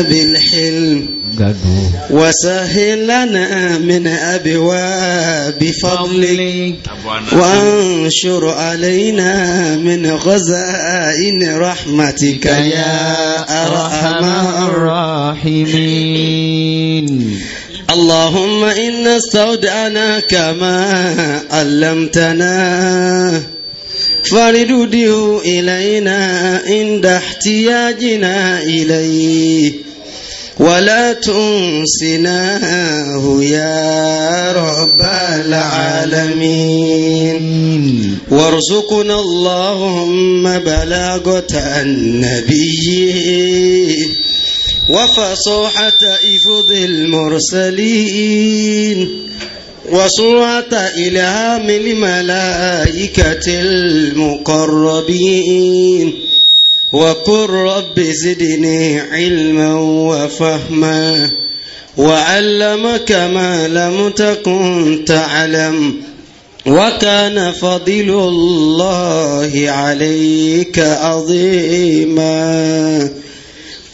بالحلم وسهل لنا من أبواب فضلك وانشر علينا من غزائن رحمتك يا أرحم الراحمين اللهم إنا استودعناك ما علمتنا فارده إلينا عند احتياجنا إليه ولا تنسناه يا رب العالمين وارزقنا اللهم بلاغة النبي وفصاحة إفض المرسلين وصورة من الملائكة المقربين وقل رب زدني علما وفهما وعلمك ما لم تكن تعلم وكان فضل الله عليك عظيما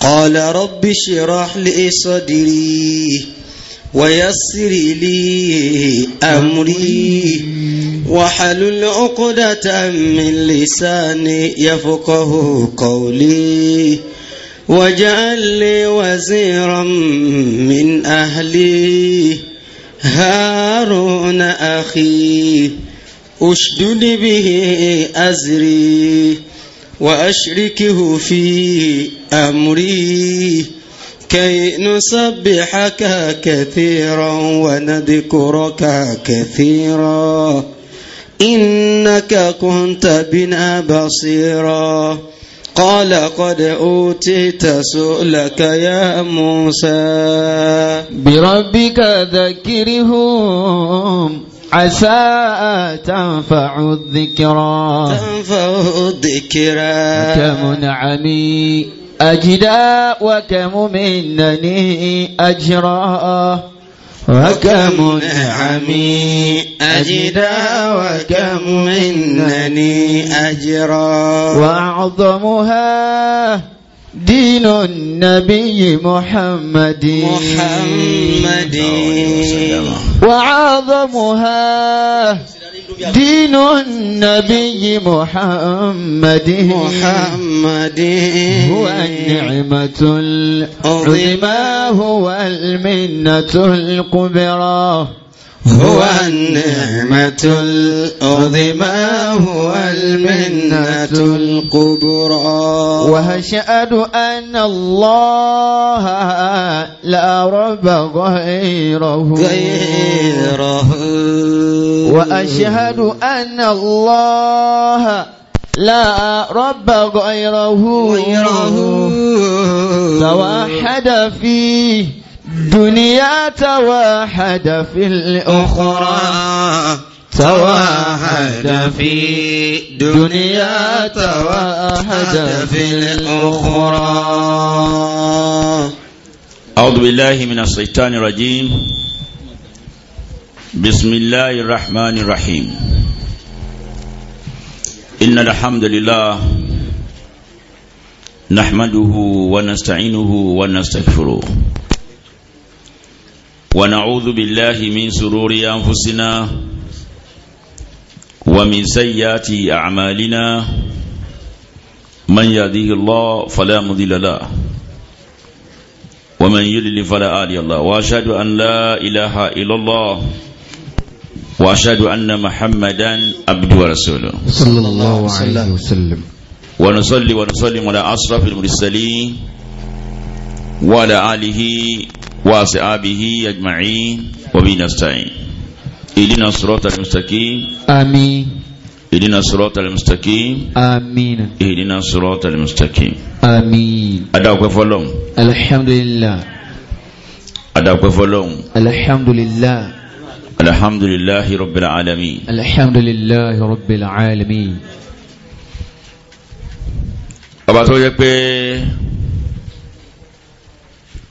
قال رب اشرح لي صدري ويسر لي أمري وحلل عقدة من لساني يفقه قولي واجعل لي وزيرا من أهلي هارون أخي أشدد به أزري وأشركه في أمري كي نسبحك كثيرا ونذكرك كثيرا إنك كنت بنا بصيرا قال قد أوتيت سؤلك يا موسى بربك ذكرهم عسى تنفع الذكرى تنفع الذكرى كمنعمي أجدا وكم منني أجرا وكم نعمي أجدا وكم منني أجرا وأعظمها دين النبي محمد محمد وأعظمها دين النبي محمد محمد هو النعمة العظمى هو المنة الكبرى هو النعمة العظمى هو المنة القبرى وأشهد أن الله لا رب غيره غيره وأشهد أن الله لا رب غيره غيره توحد فيه الدنيا تواحد في الأخرى تواحد في دنيا تواحد في الأخرى أعوذ بالله من الشيطان الرجيم بسم الله الرحمن الرحيم إن الحمد لله نحمده ونستعينه ونستغفره ونعوذ بالله من سرور أنفسنا ومن سيئات أعمالنا من يهديه الله فلا مضل له ومن يضلل فلا هادي له وأشهد أن لا إله إلا الله وأشهد أن محمدا عبده ورسوله صلى الله عليه وسلم ونصلي ونسلم على أشرف المرسلين وعلى آله وأصحابه أجمعين وبه نستعين إلينا الصراط المستقيم آمين إلينا الصراط المستقيم آمين إلينا الصراط المستقيم آمين أدعوك فلوم الحمد لله أدعوك فلوم الحمد لله الحمد لله رب العالمين الحمد لله رب العالمين أبا توجك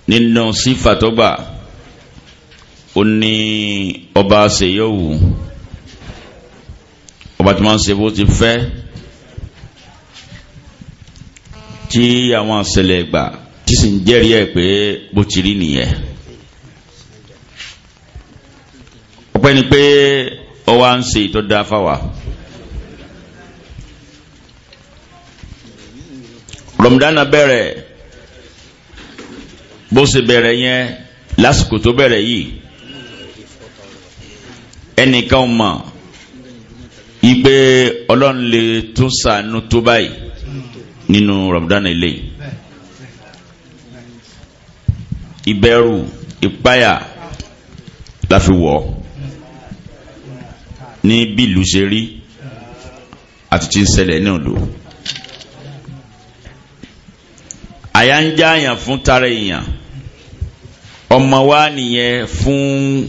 nínú sífàtọ́gbà ó ní ọba ṣèyọ̀wù ọba tí wọ́n ń ṣe bó ti fẹ́ tí àwọn àṣẹlẹ̀ gbà tí sì ń jẹ́rìí ẹ̀ pé bó ti rí nìyẹn. ọpẹ́ ni pé ọwá ń ṣe ìtọ́da fáwa. rọ̀mùdánà bẹ̀rẹ̀ bó ṣe bẹ̀rẹ̀ yẹn lásìkò tó bẹ̀rẹ̀ yìí ẹnìkan mọ̀ ìgbé ọlọ́run lè tún sànú tó báyìí nínú Ramadan ilé ìbẹ̀rù ìpáyà la fi wọ̀ ní bí ìlú ṣe rí àti tí ń ṣẹlẹ̀ ní ọ̀dọ́ àyà ń já àyàn fún tara èèyàn ọmọ wa nìyẹn fún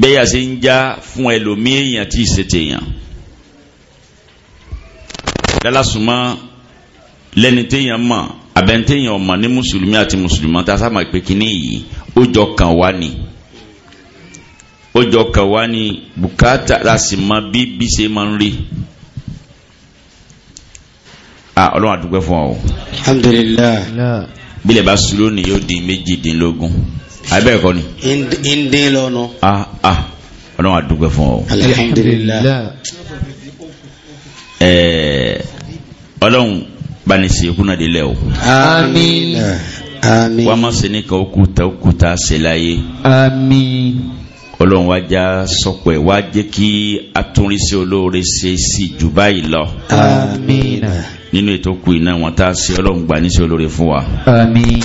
bẹ́yà ṣe ń já fún ẹlòmí èèyàn tí ì ṣe tèèyàn lálásùmọ́ lẹ́ni téèyàn mọ̀ abẹ́ntéèyàn ọmọ ní mùsùlùmí àti mùsùlùmọ́ tá a sábà pé kínní yìí ó jọ kàn wá ni ó jọ kàn wá ni bùkátà la sì mọ bí bí ṣe máa ń rí ọlọ́run àdúgbò fún ọ. alhamdulilayi bílẹ̀ bá sùn lónìí yóò di méjìdínlógún abẹ́ẹ̀kọ́ ni. ndé lọ́nà. ah ah ọlọ́run àdúgbẹ́ fún ọ. alihamudulilayi. ẹẹ ọlọ́run banisi kuna de lẹ o. àmín. àmín. wàá ma se ne ka o k'u ta ye. àmín. ọlọ́run wá já sọpẹ́ wá jẹ́ kí atúnrísí olóore ṣe sí jù báyìí lọ. àmín. àmín nínú ètò kù iná wọn tá a ṣe ọlọ́run gbà níṣẹ́ olóore fún wa. àmín.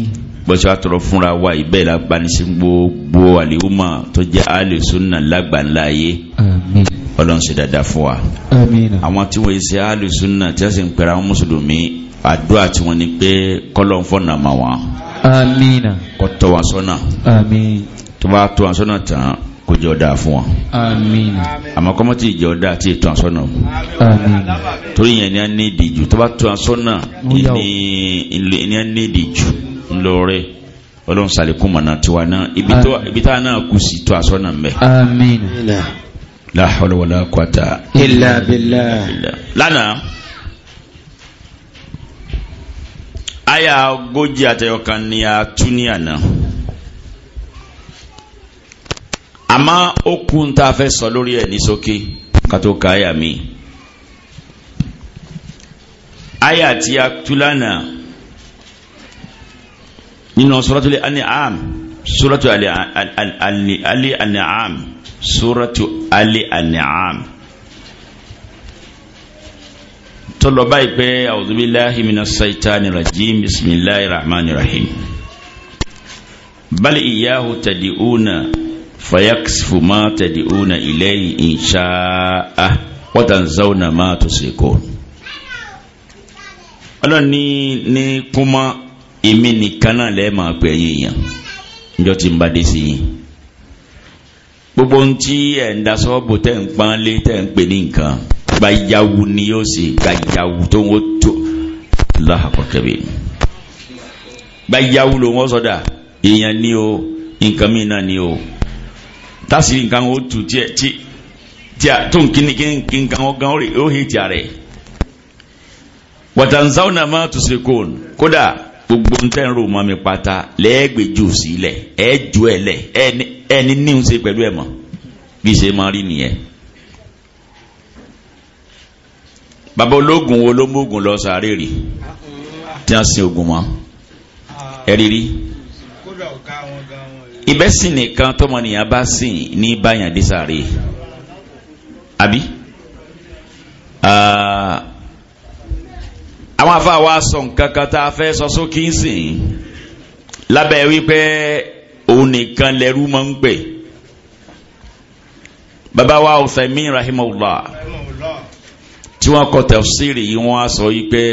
bọ́sẹ̀ wa tọrọ fúnra wa ìbẹ́ la gbanisí gbogbo àlèhùmọ̀ tó jẹ́ àlè sunna lágbàńlá ayé. àmín. ọlọ́run ṣe dáadáa fún wa. àmín. àwọn tí wọ́n ṣe àlè sunna tí wọ́n sì ń pẹ̀rẹ̀ àwọn mùsùlùmí àdúrà tí wọ́n ní pé kọ́lọ́ fọ́nà mà wọ́n. àmín. kó tọ́ wa sọ́nà. àmín. tó bá tọ́ wa sọ́nà tán kó jọ dáa fún wọn. àmín. àmọ́ kọ́mọ́ tí ìjọ dáa tí ètò àsọ́nà. àmín. torí yẹn ni a ní ìdí jù tó bá tó àsọ́nà ni a ní ìdí jù ńlọrẹ́ ọlọ́run sàlékún mọ̀nà tiwa náà ibi tá a náà kù sí tó àsọ́nà mbẹ́. àmín. la hawla wala quwwata. illa billah. lánàá aya ogójì àtẹyọkan ni a tú ní àná. àmọ́ ó kú ń tá a fẹ́ sọ lórí ẹ̀ ní sókè ká tó ka àyà mi. àyà tí a tú lánàá nínú suratul An'am suratu ali An'am suratu ali An'am tó lọ báyìí pé a'udhu billahi minash shaitani rajim bismillahir rahmanir rahim bal iyahu tadi'una fayaksifu ma tad'una ilayhi in sha'a wa tanzawna ma tusrikun. ọlọ́run ní ní kúmọ́ èmi nìkan náà lẹ́ẹ̀ máa pè yín yàn níjọ́ tí ń ba dé sí yín. gbogbo ohun tí ẹ̀ ń dasọ́ bò tẹ̀ ń pọ́n lé tẹ̀ ń pè ní nǹkan gbayawu ni yóò ṣe gbayawu tó ń wò tó láhàkọ́kẹ́bẹ̀. gbayawu ló ń wọ́n sọ́dà èèyàn ni o nǹkan mìíràn ni o. tásì nǹkan otu tí a tó nkíni kí nǹkan ó gan ó tí a kódà gbogbo ń tẹ́rù mi pátá lẹ́ẹ̀gbẹ́jù sílẹ̀ ẹ̀ jù ẹ̀ lẹ̀ ẹ̀ ní ṣe pẹ̀lú rí ológun ogun lọ sàárè rí tí wọ́n sin ogun ìbẹ́sìn nìkan tọmọnìyàn bá sìn ní báyàn dé sàárè àbí àwọn afa wa sọ nǹkan kan tá a fẹ́ sọ sókè ń sìn lábẹ́ wípé òun nìkan lẹ́rú máa ń pè bàbá wa Uthaymin rahimahullah tí wọ́n kọ tafsiri yìí wọ́n á sọ yìí pé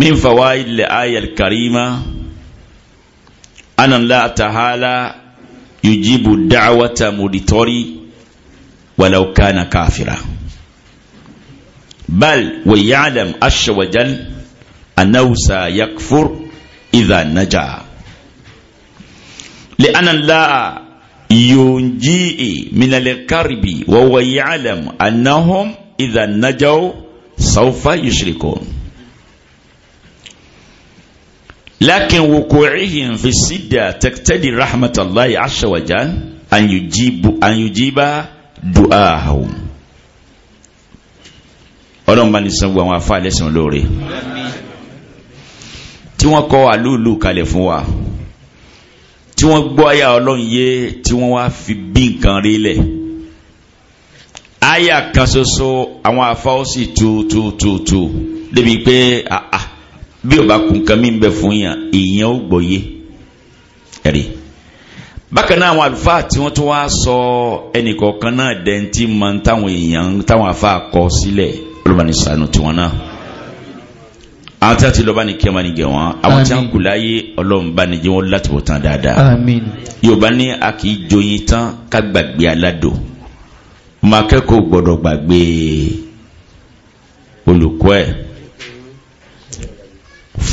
min fawaid al-aya al-karima. أن الله تعالى يجيب دعوة مدتوري ولو كان كافرا بل ويعلم عز وجل أنه سيكفر إذا نجا لأن الله ينجي من الكرب وهو يعلم أنهم إذا نجوا سوف يشركون لكن wuku'ihim في sida تقتدي رحمة الله wa jal an yujibu an yujiba du'ahu ọlọ́run bá ní sanwó àwọn afá ẹlẹ́sìn lóore tí wọ́n kọ́ àlúùlù kalẹ̀ fún wa tí wọ́n gbọ́ àyà ọlọ́run yé tí wọ́n wá fi bí nǹkan rí lẹ̀ àyà kan ṣoṣo àwọn afá ó sì tu tu tu tu débi pé àà bí o bá kun nǹkan mi bẹ fún yàn èèyàn ó gbọ́ yé ẹ̀rí bákan náà àwọn àlùfáà tí wọ́n tún wá sọ ẹnìkọ̀ọ̀kan náà dẹ́ntì máa ń táwọn èèyàn táwọn àfáà kọ sílẹ̀ olùbáni sànù tiwọn náà àwọn tí a ti lọ bá ní kí a máa ní gẹ̀ wọ́n àwọn tí a kù láyé ọlọ́run bá ní jẹ́ wọ́n láti bọ̀ tán dáadáa yorùbá ní a kì í joyin tán ká gbàgbé aládò ọmọ akẹ́kọ̀ọ́ gbọ́dọ̀ gbàgbé olùkọ́ ẹ̀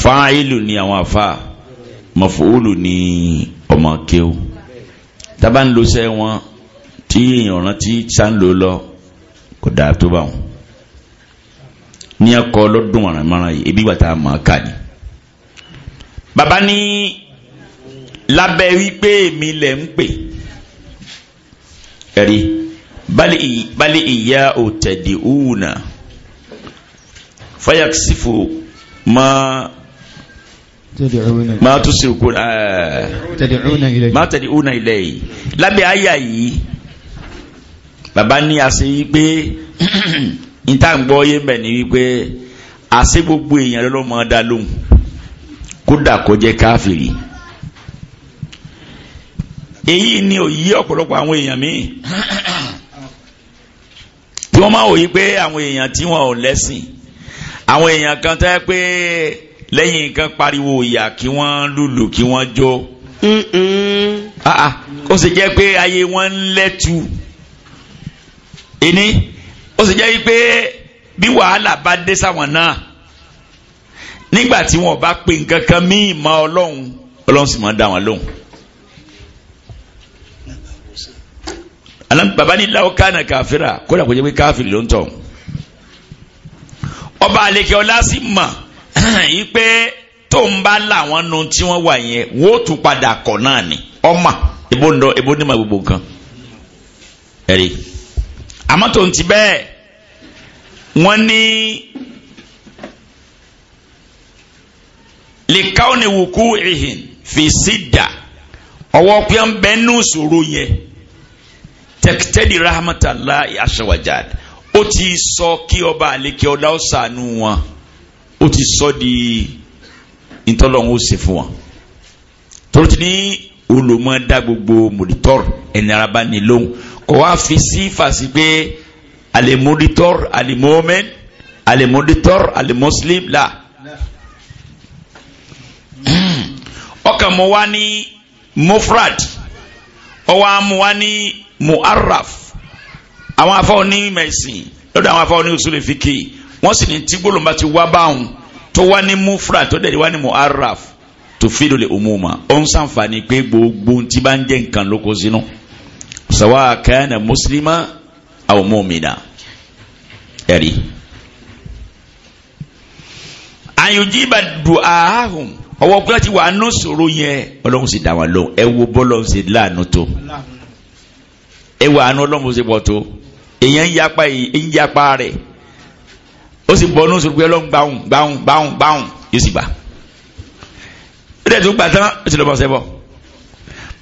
fáìlù ni àwọn àfa mọ̀fóòlù ni ọmọ kéwù tábà ń lo sẹ́ wọn tí ìrànlọ́ tí sáńlò lọ kò dáa tó bá wọn ní ẹkọ lọ́dún mọ̀rànmọ́ràn yìí ebi wàtá mọ̀ ká ni. bàbá ní lábẹ́ wípé mi lẹ̀ ń pè ẹ̀rí bali ìyá òtẹ̀dì ùnà fayakisifu máa ma tún sí òkú ẹ̀ ma tẹ̀lé òun ilẹ̀ yìí lábẹ́ àyà yìí bàbá ní àṣẹ wípé níta ń gbọ́ yé bẹ̀ ni wípé àṣẹ gbogbo èèyàn ló dá lóhùn kódà kó jẹ́ káfìrí èyí ni òyí ọ̀pọ̀lọpọ̀ àwọn èèyàn míì tí wọ́n máa wòye pé àwọn èèyàn tí wọ́n ò lẹ́sìn àwọn èèyàn kan tẹ́ pé lẹ́yìn kan pariwo ìyà kí wọ́n lùlù kí wọ́n jó. Ah, ah. ó sì jẹ́ pé ayé wọn ń lẹ́tu ẹni ó sì jẹ́ pé bí wàhálà bá dé sáwọn náà nígbà tí wọn bá pe nǹkan kan míì mọ ọlọ́run ọlọ́run sì máa dá wọn lóhùn. bàbá ní láwọn kánà káfíra kódà kó jẹ́ pé káfíìrì ló ń tọ̀ ọba àlekè ọlá sì mọ̀. yìí pé tó ń bá làwọn nu tí wọ́n wà yẹn wó tún padà kọ̀ náà ni ọmọ ebo ń ebo ní ma gbogbo nǹkan ẹ̀rí àmọ́ tó ń ti bẹ́ẹ̀ wọ́n ní lìkàwọ́ ni wùkú ìhìn fèsì dà ọwọ́ pé ń bẹ́ nù sòro yẹn tẹ̀kítẹ́dì rahmatulahi aṣèwájà ó ti sọ kí ọba àlekè ọlá ó wọn. ó ti sọ di ntọ́lọ́hún ó ṣe fún wọn torí ti ní olùmọ̀ọ́dá gbogbo mòdítọ́rù ẹni araba ni lóhùn kò wá fi sí fàṣí pé alimoditọ́rù alimọ́mẹ́n alimoditọ́rù alimọ́sílẹ̀m là ọkàn mọ́ wá ní mufrad ọwọ́ amọ̀ wá ní muarraf àwọn afọ́ ní mẹ̀sìn lọ́dọ̀ àwọn afọ́ ní usulẹ̀ fìkì wọ́n sì ní tí gbólóńbá ti wá báwọn tó wá ní mufra tó dẹ̀ wá ní muharraf tó fi lè umuma ó ń sàǹfààní pé gbogbo tí bá ń jẹ́ nǹkan lóko sínú sawa kana muslima aw mu'mina ẹ̀rí. àyùjíba du'ahum ọwọ́ kúlẹ̀ ti wà á ná sòro yẹn ọlọ́run sì dá wọn lóhùn ẹ wo bọ́lọ́ ṣe láàánú tó ẹ wà á ná ọlọ́run ṣe pọ̀ tó èèyàn ń yapa rẹ̀ ó sì bọ́ ní sọ̀rọ̀ pé ọlọ́run gbàùn gbàùn gbàùn gbàùn yóò sì gbà ó dẹ̀ tún gbà tán ó sì lọ́ bọ́ sẹ́ bọ́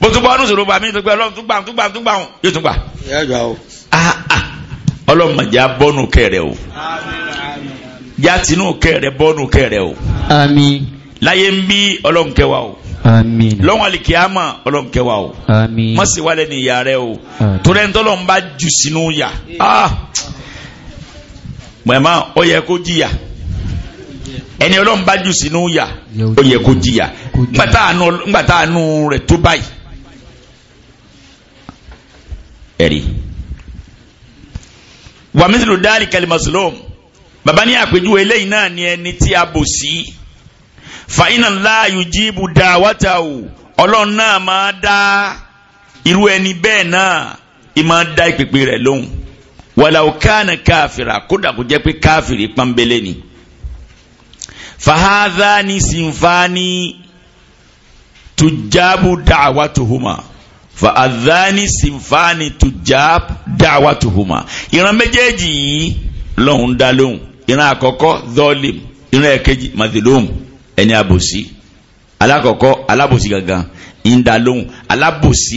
bó tún bọ́ ní sọ̀rọ̀ bàmí tó pé ọlọ́run tún gbàùn tún gbàùn tún gbàùn yóò tún gbà. Ah, ah. ọlọ́run mọ̀já bọ́nù kẹrẹ o já tinú kẹrẹ bọ́nù kẹrẹ o láyé ń bí ọlọ́run kẹwàá o lọ́wọ́n alikiyama ọlọ́run kẹwàá o mọ̀síwálẹ̀ ni ìyá rẹ o torí ẹni tọ́lọ́run bá jù mọ̀ẹ́má ó yẹ kó jìyà ẹni ọlọ́run bá jù sínú yà ó yẹ kó jìyà ńgbàtà àánú rẹ̀ tó báyìí ẹ̀rí wàmísìlú dáàlì kalimasulom bàbá ní àpèjúwe eléyìí náà ni ẹni tí a bò sí fàyínà láàyò jíìbù dáwàtà o ọlọ́run náà máa dá irú ẹni bẹ́ẹ̀ náà ìmáa dá ìpèpè rẹ̀ lóhùn wàlàó kánà káfìrà kódà kó jẹ́ pé káfìrì pọ́nbélé ni fahadha ni sinfani tujabu da'watuhuma fahadhani sinfani tujabu da'watuhuma ìran méjèèjì yìí lọ́hùn dá lóhùn ìran àkọ́kọ́ zọ́ọ̀lìm ìran ẹ̀kejì mazilum ẹni àbòsí alákọ̀ọ́kọ́ alábòsí gangan ń dá lóhùn alábòsí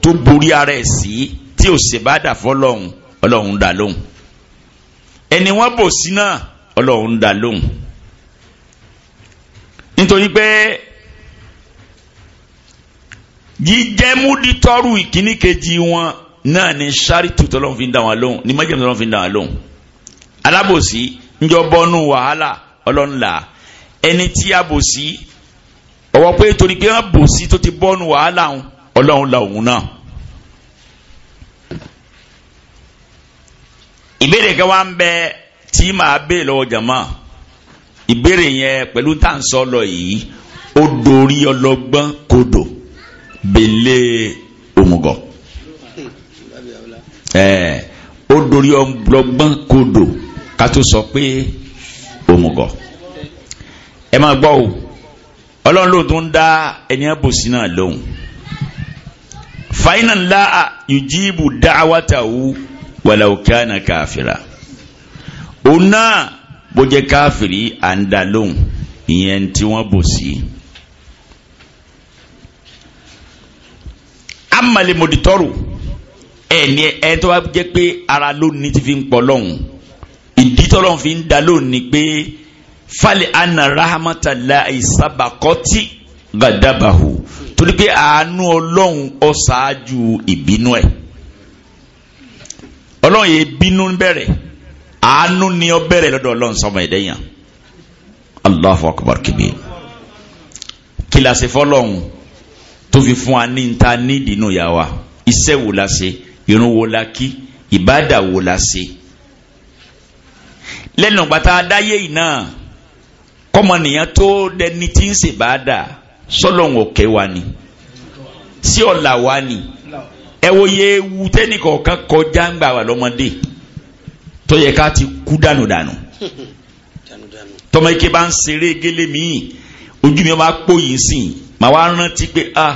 tó borí ara ẹ̀ sí tí ò ṣèbádà fọlọ́hùn ọlọ́run dá lóhùn ẹni wọ́n bò sí náà ọlọ́run dá lóhùn nítorí pé jíjẹ́ múdítọ́rù ìkíní kejì wọn náà ni sáritù tọ́lọ́run fi ń dá wọn lóhùn ni májèmí tọ́lọ́run fi ń dá wọn lóhùn alábòsí ńjọ bọ́nú wàhálà ọlọ́run là ẹni tí a bò sí ọwọ́ pé torí pé wọ́n bò sí tó ti bọ́nú wàhálà ọlọ́run là òun náà. ìbéèrè kan ń bẹ tí màá béè lọ jàmá ìbéèrè yẹn pẹ̀lú tá à sọ lọ yìí ó dorí ọlọgbọn kodò bèlè òmùgọ̀ ẹ̀ẹ́ ó dorí ọlọ́gbọ́n kodò ká sọ pé ẹ máa gbọ́ o ọlọ́run ló tún dá ẹni àbòsí náà lóhùn walawu kana káfíra òun náà bó jẹ́ káfírí à ń dá lóhùn ìyẹn tí wọ́n bò sí. amale moditọru ẹni ẹ tó bá jẹ́ pé ara lónìí ti fi ń pọ̀ lọ́hùn ìdí fi ń dá lóhùn pé fali ana rahamatala isabakọti gadabahu torí pé àánú ọlọ́run ó ṣáájú ìbínú ẹ̀ ọlọ́run yìí bínú bẹ̀rẹ̀ àánú ni ọ bẹ̀rẹ̀ lọ́dọ̀ ọlọ́run sọmọ ẹ̀dẹ́ yàn Allahu akbar kìbí kìlàsì fọlọ́run tó fi fún wa ní ta nídìí nù yà wa iṣẹ́ wo la ṣe irun wo la kí ìbádà wo la ṣe lẹ́nu gbàtà adáyé yìí náà kọ́mọnìyàn tó dẹni tí ń ṣèbádà sọlọ́run òkè wa ni sí ọ̀là wa ni ẹ wo ye ewu tẹ́nìkọ̀ọ̀kan kọjá ń gbà wà lọ́mọdé tó yẹ ká ti kú dànù dànù tọmọ bá ń ṣeré gélé míì ojú mi máa pò yìí sìn màá wá rántí pé a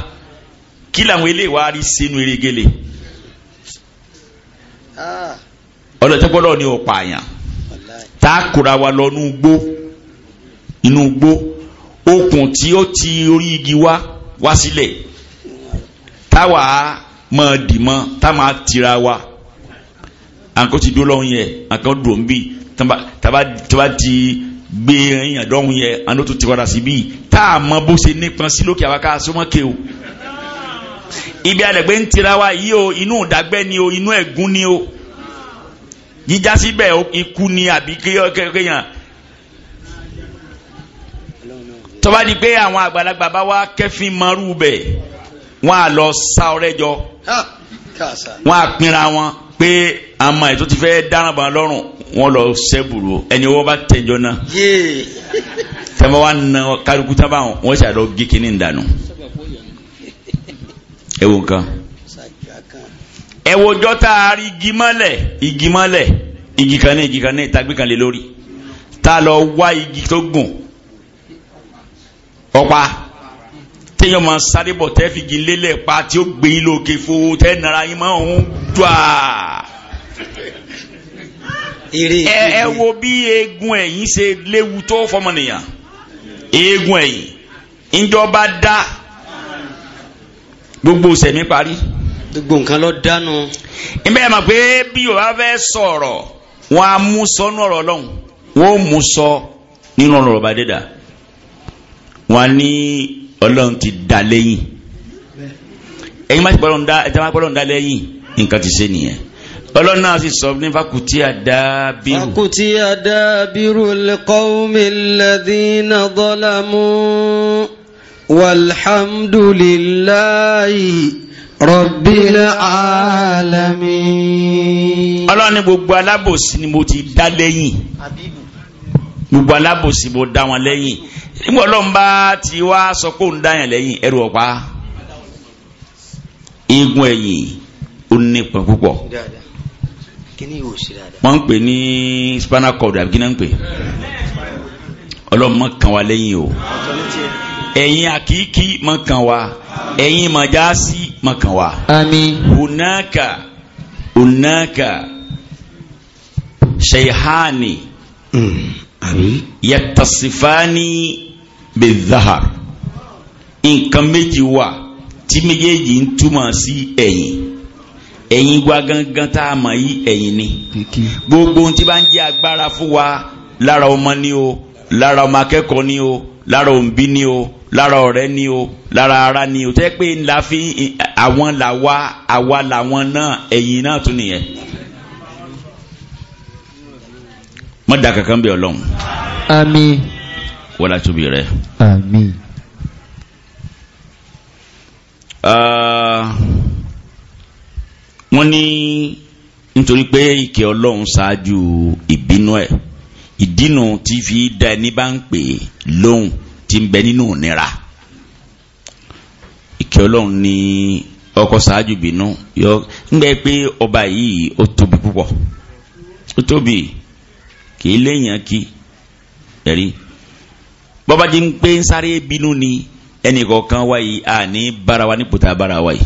kí làwọn eléyìí wá rí sínú eré gélé ọlọ́tẹ́gbọ́dọ̀ ni ò pààyàn tá a kóra wa lọ inú igbó inú igbó okùn tí ó ti orí igi wá wá sílẹ̀ táwa mọ́ dìmọ́ tá máa tira wa àǹkó ti dúró lọ́hùn yẹ àǹkó dùn bí tàbá ti gbé èèyàn dọ́hùn yẹ àǹkó tó ti padà sí bí tá a mọ bó ṣe nípa sí lókè àwọn ká sọmọkè o ibi àdàgbé ń tira wa yìí o inú ìdàgbẹ́ ni o inú ẹ̀gún ni o jíjá síbẹ̀ ikú ni àbí kéèyàn tọ́ba di pé àwọn àgbàlagbà bá wá kẹ́fín mọ́rú bẹ́ẹ̀ wọ́n á lọ sa ọ̀rẹ́ jọ wọ́n á pinra wọn pé àmọ́ ètò ti fẹ́ dáràn bá lọ́rùn wọ́n lọ sẹ́bùrù ẹni wọ́n bá tẹjọ́ náà tẹ́wọ́n wá na kálukú tábà wọ́n ṣàlọ́ gé kínní ìdànù ẹ wo nǹkan ẹ wo ọjọ́ tá a rí igi kan ní igi kan ní ìtagbé kan lé lórí tá a lọ wá igi tó gùn ọ̀pá téèyàn máa sáré bọ̀ tẹ́ fìgì lélẹ̀ pa tí ó gbé yín lókè fo tẹ́ nara yín máa ń dùà. ẹ ẹ wo bí eegun ẹ̀yìn ṣe léwu tó fọmọnìyàn eegun ẹ̀yìn ìjọba dá gbogbo sẹ̀mí parí. gbogbo nǹkan lọ dánu. ìbẹ́ mà pé bí Yorùbá fẹ́ sọ̀rọ̀ wọn á mú sọ ọ̀rọ̀ Ọlọ́run wọn ó mú sọ nínú ọ̀rọ̀ ọba dẹ́dà wọn á ní ọlọ́run ti dá lẹ́yìn ẹ̀yin má ti pọ́ ọlọ́run dá ẹ̀yin má ti pọ́ ọlọ́run dá lẹ́yìn nǹkan ti ṣe nìyẹn ọlọ́run náà sì sọ ní fakuti adabiru. fakuti adabiru lqawmi alladhina zalamu walhamdulillahi rabbil alamin. ọlọ́run ní gbogbo alábòsí ni mo ti dá lẹ́yìn. habibu gbogbo alábòsí mo dá wọn lẹ́yìn nígbà ọlọ́run bá ti wá sọ pé òun dá yàn lẹ́yìn ẹrù ọ̀pá eegun ẹ̀yìn ó nípa púpọ̀ wọ́n ń pè ní spinal cord àbí kí náà ń pè ọlọ́run mọ̀ kàn lẹ́yìn o ẹ̀yin àkíkí mọ̀ kàn wá ẹ̀yin mọ̀jásí mọ̀ kàn wá. àmín. hunaka hunaka yàtọ̀sífáàní bẹ̀dáhà nǹkan méjì wà tí méjèèjì ń túmọ̀ sí ẹ̀yìn ẹ̀yìn wa gangan tá a mọ̀ yí ẹ̀yìn ni gbogbo ohun tí bá ń jẹ́ agbára fún wa lára ọmọ ni o lára ọmọ akẹ́kọ̀ọ́ ni o lára òǹbí ni o lára ọ̀rẹ́ ni o lára ara ni o tẹ́ pé ńlá fi àwọn làwa àwa làwọn náà ẹ̀yìn náà tún nìyẹn má da kankan bẹ ọlọ́run. àmín. wọ́lá tóbi rẹ̀. Ami. wọ́n ní nítorí pé ìkẹ́ ọlọ́run ṣáájú ìbínú ẹ̀ ìdínú ti fi da ẹni bá ń pè lóhùn ti ń bẹ nínú ìnira ìkẹ́ ọlọ́run ní ọkọ̀ ṣáájú ìbínú yọ ń gbẹ pé ọba yìí ó tóbi púpọ̀ ó tóbi. kì í léèyàn kí ẹ̀rí bọ́bá jí ń pé ń sáré bínú ni ẹnì kọ̀ọ̀kan wáyé àní bára wa nípò tá a bára wáyé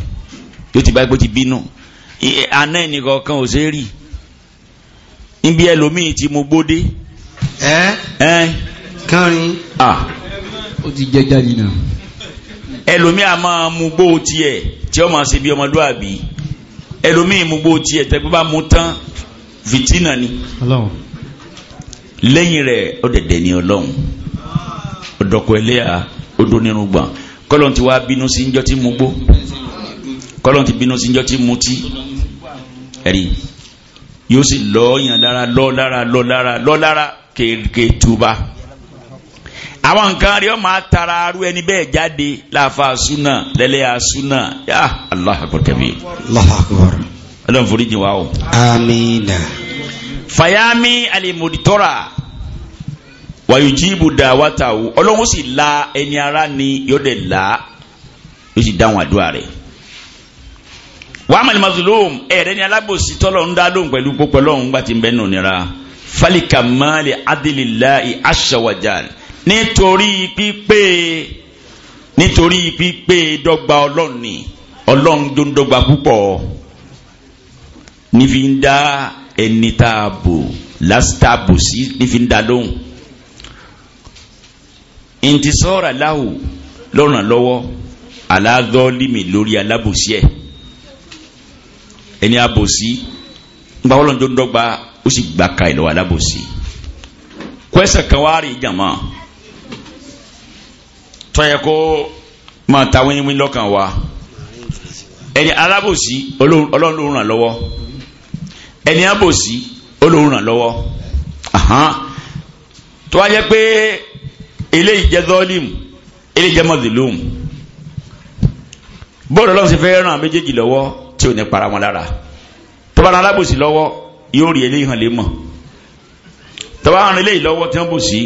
yóò ti báyìí pé ó ti bínú àná ẹnì kọ̀ọ̀kan ò ṣe é rí níbi ẹlòmíì ti mú gbódé. ẹ ẹ kánrin ó ti jẹ jáde náà. ẹlòmíì a máa mú gbó tiẹ̀ tí ó máa ṣe bí ọmọlúwàbí ẹlòmíì mú gbó tiẹ̀ tẹ́ bá mú tán fìtínà ni lẹ́yìn rẹ̀ ó dẹ̀dẹ̀ ní ọlọ́run ọ̀dọ̀kọ̀ ẹlẹ́yà ó dún nínú gbọ̀n kọ́lọ́n ti wá bínú sí ń jọ́ tí mu gbó kọ́lọ́n ti bínú sí ń jọ́ tí mu tí ẹ̀rí yóò sì lọ́ọ̀yàn lára lọ́ lára lọ́ lára lọ́ lára kéèké túba àwọn nǹkan rí ọ máa tara arú ẹni bẹ́ẹ̀ jáde láfa súnà lẹ́lẹ́yà súnà yá Allahu akbar kabir Allahu akbar ọlọ́run foríjì wa o. amiina fayami alimoditora wayujibu dawatawu ọlọ́run sì la ẹni ara ni yóò dẹ̀ la yóò sì dáhùn àdúrà rẹ̀ wàá mọ̀ ní mazulum ẹ̀rẹ́ ni alábòsí tọ́lọ̀ ń dá lóhùn pẹ̀lú gbogbo ọlọ́run gbà tí ń bẹ́ nù nira falika maali adililahi asawajan nítorí pípé nítorí pípé dọ́gba ọlọ́run ni ọlọ́run púpọ̀ nífi ń dá ẹni tá a bò lásìtà bò sí nífi ń da lóhùn ntì sọ́ọ̀rà láwù lọ́rùn lọ́wọ́ aláàdọ́límì lórí alábòsí ẹ̀ ẹni abòsí ńgbà wọ́n lọ́njọ́ dọ́gba ó sì gbà ka ìlọ́wọ́ alábòsí kwẹ́sẹ̀ kan wá rí jàmá tọ́yẹ kó máa ta wíníwíní lọ́kàn wa ẹni alábòsí ọlọ́run ló ràn lọ́wọ́ ẹni àbòsí olóhùn ràn lọ́wọ́ tó wá jẹ́ pé eléyìí jẹ́ zọ́ọ̀lìm eléyìí jẹ́ mọ̀dìlùm bóòlù ọlọ́run sì fẹ́ ràn méjèèjì lọ́wọ́ tí ò ní para wọn lára tó bá ran alábòsí lọ́wọ́ yóò rí eléyìí hàn lé mọ̀ tó bá ran eléyìí lọ́wọ́ tí wọ́n bò sí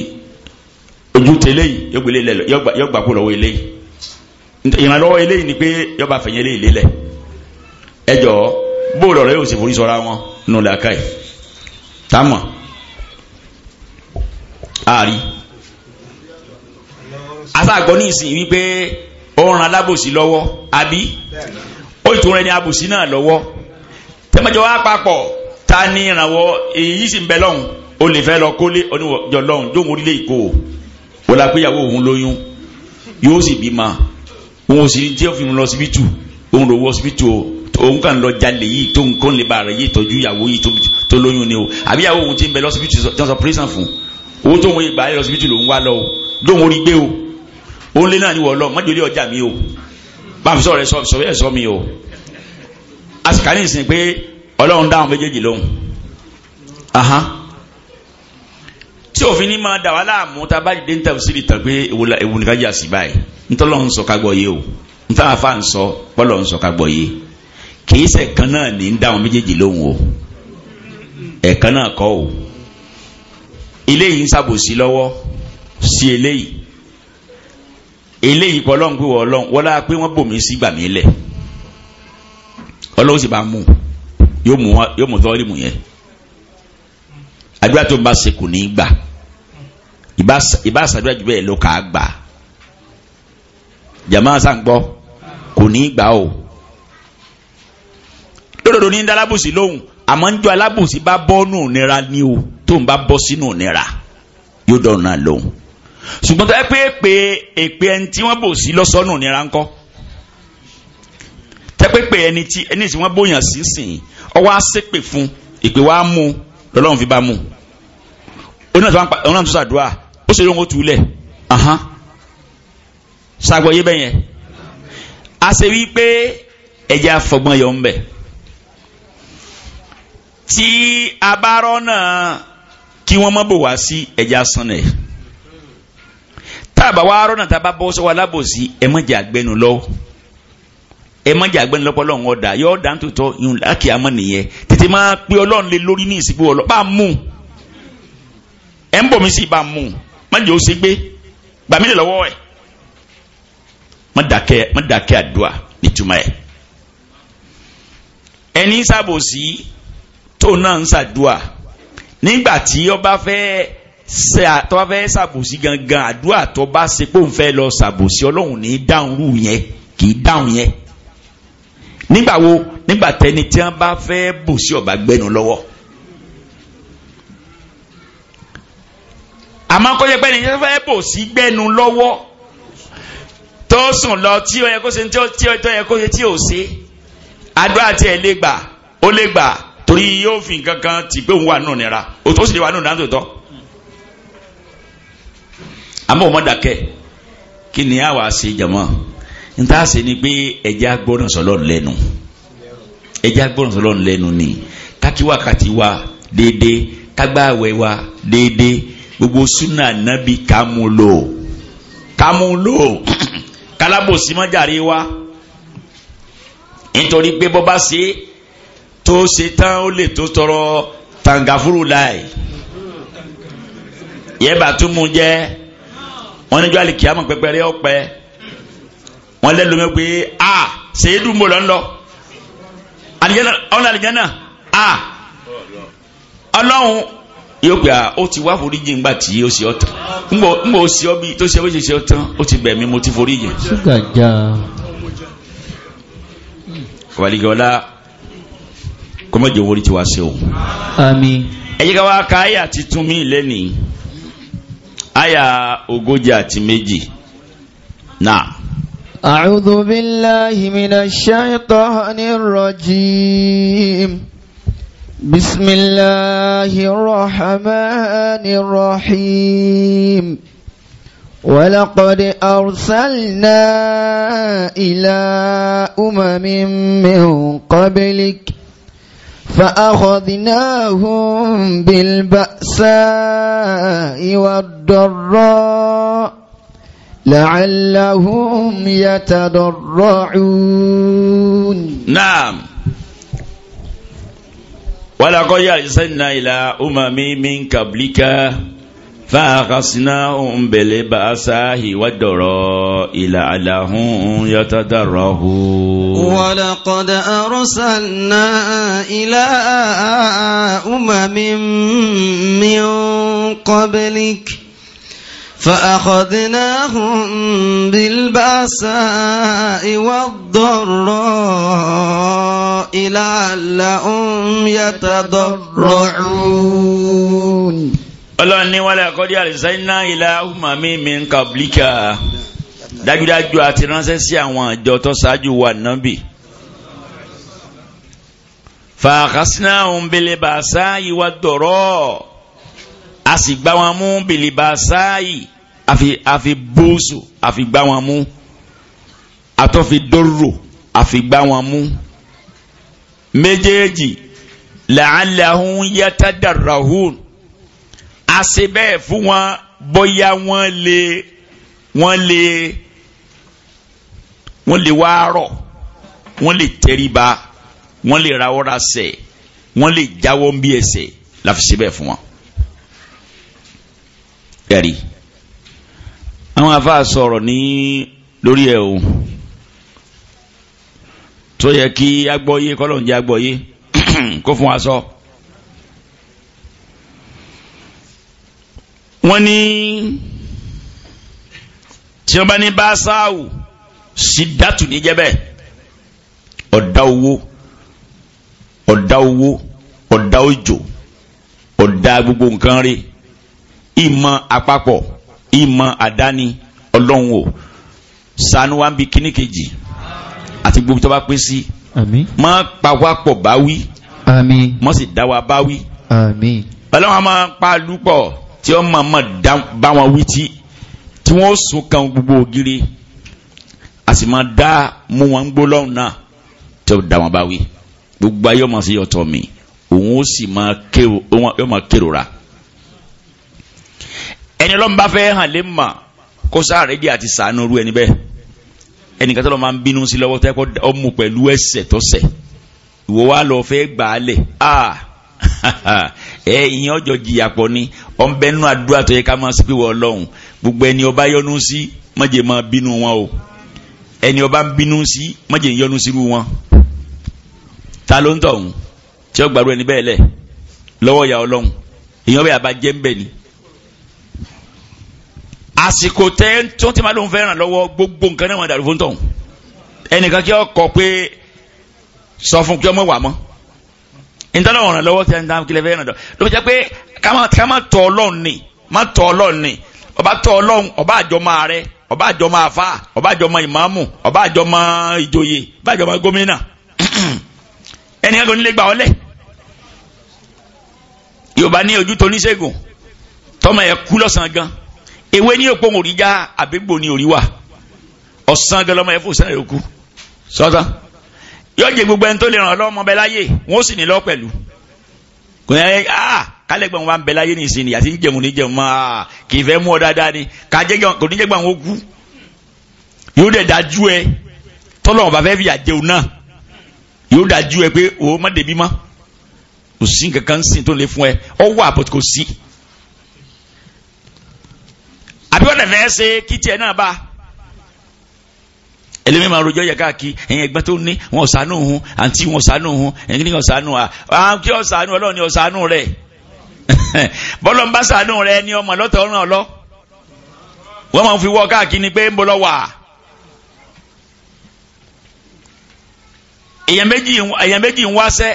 ojú tẹ eléyìí yóò gbélé lẹ yóò gbà kó lọ́wọ́ eléyìí ìrànlọ́wọ́ eléyìí ni pé yóò bá fẹ̀yìn eléyìí lélẹ̀ ẹ jọ̀ọ́ bóòlù ọ̀rẹ́ yóò sì forí sọ́ra wọn nù làákàyè támọ̀ àárí asáàgbọ́ ní ìsìn wípé ó ń ran alábòsí lọ́wọ́ àbí ó ìtura ẹni abòsí náà lọ́wọ́ tẹ́mọ̀jọ wá papọ̀ ta ní ìrànwọ́ èyí sì ń bẹ lọ́hùn ó lè fẹ́ lọ kólé oníwọ̀jọ lọ́hùn jóun orílẹ̀ èkó o la péyàwó òun lóyún yóò sì bímọ òun ò sì ní tí ó fi lọ síbítù òun lò wọ síbítù o òun kàn lọ jalè yìí tó nǹkan lè ba rẹ̀ yìí tọ́jú ìyàwó yìí tó lóyún ni o àbí ìyàwó òun ti ń bẹ lọ́sibítù tó ń sọ pírísàn fún owó tó ń wọ́n ìgbà lọ́sibítù lòún wá lọ o lóun orí gbé o òun lé náà ni wọ́ọ́ lọ mọ́jọ́lé ọjà mi o bá mi sọ rẹ sọ bẹ́ẹ̀ sọ mi o àsìkò ní ìsìn pé ọlọ́run dáhùn méjèèjì lóhùn tí òfin ní máa dà wá láàmú tá a bá dìde ní tàbísírì tàn pé ewu nìkan jà sí báyìí sọ ká gbọ́ yé o ntàwọn sọ ká gbọ́ yé o kìí sẹ̀kan náà ní ń dá àwọn méjèèjì lóhùn o ẹ̀kan náà kọ́ o eléyìí ń ṣàbòsí lọ́wọ́ sí eléyìí eléyìí pọ̀ ọlọ́run pé wọ́n ọlọ́run wọ́n lára pé wọ́n bòmí sí gbà mí lẹ̀ ọlọ́run sì bá mú yóò mú tọ́lí mú yẹn àdúrà tó ń bá sekù ní gbà ìbá àṣàdúrà jù bẹ́ẹ̀ ló kà á gbà jàmáà sàn gbọ́ kò ní gbà o lódodo ní dalábùsì lóhùn àmọ́ ń jọ alábùsì bá bọ́ nù nira ni o tó ń bá bọ́ sínú nira yóò dọ̀rùn náà lóhùn ṣùgbọ́n tó yẹ pé èpè èpè ẹni tí wọ́n bò sí lọ́sọ́nù nira ńkọ́ tẹ́pẹ́pẹ́ ẹni tí ẹni tí wọ́n bóyàn sí sìn ọwọ́ á ṣépè fún ìpè wa mú lọ́lọ́run fi bá mú oníwàtí tó ó ṣe lóhun túlẹ̀ ṣàgbọ̀ bẹ́yẹn a ṣe wí pé ẹja fọgbọ́n yọ ń bẹ̀ tí a bá rọ́nà kí wọ́n má bò wá sí ẹja sanlẹ̀ tá a bá wá rọ́nà tá a bá bọ́ sọ́wọ́ alábòsí ẹ má jẹ́ àgbẹnu lọ́wọ́ ẹ má jẹ́ àgbẹ̀ni lọ́pọ̀ ọlọ́run ọ̀dà yọ ọ̀dà tó tọ́ yun láàkì àmọ́ nìyẹn tètè máa pé ọlọ́run lé lórí ní ìsìnkú ọlọ́ bá mú ẹ ń bọ̀ mí sí bá mú má jẹ́ ó ṣe gbé gbà mí lè lọ́wọ́ ẹ̀ má dàkẹ́ àdúrà nítumọ̀ ẹ̀ ẹni sábò tóun náà ń ṣàdúà nígbà tí ọba fẹ́ tọ́ba fẹ́ ṣàbòsí gangan àdúà tọ́ba ṣe pé òun fẹ́ lọ ṣàbòsí ọlọ́run ní dáhùn rú yẹn kì í dáhùn yẹn nígbà wo nígbà tẹni tí wọ́n bá fẹ́ bù sí ọba gbẹnu lọ́wọ́. àmọ́ kó jẹ́ pé ẹni tó fẹ́ bò sí gbẹ́nu lọ́wọ́ tó sùn lọ tí ó yẹ kó ṣe tí ó yẹ kó ṣe tí ó ṣe àdúrà tí ẹ lè gbà ó lè gbà torí yóò fi nǹkan kan tì pé òun wà nù nira ó sì lè wà nù dáńtò tọ́ àmọ́ òun dàkẹ́ kí ni àwa ṣe jàmọ́ n ta ṣe ni pé ẹja gbọ́dọ̀ sọlọ́ lẹ́nu ẹja gbọ́dọ̀ sọlọ́ lẹ́nu ni kákí wákàtí wa déédéé kágbáwẹ̀ wa déédéé gbogbo súnà nábì kàmúlò kàmúlò kálábòsí mọ́jàre wa nítorí pé bọ́ ṣe é. tó ṣe tán ó lè tó tọrọ tàǹgàfúrú láì yẹ bá tún mú jẹ wọn níjọ àlìkíyàmọ pẹpẹrẹ ọpẹ wọn lẹnu mi pé a ṣèyí dùn mọ lọnà àlìjẹnà ọ̀nà a ọlọ́run yóò gbà ó ti wá foríjì ńgbà tí ó ṣe ọtán ńgbà ó ṣe ọbí tó ṣe ó ṣe ṣe ọtán ó ti bẹ̀ mí mo ti kọ́mọ́jọ owó rí tiwa ṣe o. àmín. ẹ jẹ́ ká wá ka àyà tuntun mi lẹ́nìí àyà ogójì àti méjì náà. أعوذ بالله من الشيطان الرجيم بسم الله الرحمن الرحيم ولقد أرسلنا إلى أمم من قبلك فأخذناهم بالبأساء والضراء لعلهم يتضرعون نعم ولقد أرسلنا إلى أمم من قبلك فاغسناهم بالبأساء والضراء لعلهم يتضرعون ولقد أرسلنا إلى أمم من قبلك فأخذناهم بالبأساء والضراء لعلهم يتضرعون ọlọ́run ní wálé àkọ́dí àrísáínà ilá umami mi ń kàbílíkà dájúdájú àti ránṣẹ́ sí àwọn àjọ tó ṣáájú wa nábì fàákásínà òun bèlè bàṣá ìwà dọ̀rọ̀ a sì gbá wọn mú bèlè bàṣá yìí àfi bóòsù àfi gbá wọn mú àtọ́fi dòrò àfi gbá wọn mú méjèèjì làálàhùn yàtàdàràhùn ṣe bẹ́ẹ̀ fún wọn bóyá wọ́n lè wọ́n lè wọ́n lè wá rọ̀ wọ́n lè tẹríba wọ́n lè rawọ́ ra sẹ̀ wọ́n lè jáwọ́ ń bí ẹsẹ̀ la ṣe bẹ́ẹ̀ fún wọn. ẹ̀rí àwọn afa sọ̀rọ̀ ní lórí ẹ̀ o tó yẹ kí agbọ́yé kọ́lọ́ọ̀njẹ́ agbọ́yé kó fún wa sọ. So wọ́n ní tí wọ́n bá ní báṣáwù sí dátù níjẹ́ bẹ́ẹ̀ ọ̀dá owó ọ̀dá owó ọ̀dá òjò ọ̀dá gbogbo nǹkan rí ìmọ̀ àpapọ̀ ìmọ̀ àdáni ọlọ́run o sanu wa ń bi kíní kejì àti gbogbo tó bá pín sí mọ pàwápọ̀ bá wí sì dá wa bá máa pa lúpọ̀ tí wọ́n máa máa bá wọn wí tí tí wọ́n sùn kan gbogbo ògiri a sì máa dá mú wọn gbó lọ́hùn náà tí wọ́n dá wọn bá wí gbogbo ayé ọmọ sí ọ̀tọ̀ mi òun ó sì máa kérora ẹni ọlọ́run bá fẹ́ hàn lé mà kó sáré díẹ̀ àti sàánú rú ẹni bẹ́ẹ̀ ẹnìkan tó lọ́ máa ń bínú sí lọ́wọ́ tẹ́kọ̀ ọmú pẹ̀lú ẹsẹ̀ tọ́sẹ̀ ìwọ wa lọ fẹ́ gbà á lẹ̀ ah, ọjọ́ jìyà pọ̀ ni ọ̀nbẹ nínú àdúrà tó yẹ ká máa sí pé wọ́n lọ́hùn gbogbo ẹni ọba yọnu sí mọ̀jẹ̀ máa bínú wọn o ẹni ọba ń bínú sí mọ̀jẹ̀ ń yọnu sírú wọn ta ló ń tọ̀hún tí ó gbàrú ẹni bẹ́ẹ̀ lẹ̀ lọ́wọ́ ìyá ọlọ́hun èèyàn bẹ́ẹ̀ àbájẹ́ ń bẹ̀ ni àsìkò tẹ́ tó ti máa lóun fẹ́ràn lọ́wọ́ gbogbo nǹkan náà wọn dàrú fún tọ̀hún ẹnìkan kí ọ kọ pé sọ fún kí ọmọ wà mọ́ ìtọ́nà ọ̀ràn lọ́wọ́ kí ẹ ń dá kílẹ̀ fẹ́ràn lọ́wọ́ ló jẹ́ pé kama kama tọ Ọlọ́run ni má tọ Ọlọ́run ni ọba tọ Ọlọ́run ọba àjọmọ rẹ ọba àjọmọ afa ọba àjọmọ ìmáàmù ọba àjọmọ ìjòyè ọba àjọmọ gómìnà ẹnì kan kò ní lè gbà ọ lẹ Yorùbá ní ojú tó oníṣègùn tọmọ yẹ kú lọ́sàn gan ewé ní òpó òrì já àbígbò ní òrì wà ọ̀sán gan lọmọ yẹ fún sẹ́yìn òkú sọ́tàn yọjẹ gbogbo ẹni tó lè ràn ọ lọ́mọ bẹ láyè wọn ó sì ní lọ pẹ̀lú ẹ ah kálẹ̀gbọ̀n wa ń bẹ láyé nìsín ni àti ń jẹun ní jẹun máa ah, kì í fẹ́ mú ọ dáadáa ni kájẹ́ kò ní jẹ́ gbà wọn kú yóò dẹ̀ dájú ẹ tọ́lọ̀ wọn bá fẹ́ fi àjẹun náà yóò dájú ẹ pé o má débi mọ́ kò sí nǹkan kan sìn tó lè fún ẹ ọ wà bó kò sí. àbí wọn dẹ̀ fẹ́ ṣe kí tiẹ̀ náà bá a ẹlẹ́mìí máa rojọ́ yẹ káàkiri ẹ̀yìn ẹgbẹ́ tó ní wọn ọ̀sánú hun àǹtí wọn ọ̀sánú hun ẹ̀yìn ní ọ̀sánú à kí ọ̀sánú ọlọ́ọ̀ni ọ̀sánú rẹ̀ bọ́lọ̀ ń bá sànú rẹ̀ ni ọmọ lọ́tọ̀ ọ̀ràn ọ̀lọ́ wọ́n máa ń fi wọ́ káàkiri pé ń bọ́ lọ wà. èèyàn méjì ń wáṣẹ́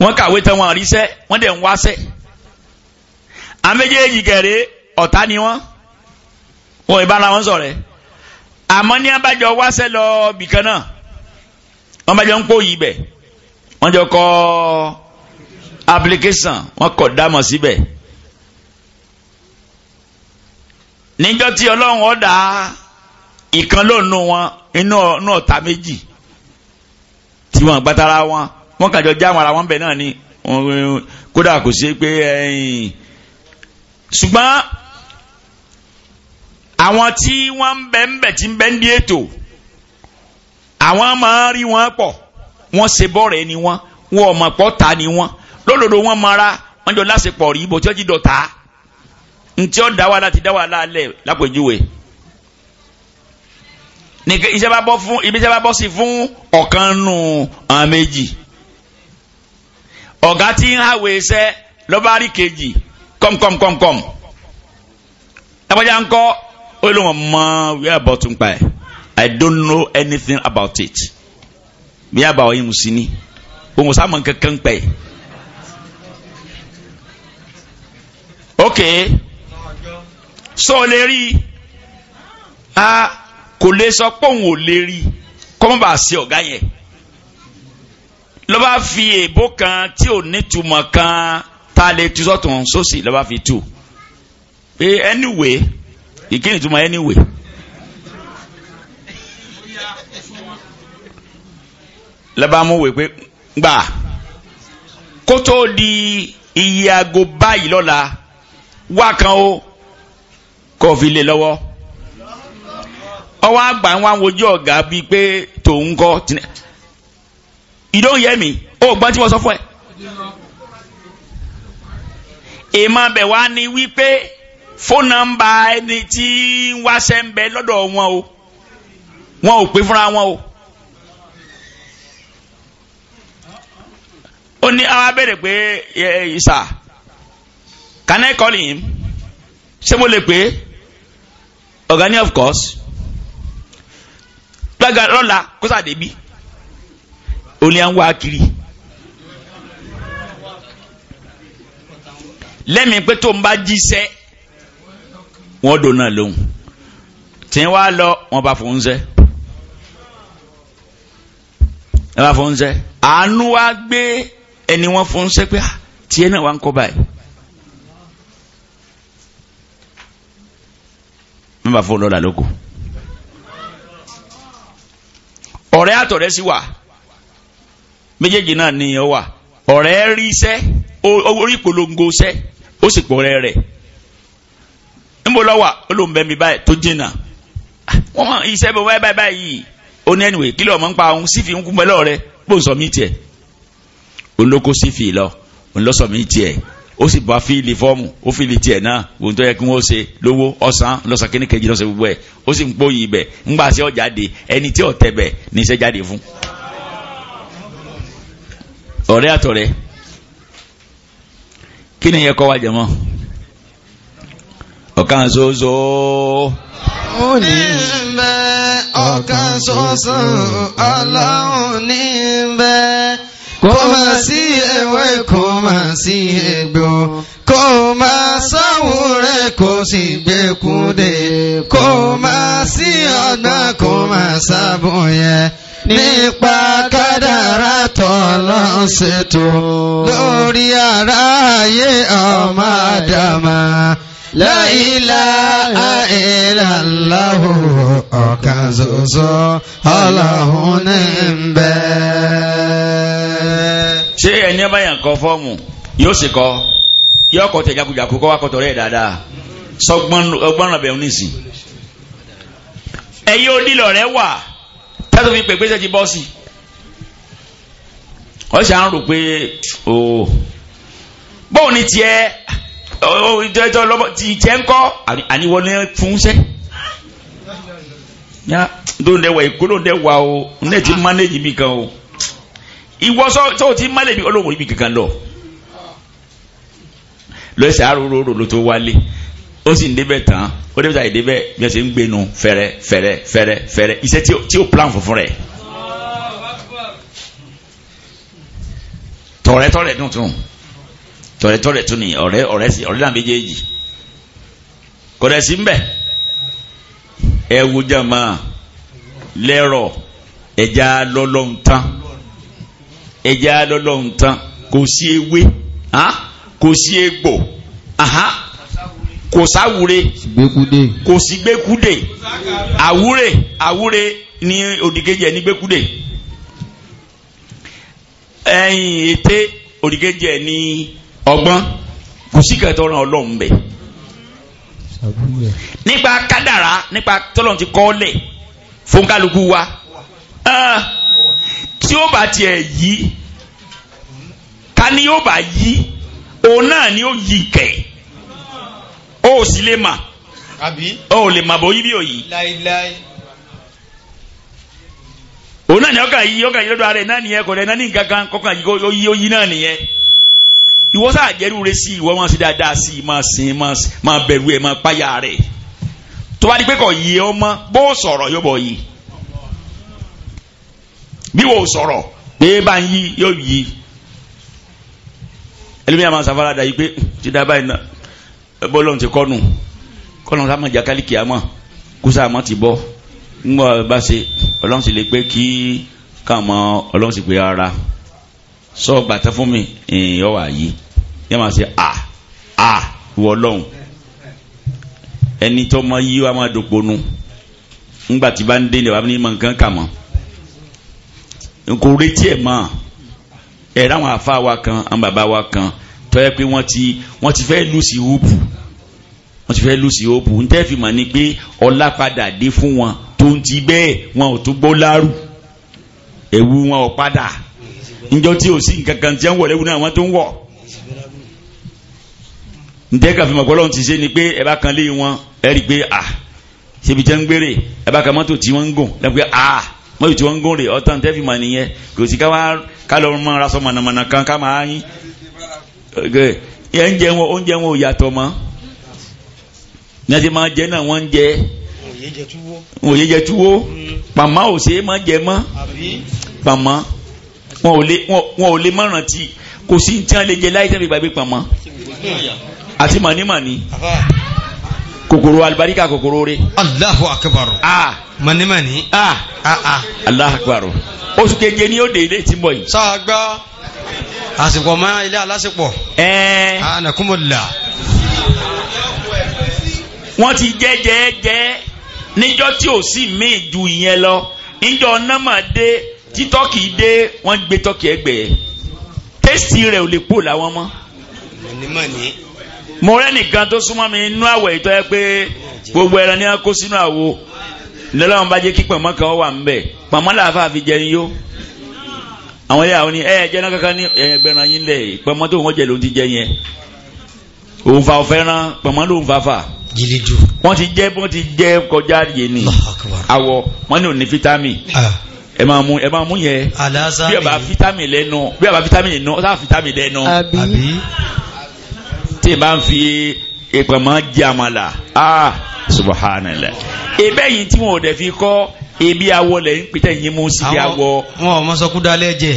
wọ́n kàwé tán wọn àríṣẹ́ wọ́n dẹ̀ ń wáṣẹ́ àméjèèjì kẹrẹ ọ̀tá ni wọ́n wọn ìbára àmọ́ ní abájọ wáṣẹ́ lọ bìkan náà wọ́n bájọ ń kó yìí bẹ̀ wọ́n jọ kọ́ application wọ́n kọ̀ dámọ̀ síbẹ̀ níjọ́ tí ọlọ́run ọ̀dà ìkan lónú wọn inú ọ̀tá méjì tí wọ́n gbátara wọn wọ́n kàjọ já ara wọn bẹ̀ náà ni kódà kò sí pé ẹ̀yìn ṣùgbọ́n àwọn tí wọ́n ń bẹ ń bẹ tí ń bẹ ń di ètò àwọn máa rí wọn pọ̀ wọ́n ṣe bọ́ọ̀rẹ́ ni wọ́n wọ́n ọmọ pọ̀ ta ni wọ́n lólòdò wọn mara wọ́n jọ lásìpọ̀ rí ibo tí wọ́n ti dọ̀ta ntí ó dá wàhálà ti dá wàhálà alẹ́ lápèjúwe iṣẹ́ bá bọ́ fún ibi iṣẹ́ bá bọ́ sí fún ọ̀kan nù àwọn méjì ọ̀gá tí ń hàwé iṣẹ́ lọ́ba rí kejì kọ́mkọ́mkọ́mkọ́m lápẹ́jà ń ó ló wọn mọ wíwá bọ tún pa i don't know anything about it bí a bá wọn yín sí ni òun sá mọ kankan pẹ ok sọ lè rí a kò lè sọ pé òun ò lè rí kọ́mọ́ bá a ṣe ọ̀gá yẹn lọ́ba fi èèbó kan tí ò nítumọ̀ kan tá a lè sósì lọ́ba fi tu anyway ìkíni túmọ̀ anyway. lẹ́bàámu wè pé gbà kó tó di iye aago báyìí lọ́la wá kan ó kò fi lè lọ́wọ́ ọwọ́ àgbà ń wá wojú ọ̀gá bíi pé tòun kọ́ ìdóhùn yẹ mi ó gbọ́n tí mo sọ fún ẹ. èèmọ̀ bẹ̀ wá ni wípé fóònù nọ́mbà ẹni tí ń wáṣẹ́ ń bẹ lọ́dọ̀ wọn o wọn ò pé fúnra wọn o. ó ní àwa béèrè pé ìsà can I call him ṣé mo lè pè ọ̀gá ni of course gbàgà lọ́la kó sàdé bí ó ní à ń wá kiri. lẹ́mìí pé tó ń bá jíṣẹ́ wọ́n dò náà lóhùn tí wọ́n á lọ wọ́n bá fòun ṣẹ́ wọ́n bá fòun ṣẹ́ àánú wa gbé ẹni wọ́n fòun ṣẹ́ pé ah, tiẹ̀ náà wà ń kọ́ báyìí. wọ́n bá fòun lọ́la lóko ọ̀rẹ́ àtọ̀rẹ́ sí wà méjèèjì náà ni ọ wà ọ̀rẹ́ rí iṣẹ́ orí ìpolongo iṣẹ́ ó sì pọ̀ rẹ̀ rẹ̀ níbo lọ́wà ó ló mi báyìí tó jìnnà wọ́n mọ iṣẹ́ mi wáyé báyìí báyìí ó ní ẹnìwé kí lọ́ọ̀ mọ́ ń pa òun sífì ń kún pẹ́lọ́ rẹ bó ń sọ mí tiẹ̀ olóko sífì lọ òun lọ sọ mí tiẹ̀ ó sì bá fíìlì fọ́ọ̀mù ó fíìlì tiẹ̀ náà ohun tó yẹ kí wọ́n ṣe lówó ọ̀sán lọ́sàn kíní kejì lọ́sàn gbogbo ẹ̀ ó sì ń pòyì ibẹ̀ ńgbà sí ọ̀jáde ẹni tí ọ̀tẹ̀ bẹ̀ ní iṣẹ́ jáde fún. ọ̀rẹ́ àtọ̀rẹ́ kí ni yẹ kọ́ wa jẹ mọ́ ọ̀kan ṣoṣo ó ní bẹ́ ọ̀kan ṣoṣo ọlọ́run ní bẹ́ kó má sí ewé kó má sí egbò kó má sáwò rẹ̀ kó sì gbẹ́kúndé kó má sí ọ̀nà kó má sábòyẹ nípa kádàrá tọ́lọ́ ṣètò lórí ara ayé ọmọ àdàmà. La ilaha illallah ọ̀kan ṣoṣo ọlọ́run ní ń bẹ. ṣé ẹni ọba yàn kọ fọ́ọ̀mù yóò ṣe kọ yóò kọ tẹ jakujaku kọ́ wa kọ́ tọ̀rẹ́ dáadáa sọgbọ́n ọgbọ́n ọ̀bẹ̀ oníṣìí ẹ̀yí onílọ̀ rẹ̀ wà tẹ́tù fi pè pèsè ti bọ́ọ̀sì ọ̀ṣà ń rò pé o bóun ni tiẹ̀ Oh, jẹjọ lọmọ ti jẹ ńkọ àníwọ ní fúnṣẹ. ya ló ń dẹwà èkó ló ń dẹwà o ní ti mánéjì mi kan o ìwọ sọ tó ti mánéjì olóhùn mi kankan lọ lọ ẹsẹ aróró ló tó wálé ó sì ń débẹ̀ tán ó débẹ̀ tán ìdébẹ̀ bí wọ́n ṣe ń gbénu fẹ̀rẹ̀ fẹ̀rẹ̀ fẹ̀rẹ̀ fẹ̀rẹ̀ iṣẹ́ tí ó plan funfun rẹ̀. tọ̀rẹ́tọ̀rẹ́ tuntun tọ̀rẹ́tọ̀rẹ́ tún ni ọ̀rẹ́ ọ̀rẹ́ sí ọ̀rẹ́ náà méjèèjì kọ̀rẹ́ sí mbẹ̀ ẹ wo jàmá lẹ́rọ̀ ẹja lọ́lọ́hun tán ẹja lọ́lọ́hun tán kò sí ewé kò sí egbò kò sáwúre kò sí gbẹ́kúdè àwúre àwúre ní òdìkejì ẹ̀ ní gbẹ́kúdè ẹ̀yìn ète òdìkejì ẹ̀ ní ọgbọ́n kò sí kẹtọ́ ọ̀ràn ọlọ́run bẹ̀. nípa kádàrá nípa tọ́lọ́run ti kọ́ lẹ̀ fún kálukú wa tí ó bá tiẹ̀ yí ká ní yóò bá yí òun náà ni ó yí kẹ̀ ó sì lè mà ó lè mà bó yí bí òyì òun náà ni ọkàn yí ọkàn yí lọ́dọ̀ ara ẹ̀ náà nìyẹn kò rẹ̀ náà ní nǹkan kan kọ́kàn yí ó yí náà nìyẹn ìwọ sáà jẹ́rú rẹ sí ìwọ máa ṣe dáadáa sí i máa sìn máa bẹ̀rù ẹ̀ máa páyà rẹ̀ tó bá di pé kò yé ọ mọ́ bó sọ̀rọ̀ yóò bọ̀ yìí bí wò sọ̀rọ̀ pé bá ń yí yóò yí ẹlẹ́mìí àmọ́ sanfara dà yìí pé hmm, ti dá báyìí náà bọ́lọ̀ ti kọ́nu kọ́nu sáà máa jà kálí kó sáà máa ti bọ́ ńgbọ́ bá ṣe ọlọ́run sì lè pé kí káàmọ́ ọlọ́run sì pé ara sọ gbàtà fún mi ìyọ́wà yìí yẹn máa ṣe a a wọ lọ́hùn ẹni tó máa yí wa máa dòpò nu ńgbà tí bá ń dé ní wàá ní mọ̀nkán kà mọ́ nkò retí ẹ̀ mọ́ ẹ̀ ráwọn àfa wa kan àwọn bàbá wa kan tó yẹ pé wọ́n ti wọ́n ti fẹ́ lù sí wọ́n ti fẹ́ lù sí húpù fi mọ̀ ni pé ọlá padà dé fún wọn tó ń ti bẹ́ẹ̀ wọn ò tún gbó lárù ẹ̀wù wọn ò padà njọ́ tí ò sí nǹkan tí wọ́n wọ̀lẹ́wù náà wọ́n tó ń wọ̀ ntẹ́ kàfin mọ̀kọ́ lọ́hún ti ṣe ni pé ẹ bá kan lé wọn ẹ rí i pé à ṣebi jẹ́ ń gbére ẹ bá kan mọ́tò tí wọ́n ń gùn ẹ pé à ah, mọ́tò tí wọ́n ń gùn rè ọ̀tàn tẹ́ fi mọ̀ nìyẹn kò sí ká lọ́ mọ́ ara sọ mọ̀nàmọ̀nà kan ká máa yín oúnjẹ wọn oúnjẹ wọn ò yàtọ̀ mọ́ ní ẹsẹ̀ máa jẹ náà wọ́n ń jẹ òye jẹ túwó pàmò ò ṣe é má jẹ mọ́ pàmò wọn ò lè má rántí kò sí ní tí wọ́n lè jẹ láì sẹ́fì àti mànímàní kòkòrò alibarika kòkòrò rẹ. Allahu akbar. aa mànímàní. aa aa Allahu akbar. oṣù keje ni ó de ilé tí ń bọ̀ yìí. sàgbà àsìkò mọ ilé alásìkò. ẹẹ. anakumola. wọ́n ti jẹ́ jẹ́ jẹ́ níjọ́ tí ò sí míì ju ìyẹn lọ níjọ́ námàdé títọ́kì dé wọ́n gbé tọ́kì ẹgbẹ̀ẹ́ tẹ́sì rẹ̀ ò lè pò láwọn mọ́. mànímàní mo rẹ́ nìkan tó súnmọ́ mi inú àwẹ̀ ìtọ́ yẹ pé gbogbo ẹran ni a kó sínú àwo lọ́lọ́run bá jẹ́ kí pọ̀nmọ́ kan wà ń bẹ̀ pọ̀nmọ́ làáfà fi jẹ yín yó àwọn yàrá ni ẹ jẹ́ náà kankan ní ẹgbẹ̀rún yín lẹ̀ pọ̀nmọ́ tó wọ́n jẹ ló ti jẹ yẹn òun fa ọ̀fẹ́ rán pọ̀nmọ́ ló ń fa fà. jìlìjù. wọ́n ti jẹ́ wọ́n ti jẹ́ kọjá yé ni awọ wọ́n ní òní fítámì ẹ máa mú ẹ máa mú yẹn bí ọba fítámì lẹ́nu bí ọba fítámì lẹ́nu ọ̀sán tí ì bá ń fi ìpamọ́ jẹ́ àmàlà ah subahánilẹ̀ ebe yìí tí wọn ò dẹ̀ fi kọ́ ebi awọ lẹ̀ ń pété yín mú sí awọ. wọn ò mọ sọkú dalẹ̀ jẹ.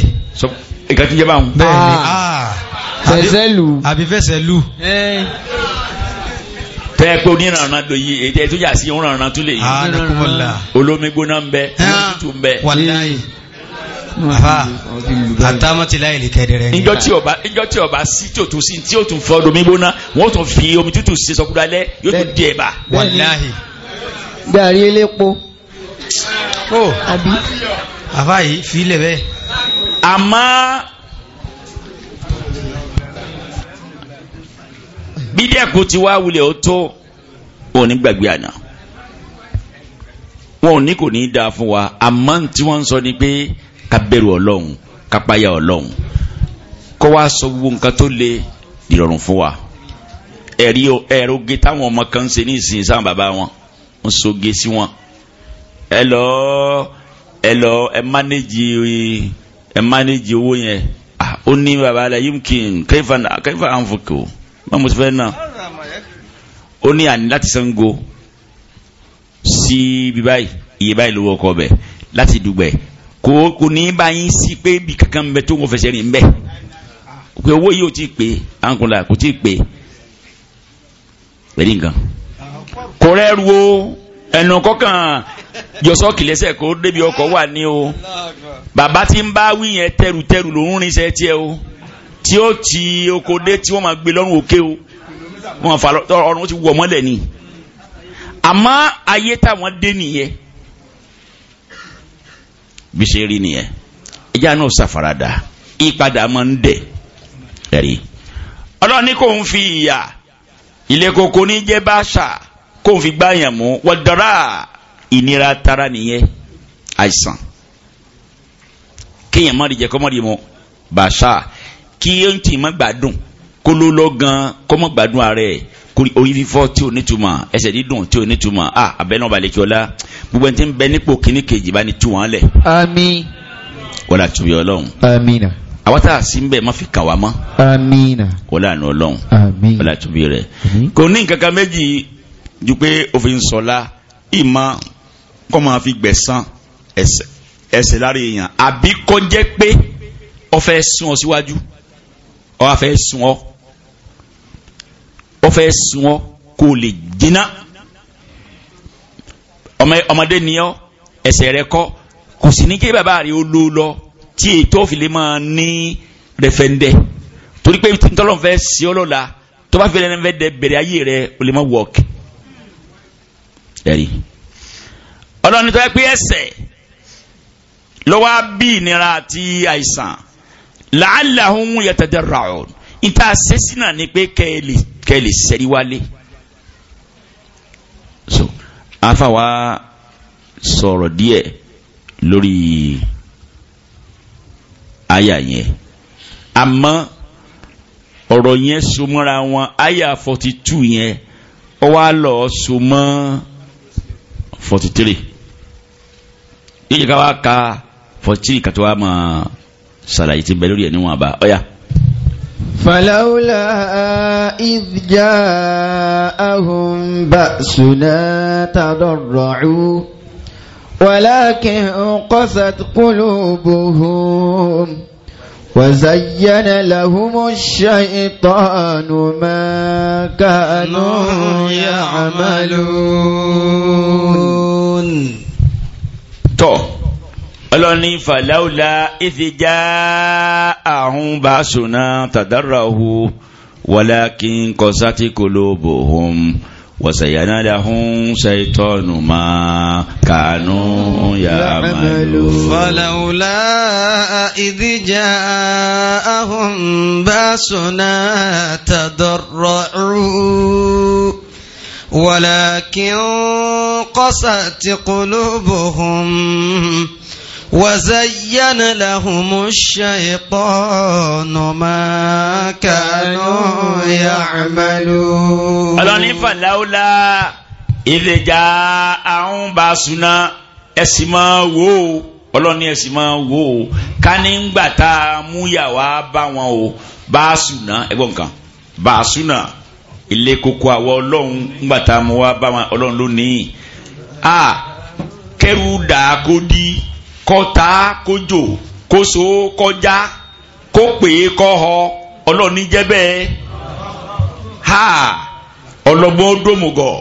ìka tí ń jẹ bá wọn. bẹ́ẹ̀ni fẹsẹ̀ ah, lu. Ah, àbí fẹsẹ̀ lu. Eh. tẹ́ ẹ pé onírànà ló yí ètò ẹ̀ sí onírànà tó lè yí. Ah, olómi gbóná ń bẹ olómi tútù bẹ àtàmọ́tìlá ìlìkẹ́dẹ̀rẹ́ ni. ìjọ tí ọba sí tí o tún sí tí o tún fọ́ domi gbóná wọ́n tún fi omi tútù ṣe sọkúrú alẹ́ yóò tún di ẹ̀bà. wàláhì. gàrí elépo. ó àbí. àbá yìí fi ilẹ̀ bẹ́ẹ̀. àmọ́ bídẹ́kù ti wá ní kò ní dáa fún wa àmọ́ tí wọ́n ń sọ ni pé ká bẹ̀rù ọlọ́run ká páyà ọlọ́run kó wá sọ gbogbo nǹkan tó le ìrọ̀rùn fún wa ẹ̀rí ẹ̀rọ oge táwọn ọmọ kan ń ṣe ní ìsìn sáwọn bàbá wọn ń soge sí wọn ẹ lọ ẹ lọ ẹ mánéjì ẹ mánéjì owó yẹn ó ní bàbá rẹ yimkin kẹfà kẹfà ànfọkọ mọ́mú ti fẹ́ náà ó ní àní láti sango sí ibi iye báyìí lówó ọkọ bẹ̀ láti dùgbẹ̀ kò kò ní bá yín sí pé ibi kankan bẹ tó ń fẹsẹ̀ rìn bẹ́ẹ̀ pé owó yìí ò tí ì pé ankola kò tí ì pé pẹ̀lú nǹkan kò rẹ́rù o ẹnu kọ́kàn jọ̀sọ́ kìlẹ́sẹ̀ kó débi ọkọ̀ wà ní o bàbá tí ń bá wí yẹn tẹrùtẹrù ló ń rinṣẹ́ tiẹ̀ o tí ó ti oko dé tí wọ́n máa gbé lọ́rùn òkè o wọ́n fa ọrùn ti wọ̀ mọ́lẹ̀ ni àmọ́ ayé táwọn dé nìyẹn bí ṣe rí nìyẹn ìjà náà ṣàfaradà ìpadà máa ń dẹ̀ ẹ̀rí ọlọ́run ní kò ń fi ìyà ilé koko ní jẹ́ báṣà kò ń fi gbáyàn mú wọ́dọ́rà ìnira tara nìyẹn àìsàn kéèyàn má rí jẹ kọ́ má rí mu báṣà kí ó ń tì má gbádùn kó ló lọ gan kó má gbádùn ara ẹ̀ orí fífọ́ tí ò tuma. ẹsẹ̀ dídùn tí ò tuma. a abẹ́nú balẹ̀kíọ́lá gbogbo ẹni tí ń bẹ nípò kíní kejì bá ní tú wọn lẹ̀. àmín. wọ́n láti bí ọlọ́run. àmínà. àwọn tá a fi kàn wá mọ́. àmínà. wọ́n láàánú ọlọ́run. àmín. wọ́n láti bí rẹ̀. kò ní nǹkan kan méjì ju pé òfin sọ̀la ìmọ̀ kọ́ fi gbẹ̀san ẹsẹ̀ lára èèyàn àbí kọ́ jẹ́ pé ọ fẹ́ sún síwájú ọ fẹ́ sún ó fẹ́ sun ọ kó o lè jiná ọmọdé ni ọ ẹsẹ̀ rẹ kọ́ kò sì ní kí bàbá rẹ ó lò lọ tí ètò òfìlẹ̀ máa ní rẹ̀fẹ̀ndẹ̀ torí pé ntọ́lọ́n fẹ́ sí ọ lọ́la tó bá fi lẹ́nu fẹ́ dẹ bẹ̀rẹ̀ ayé rẹ o lè má wọ̀k ẹ̀rí ọlọ́run tó yẹ pé ẹsẹ̀ lọ́wọ́ bí ìnira àti àìsàn làálàá ń yàtọ̀ dẹ́ra ọ̀dù ìta sẹ́sí náà ni pé kẹ́ẹ̀lì kẹ́ẹ̀lì sẹ́rí so afa wa sọ̀rọ̀ díẹ̀ lórí aya yẹn ama ọ̀rọ̀ yẹn so mọ́ra aya forty two yẹn ó wá lọ forty three yíyí ká wá ka forty three kàtó wá mọ́ ṣàlàyé ti bẹ lórí ẹ̀ níwọ̀n àbá ọ̀ya. فلولا إذ جاءهم بأسنا تضرعوا ولكن قست قلوبهم وزين لهم الشيطان ما كانوا يعملون ọlọ́ni fàlàúlà ìfijá àrùn bá ṣùnà tàdáràhù walakin kọsátì kulubuhum wàsàyánàdáhùn ṣàìtọ́nù máa kàánú yàmàlú. fàlàúlà ìfijá àrùn bá ṣùnà tàdáràhù. ولكن قست قلوبهم وزين لهم الشيطان ما كانوا يعملون ọlọ́ni fàlàólà ìdèjà àwọn bá súná ẹ̀sì máa wò ọlọ́ni ẹ̀sì máa wò ó tá a mú yàwá bá wọn o bá súná ẹgbọ́n kan bá súná ilé koko àwọ ọlọ́run gbà tá a mú wá bá wọn ọlọ́run lónìí a kẹrù dàá kó dí kọta kójò kóso kọjá kó pè é kọ́ họ ọlọ́run jẹ́ bẹ́ẹ̀ ha ọlọ́gbọ́n dòmùgọ̀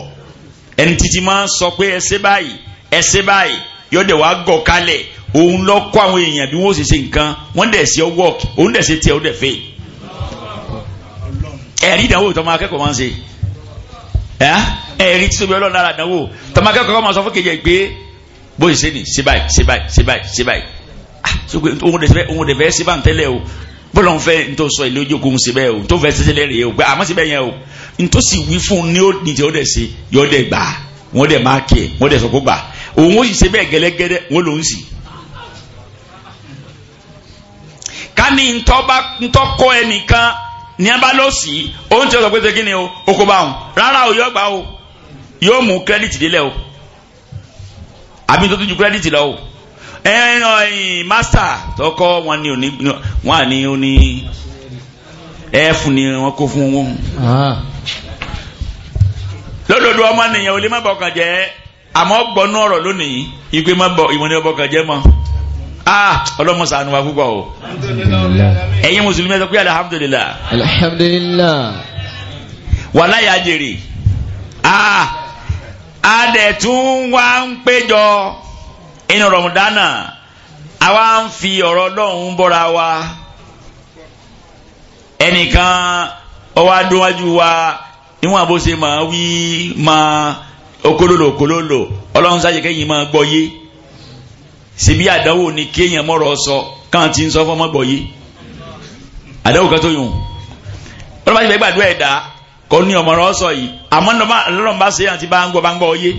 ẹni títí máa ń sọ pé ẹsẹ̀ báyìí ẹsẹ̀ báyìí yọ̀dẹ̀ wàá gọ̀ kalẹ̀ òun lọ kọ́ àwọn èèyàn bí wọ́n ṣe ṣe nǹkan wọ́n dẹ̀ ṣe ọwọ́ òun dẹ̀ ṣe tiẹ̀ ó dẹ̀ fẹ́ ẹ̀rí ìdánwò tọmọ akẹ́kọ̀ọ́ máa ń ṣe ẹ̀rí títóbi ọlọ́run lára ìdánwò tọmọ akẹ́kọ̀ọ́ máa sọ fún kejì ẹ̀ pé bóyì ṣe ni ṣe báyìí ṣe báyìí ṣe báyìí ṣe báyìí ah, sọgbẹ òun de fẹ òun de fẹ ṣe báyìí tẹ́lẹ̀ o bọlọ ń fẹ́ ntọ sọ ilé ojú okun ṣe bẹ́ẹ̀ o ntọ fẹ́ ṣe tẹ́lẹ̀ rèé o gbẹ àmọ́ ṣe bẹ́ẹ̀ yẹn o ntọ sì wí fún ní ó nìjẹ ó dẹ ṣe yọ dẹ gbà wọn dẹ máa kẹ wọn dẹ sọ kó gbà òun ó sì ṣe bẹ́ẹ̀ gẹ́lẹ́gẹ́lẹ́ wọn lòún sì. ká ní ntọ́ kọ́ ẹnìkan ní abá ló sì oúnjẹ sọ pé ṣe kí ni o okòbá òun rárá o yọ gbà o yóò mú kírẹ́dìtì délẹ̀ o àbí tó tún ju kírẹ́dìtì lọ o ẹ̀ẹ́n mástà tọkọ wọn ni òní wọn àní òní ẹ̀ẹ́fù ni wọn kó fún wọn. Ah. lódodo ọmọ nìyẹn ò lè má bọkàn jẹ́ àmọ́ gbọ́nú ọ̀rọ̀ lónìí ìpè má bọ ìwọ ni ọbọkàn jẹ́ mọ́ ah, ọlọ́mọ ṣàánú wa púpọ̀ o ẹ̀yin mùsùlùmí ẹ sọ pé alihamudulila. alihamudulila. wàláyà jèrè. Ah, a dẹ̀ tún wá ń péjọ inú rọ̀mùdánà a wá ń fi ọ̀rọ̀ ọlọ́run bọ́ra wa ẹnìkan ọwọ́ wa níwọ̀n bó ṣe máa wí máa okololo okololo ọlọ́run sáyẹ kẹ́yìn máa gbọ́yé síbi àdánwò ni kéèyàn sọ káwọn ti ń sọ gbọ́yé àdánwò kan tó yùn kò ní ọmọ rẹ sọ yìí àmọ́ lọ́nà bá ṣe àti bá ń gbọ́ bá ń gbọ́ yé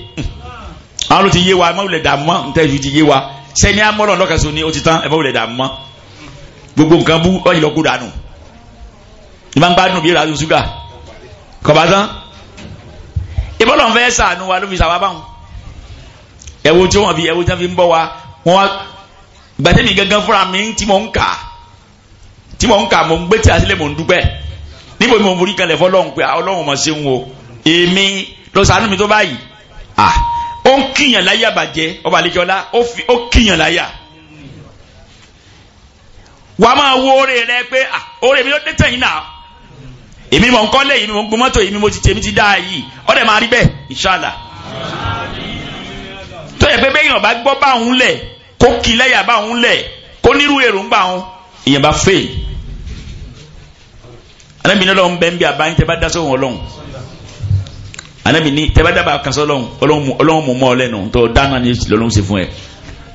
àwọn ló ti yé wa ẹ má wulẹ̀ dààmú mọ́ níta ìlú ti yé wa sẹ́ni amọ́lọ̀ lọ́kàṣọ ni ó ti tán ẹ má wulẹ̀ dààmú mọ́ gbogbo nǹkan bú ọ̀yìn lọ́kù dànù ní ń gbádùn bí ìrànlọ́ ṣúgà kọ̀bá tán ìbọ́lọ̀ ń fẹ́ sàánú wa ló fi sàwá báwọn ẹ̀wò tí wọ́n fi ẹ̀wò tí wọ́n fi ń bọ́ wa wọ́n mi tí mò ń kà tí mò níbo ni mo borí kalẹ̀ fọlọ́run pé ah, ọlọ́run mọ̀ sí wọn o èmi lọ́sàánú mi tó báyìí ah ó ń kíyàn láyà bàjẹ́ ọba àlejòlá ó kíyàn láyà wàá máa wo oore rẹ pé ah oore mi ló dé tẹ̀yìn náà èmi mọ̀ ń kọ́lé èmi mọ̀ ń gun mọ́tò èmi mo ti tèmi ti dá yìí ọ̀dẹ̀ máa rí bẹ́ẹ̀ inshallah tó yẹ pé bẹ́ẹ̀ yàn bá gbọ́ lẹ̀ kó kí lẹ́yà báwọn lẹ̀ kó nírú èròǹgbà wọn ìyẹn bá fail anabi ní ọlọ́run bẹ́ẹ̀ ń bí abáyín tẹ́ bá dá sóhun ọlọ́run anabi ní tẹ́ bá dábàá kan sọ ọlọ́run ọlọ́run mú mọ́ ọ lẹ́nu tó dáná ní lọ́lọ́run ṣe fún ẹ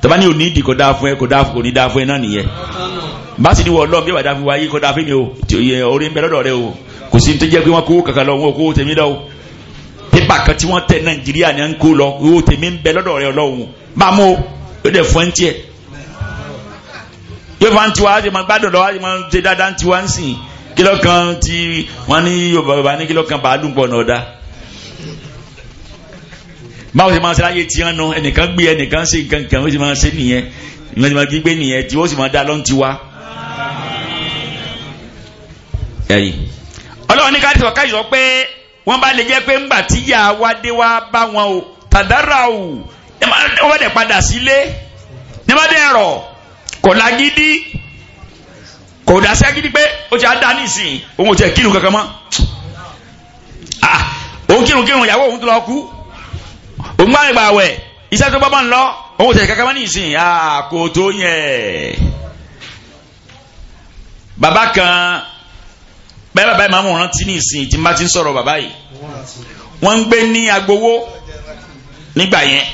tọ́ba ní òní ìdí kò dáa fún ẹ kò dáa fún òní dáa fún ẹ náà nìyẹn bá sì ní wọ ọlọ́run bí wàá dáa fún wa yìí kò dáa fún mi o orí ń bẹ lọ́dọ̀ rẹ o kò sí tó jẹ́ pé wọ́n kó kàkà lọ wọn kó tèmi lọ o pépà kan tí wọ́n tẹ nàìjíríà ní à ń kó lọ owó tèmi ń bẹ lọ́dọ̀ rẹ ọlọ́run bá mú o yóò dẹ̀ fún ẹ ń tiẹ̀ yóò fún ń tiwa á ti máa gbádùn lọ Kilo kan tí wọ́n ní yorùbá bàbá ní kílọ̀ kan bàálù pọ̀ náà dá báwo ṣe máa ṣe láyé tiẹ́ nu ẹnìkan gbé ẹnìkan ṣe nǹkan kan ó sì máa ṣe nìyẹn ìwọ́n ti máa gbé nìyẹn tí ó sì máa dá lọ́n ti wá. ẹ̀yìn ọlọ́run ní káàdì sọ̀ká pé wọ́n bá lè jẹ́ pé ńgbà tí yà wá dé wá bá wọn o tàdárà o ẹ má dẹ̀ padà sílé ẹ má dẹ̀ rọ̀ kò lágídí kò dá sí agídí pé ó ti á dá nísìnyí òun ò tiẹ̀ kírun kankan mọ́ ah, òun kírun kírun ìyàwó òun tó lọ kú òun gbá ìgbà wẹ̀ iṣẹ́ tó bọ́bọ́ ń lọ òun ò tiẹ̀ kankan mọ́ nísìnyí ah, kò tó yẹ. bàbá kan bẹ́ẹ̀ bàbá yìí máa ń rántí nísìnyí tí n bá ti ń sọ̀rọ̀ bàbá yìí wọ́n ń gbé ní agbowó nígbà yẹn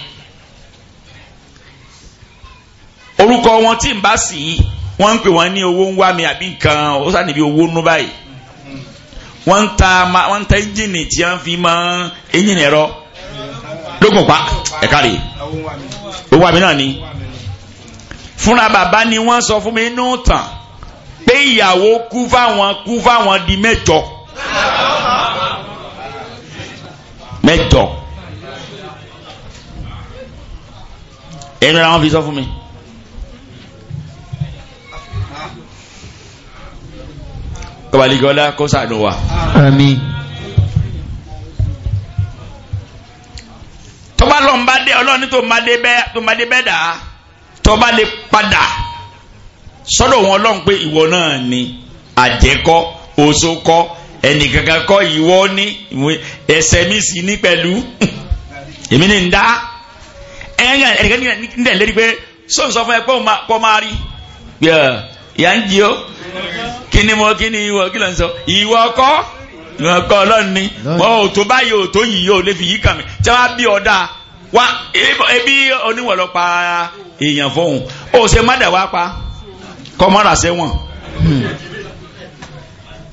orúkọ wọn tí n bá sì í wọ́n ń pè wọ́n ní owó ń wá mi àbí nǹkan ó sá níbi owó nú báyìí wọ́n ń ta ma wọ́n ń ta ẹ́ńjìnì tí wọ́n fi mọ́ ẹ́ńjìnì ẹ̀rọ lókun pa ẹ̀ka rè owó àmì náà ni fúnra bàbá ni wọ́n sọ fún mi nínú tàn pé ìyàwó kú fáwọn kú fáwọn di mẹ́jọ mẹ́jọ ẹnu ara wọn fi sọ fún mi. kọbaligọ́lá kó sàánú wa. àmín. tọ́ba lọ ń bá dé ọlọ́run tó ń bá dé bẹ́ẹ̀ tó ń bá dé bẹ́ẹ̀ dà á tọ́ba lè padà sọ́dọ̀ wọn ọlọ́run pé ìwọ náà ni àjẹkọ́ oṣokọ́ ẹnìkankan kọ́ ìwọ ní ẹsẹ̀ mi sì ní pẹ̀lú èmi ní ń dá ẹnìkan ní ń lérí pé sọ́nsọ́ fún ẹ pé ó máa rí ìyá ń jí o kí mo kí ni ìwọ kí ló ń sọ ìwọ ọkọ ìwọ ọkọ ọlọ́run ni wọn ò tó báyìí ò tó yìí ò lè fi yí kàn mí tí wọn bí ọdá wa ebi oníwọlọ pa èèyàn fọhùn ó ṣe má dà wá pa kọmọra sẹ́wọ̀n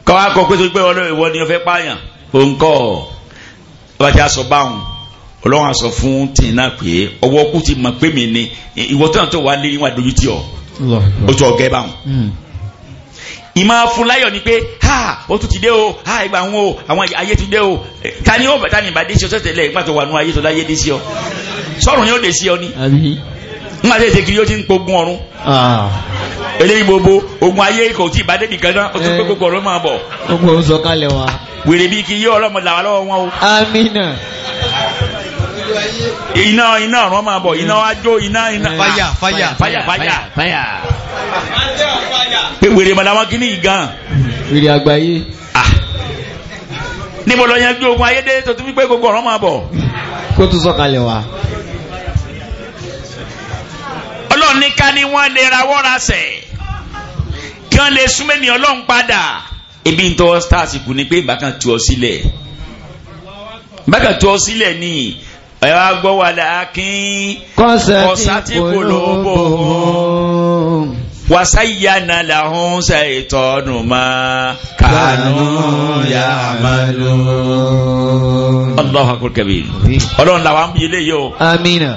kọ wá kọ pé tó gbé ọlọ́run ìwọ ni wọn fẹ́ pààyàn òǹkọ ọba tí a sọ báwọn ọlọ́run a sọ fún tìǹà pé ọwọ́ kú ti mọ̀ pé mi ni ìwọ tó náà tó wà lé níwájú dojú tì ọ ó tún ọ̀gẹ́ báwọn. ìmọ̀ fún ni pé ha ó tún ti dé o ha ìgbà àwọn o àwọn ayé ti dé o eh, ta ni ó bàtà ní ìbàdí sí ọ sẹ́tẹ̀lẹ̀ ìgbà tó wà nù ayé tó láyé dé sí ọ sọ́run ni ó dé sí ọ ni n àti ètè kiri ó ti ń pogun ọ̀run ah. eléyìí gbogbo ogun ayé kò tí ìbá débi kan náà ó tún pé eh. gbogbo ọ̀run máa bọ̀. ogun òun sọ kalẹ̀ wa. wèrè bíi kí yí ọlọ́mọ làwọn lọ́wọ́ wọn o. amina iná iná ọ̀run máa bọ̀ iná ajó iná iná. fàyà fàyà fàyà fàyà fàyà. wèrè màdàmọ́ kìíní gan. wèrè àgbáyé. níbo lọ yanjú ogun ayédè tó tún fi pé gbogbo ọ̀run máa bọ̀. kó tún sọ̀kalẹ̀ wá ọlọ́run ní ká ní wọ́n lè ra wọ́ra sẹ̀ kí wọ́n lè súnmọ́ ènìyàn ọlọ́run padà. ebi ń tọ́ stars kù ni pé bákan tu ọ sílẹ̀ bákan tu ọ sílẹ̀ ni ẹ wá gbọ́ wà láàkín kọ́sátì polówó wasayyana lahun ṣaitọ́nù ma kanu ya'malu. Allahu akbar kabir. ọlọ́run làwọn bí ilé yìí o. amina.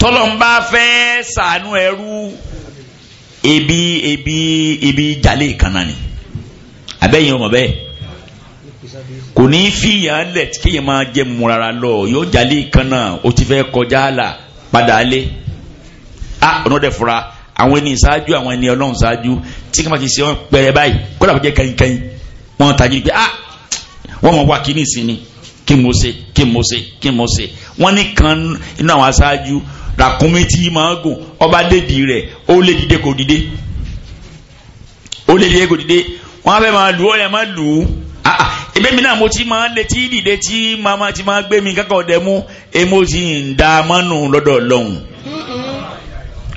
tọ́lọ́mbà fẹ́ sànú ẹrú ebi ebi ebi jalè kan náà ni abẹ́yìn ọmọ bẹ́ẹ̀ kò ní fi yàn lẹ̀ kéèyàn máa jẹ murara lọ yóò jalè kan náà o ti fẹ́ kọjá la padà lé a ọ̀nà dẹ̀ fura àwọn ẹni ìṣáájú àwọn ẹni ọlọ́run ṣáájú tí kàmá ti ṣe wọn pẹrẹ báyìí kódà wọn jẹ kẹyìnkẹyìn wọn tajú pé a ah! wọn mọ wá kíní ìsinmi kí mo ṣe kí mo ṣe kí mo ṣe wọn ní kan inú àwọn aṣáájú ràkúnmí tí máa gùn ọba dédìí rẹ ó lè dìde kò dìde ó lè dìde kò dìde wọn á fẹ́ máa lù ọ́ yẹn máa lù ú. Ah, ah. ebe mi náà mo ti máa ń létí dìde tí màmá ti máa gbé mi kankan ọ̀dẹ̀ mú emo ti ń da mọ́nù lọ́dọ̀ lọ́hùn.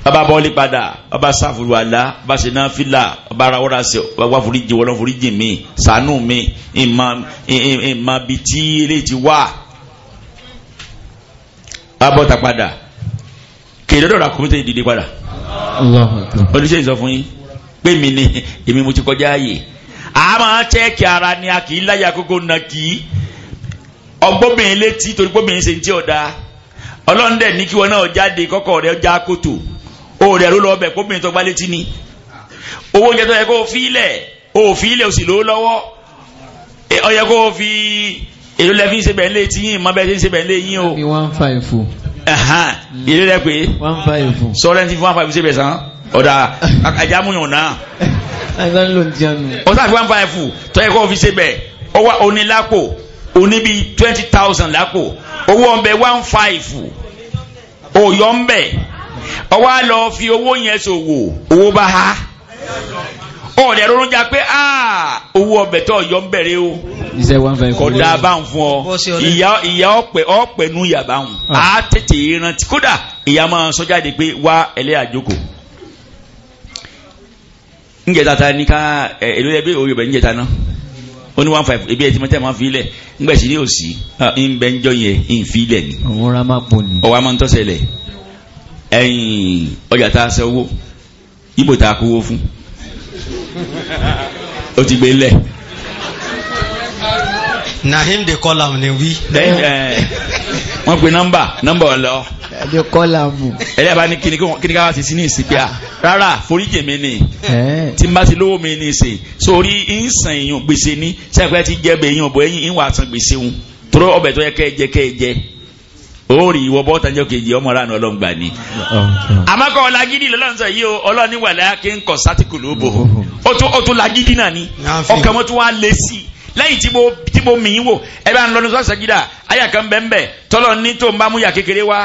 bàbá bọ́ọ̀lì padà bàbá sáfùrù àlá bàbá sinà fìlà bàbá arawọ́ra sẹ bàbá foríjì wọ́n foríjì mi sànú mi ìmọ̀ bi tí eré ti wà. abọ́ta padà kèrè lọ́dọ̀ àkọ́mítẹ́ ìdìde padà. olùsèyí sọ fún yín pé mi ni èmi mo ti kọjá ààyè. a máa chẹ́ẹ̀kì ara ni a kì í láyà kókó na kì í ọgbọ́bìnrin létí torí gbọ́bìnrin ṣe ń tí ọ̀dà ọlọ́ndẹ̀ ní kí wọn náà jáde kọ́kọ́ o rẹ̀ ló lọ ọbẹ̀ gbọ́bìnrin tó létí ni o fi ilẹ̀ o fi ilẹ̀ o sì lówó lọ́wọ́ ọ yẹ kó fi èlò lẹ fi ń ṣe bẹ̀ ń lé tí yín mọ o. one five. èlò lẹ ọ̀dà ajá múyàn náà. ẹgbẹ́ ló ń jẹun. ọ̀sán àfi one five tọ́ ẹ̀kọ́ fi ṣe bẹ́ẹ̀ ọwọ́ onílápò oníbi twenty thousand lápò owó ọ̀nbẹ one five òyọ̀ ọ̀nbẹ ọwọ́ á lọ fi owó yẹn ṣòwò owó bá ha ọ̀rẹ́ ronú já pé ah, owó ọbẹ̀ tó yọ ń bẹ̀rẹ̀ o kọ̀dá bá ń fún ọ ìyá ọ̀pẹ̀ ọ̀pẹ̀ nú yàbá ń ah. a tètè rántí kódà ìyá máa sọ jáde pé wá ẹlẹ́yàjókòó. njẹta ta ni ká ẹ èlò ẹbí òye bẹ njẹta náà ó one five ebi ẹtí mọ́tẹ́ máa fi lẹ̀ ngbà sí ní òsì ń bẹ ń jọ yẹn ń fi lẹ̀ ni. ọwọ́ra ma pọ̀ ni. ọwọ́ a máa ń tọ́sẹ̀ lẹ̀ ọjà tá a sẹ owó ibo tá a kówó fún ó ti gbé lẹ̀. na him dey call am ni we. wọ́n pe nọ́mbà nọ́mbà ọ̀lọ́. ẹjọ kọ́là mu. ẹ̀rẹ́ bá ní kíni kíni ká wá sí sí ní ìsìnkú a rárá foríjì mi ni tí n bá ti lówó mi ní ìsìn sórí ìsàn èèyàn gbèsè ní sẹ́kọ̀ẹ́ ti jẹ́ bẹ̀ èèyàn bọ̀ ẹ̀yìn ìwà àtàn gbèsè wọn tóró ọbẹ̀ tó yẹ kẹ́ ẹ jẹ kẹ́ ẹ jẹ orí ìwọ bọ́ tàjọ kejì ọmọ ránà ọlọ́ngbà ni. àmọ́kọ́ ọ̀làgídì lọ́lọ́sọ yìí o ọlọ́ni wàlẹ́ akéńkọ̀ sátìkù lóbò ó tún làgídì náà ni ọkàn wọn tún lé sí i lẹ́yìn tí mo mì í wò ẹ bá ń lọ ní sọ́ọ̀sì sẹ́jìdá àyà bẹ́ẹ̀ bẹ́ẹ̀ tọ́lọ̀ ní tó ń bá múyà kékeré wá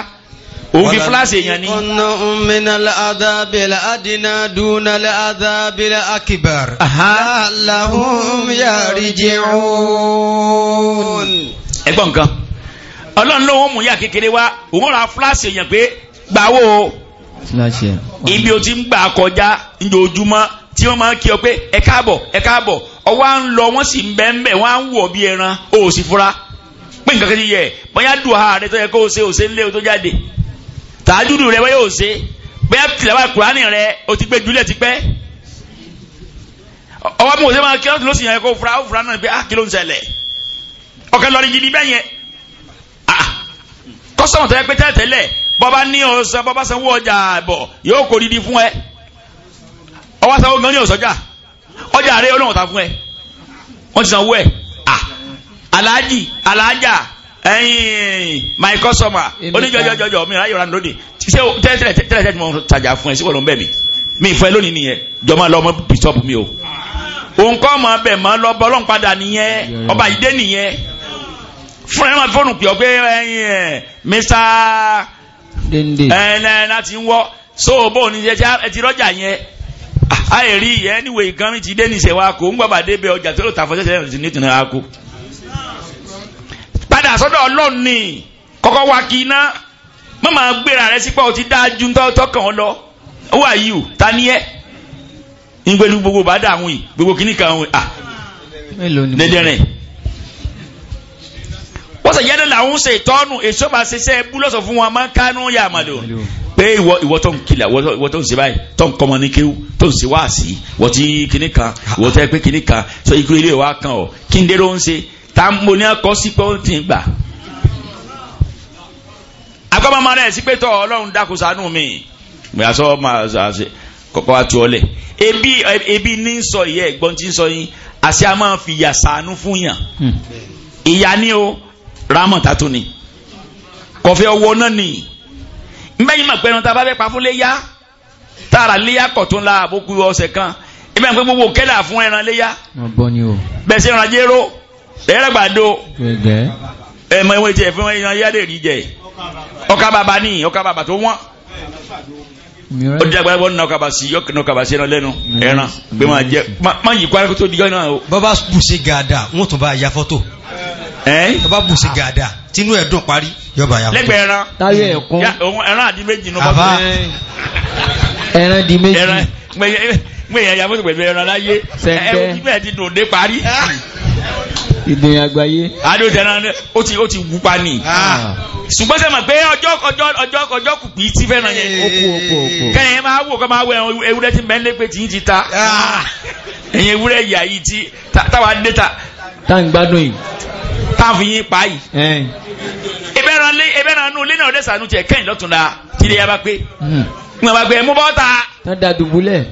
òun fi fúláṣì èèyàn ní. ọ̀nà òmìnira àdábìlà àdínà dúnà àdábìlà akíbar. láhùn yàrá jẹun. ẹ gbọ́ nǹkan ọlọ́run ló mú yà kékeré wá òun ra fúláṣì èèyàn pé gbàwó ibi o ti ń gbà kọjá ní ojoojúmọ́ tí wọ́n máa kí ọ pé ẹ káàbọ̀ ẹ káàbọ̀ ọwọ́ à ń lọ wọ́n sì ń bẹ́ ń bẹ́ wọ́n á ń wọ̀ bí ẹran o ò sì fura pé nǹkan kan ti yẹ bóyá dùn ààrẹ tó yẹ kó o ṣe o ṣe ń lé o tó jáde tàájúdù rẹ wọ́n yóò ṣe bóyá tìlẹ̀wá kùránì rẹ o ti gbé jùlẹ̀ ti pẹ́ ọwọ́ mi ò sẹ́ máa kí ọ́n ló sì yẹ kó fura ó fura náà pé ah kí ló ń ṣẹlẹ̀ ọ̀kẹ́ lọ́ọ́ di jìbí bẹ́ẹ̀ yẹn kọ́sọ̀mù ah, tó yẹ pé tẹ́lẹ̀ tẹ́lẹ̀ bọ́ba ní ọ̀sán bọ́ba sanwó ọjà àbọ̀ yóò kó didi fún ẹ ọwọ́ sanwó gan ní ọ̀sọ́jà ọjà àárẹ̀ ọlọ́run ta fún ẹ wọ́n ti sanwó ẹ̀ à aláàjì aláàjà ẹ̀yìn my customer oníjọjọjọjọ mi ráyè ràn lóde ṣé tẹ́lẹ̀ tẹ́lẹ̀ tí mo tajà fún ẹ sí wọ́n bẹ̀ mi mi ìfẹ́ lónìí nìyẹn jọmọ lọ ọmọ bishop mi o òun kọ́ ọmọ abẹ mọ́ lọ bọ́ ọlọ́run padà nìyẹn ọba ìdé nìyẹn fún ẹ máa fóònù pè ọ pé ẹ̀yìn ẹ̀ mr ẹ̀ ẹ̀ láti ń wọ́ so bóun ní ṣe ti rọ́jà yẹn Ah, a yẹ níwèé ịkan ti dé níṣẹ́ wa kó ọjà tó lò tà wa padà ni kọ́kọ́ wa kì í ná rẹ sípò ọtí dájú tọkàn ọ lọ who are you ta ni ẹ gbogbo bá dà gbogbo yìí ah wọ́n sọ yẹ́dẹ̀ làwọn ṣe ìtọ́nù èso máa ṣe iṣẹ́ ẹbú lọ́sọ̀ fún wọn máa ń kánú yà máa lò pé ìwọ ìwọ tó ń kìlà ìwọ tó ń ṣe báyìí tó ń kọ́mọ ní kéwù tó ń ṣe wáàsí ìwọ tí kinní kan ìwọ tó yẹ pé kinní kan sọ ikú ilé wa kan ọ kí n dérò ń ṣe tá mo ní ọkọ sí pé ó ti gbà. akọ́mọ máa rẹ̀ sí pé tọ́ ọlọ́run dákun ṣàánú mi ìyàsọ́ máa ṣe kọ́kọ́ wa tu ebi ebi ní ń sọ ìyẹ́ ẹ̀gbọ́n ti ń sọ yín àṣẹ a máa fi ìyà ṣàánú fún yàn hmm. ìyà ni o rámọ̀ tatu ni kọfẹ́ ọwọ́ náà ni mbẹ́yìn mọ̀ pé ẹran tá a bá fẹ́ pa fún léyà tààrà léyà kọ̀tún la àbókù ọ̀sẹ̀ kan ibẹ̀ ń pẹ́ gbogbo kẹ́là fún ẹran léyà bẹ́ẹ̀ sẹ́ran jéró ẹ̀rẹ́ gbàdo ẹ̀ mọ ìwé tiẹ̀ fún ẹran léyà lè rí jẹ ọkà bàbá ni ọkà bàbá tó wọ́n ó di agbára bọ́ nínú ọkà bàsí yọkì nínú ọkà bàsí ẹran lẹ́nu ẹran pé máa jẹ máa yìí kó tó di yọ náà o. bàbá bùsẹ̀ gàdà wọ́n tún bá ya fọ́tò. ọba bù sí gàdà tínú ẹ̀ dùn parí yọba yàgò. lẹ́gbẹ̀ẹ́ ẹran táyọ̀ ẹ̀kún ẹran àdí méjì ní ọba bẹ̀rẹ̀. ẹran di méjì. ẹran gbẹ̀yẹ̀ yàgò tó pẹ̀lú ẹran láyé ẹran ìgbẹ́ ti dùn dé parí. àgbáyé. adó tẹ̀ran ó ti ó ti wú pa ah. ṣùgbọ́n sẹ́mi pé ọjọ́ ọjọ́ ọjọ́ ọjọ́ ti yẹn. máa wò kọ́ máa wẹ ewúrẹ́ ti pé ti ta. Ah. ẹ̀yin ewúrẹ́ yà yìí ti táwa dé ta. tá à ń gbádùn táàfù yín pa yìí. ebe ranu lẹ́nà ọ̀dẹ́ sànú tiẹ̀ kẹ́yìn lọ́tún la tílé yaba pé ńgbà bá gbé mú hmm. bọ́ ta. tó da dùbúlẹ̀.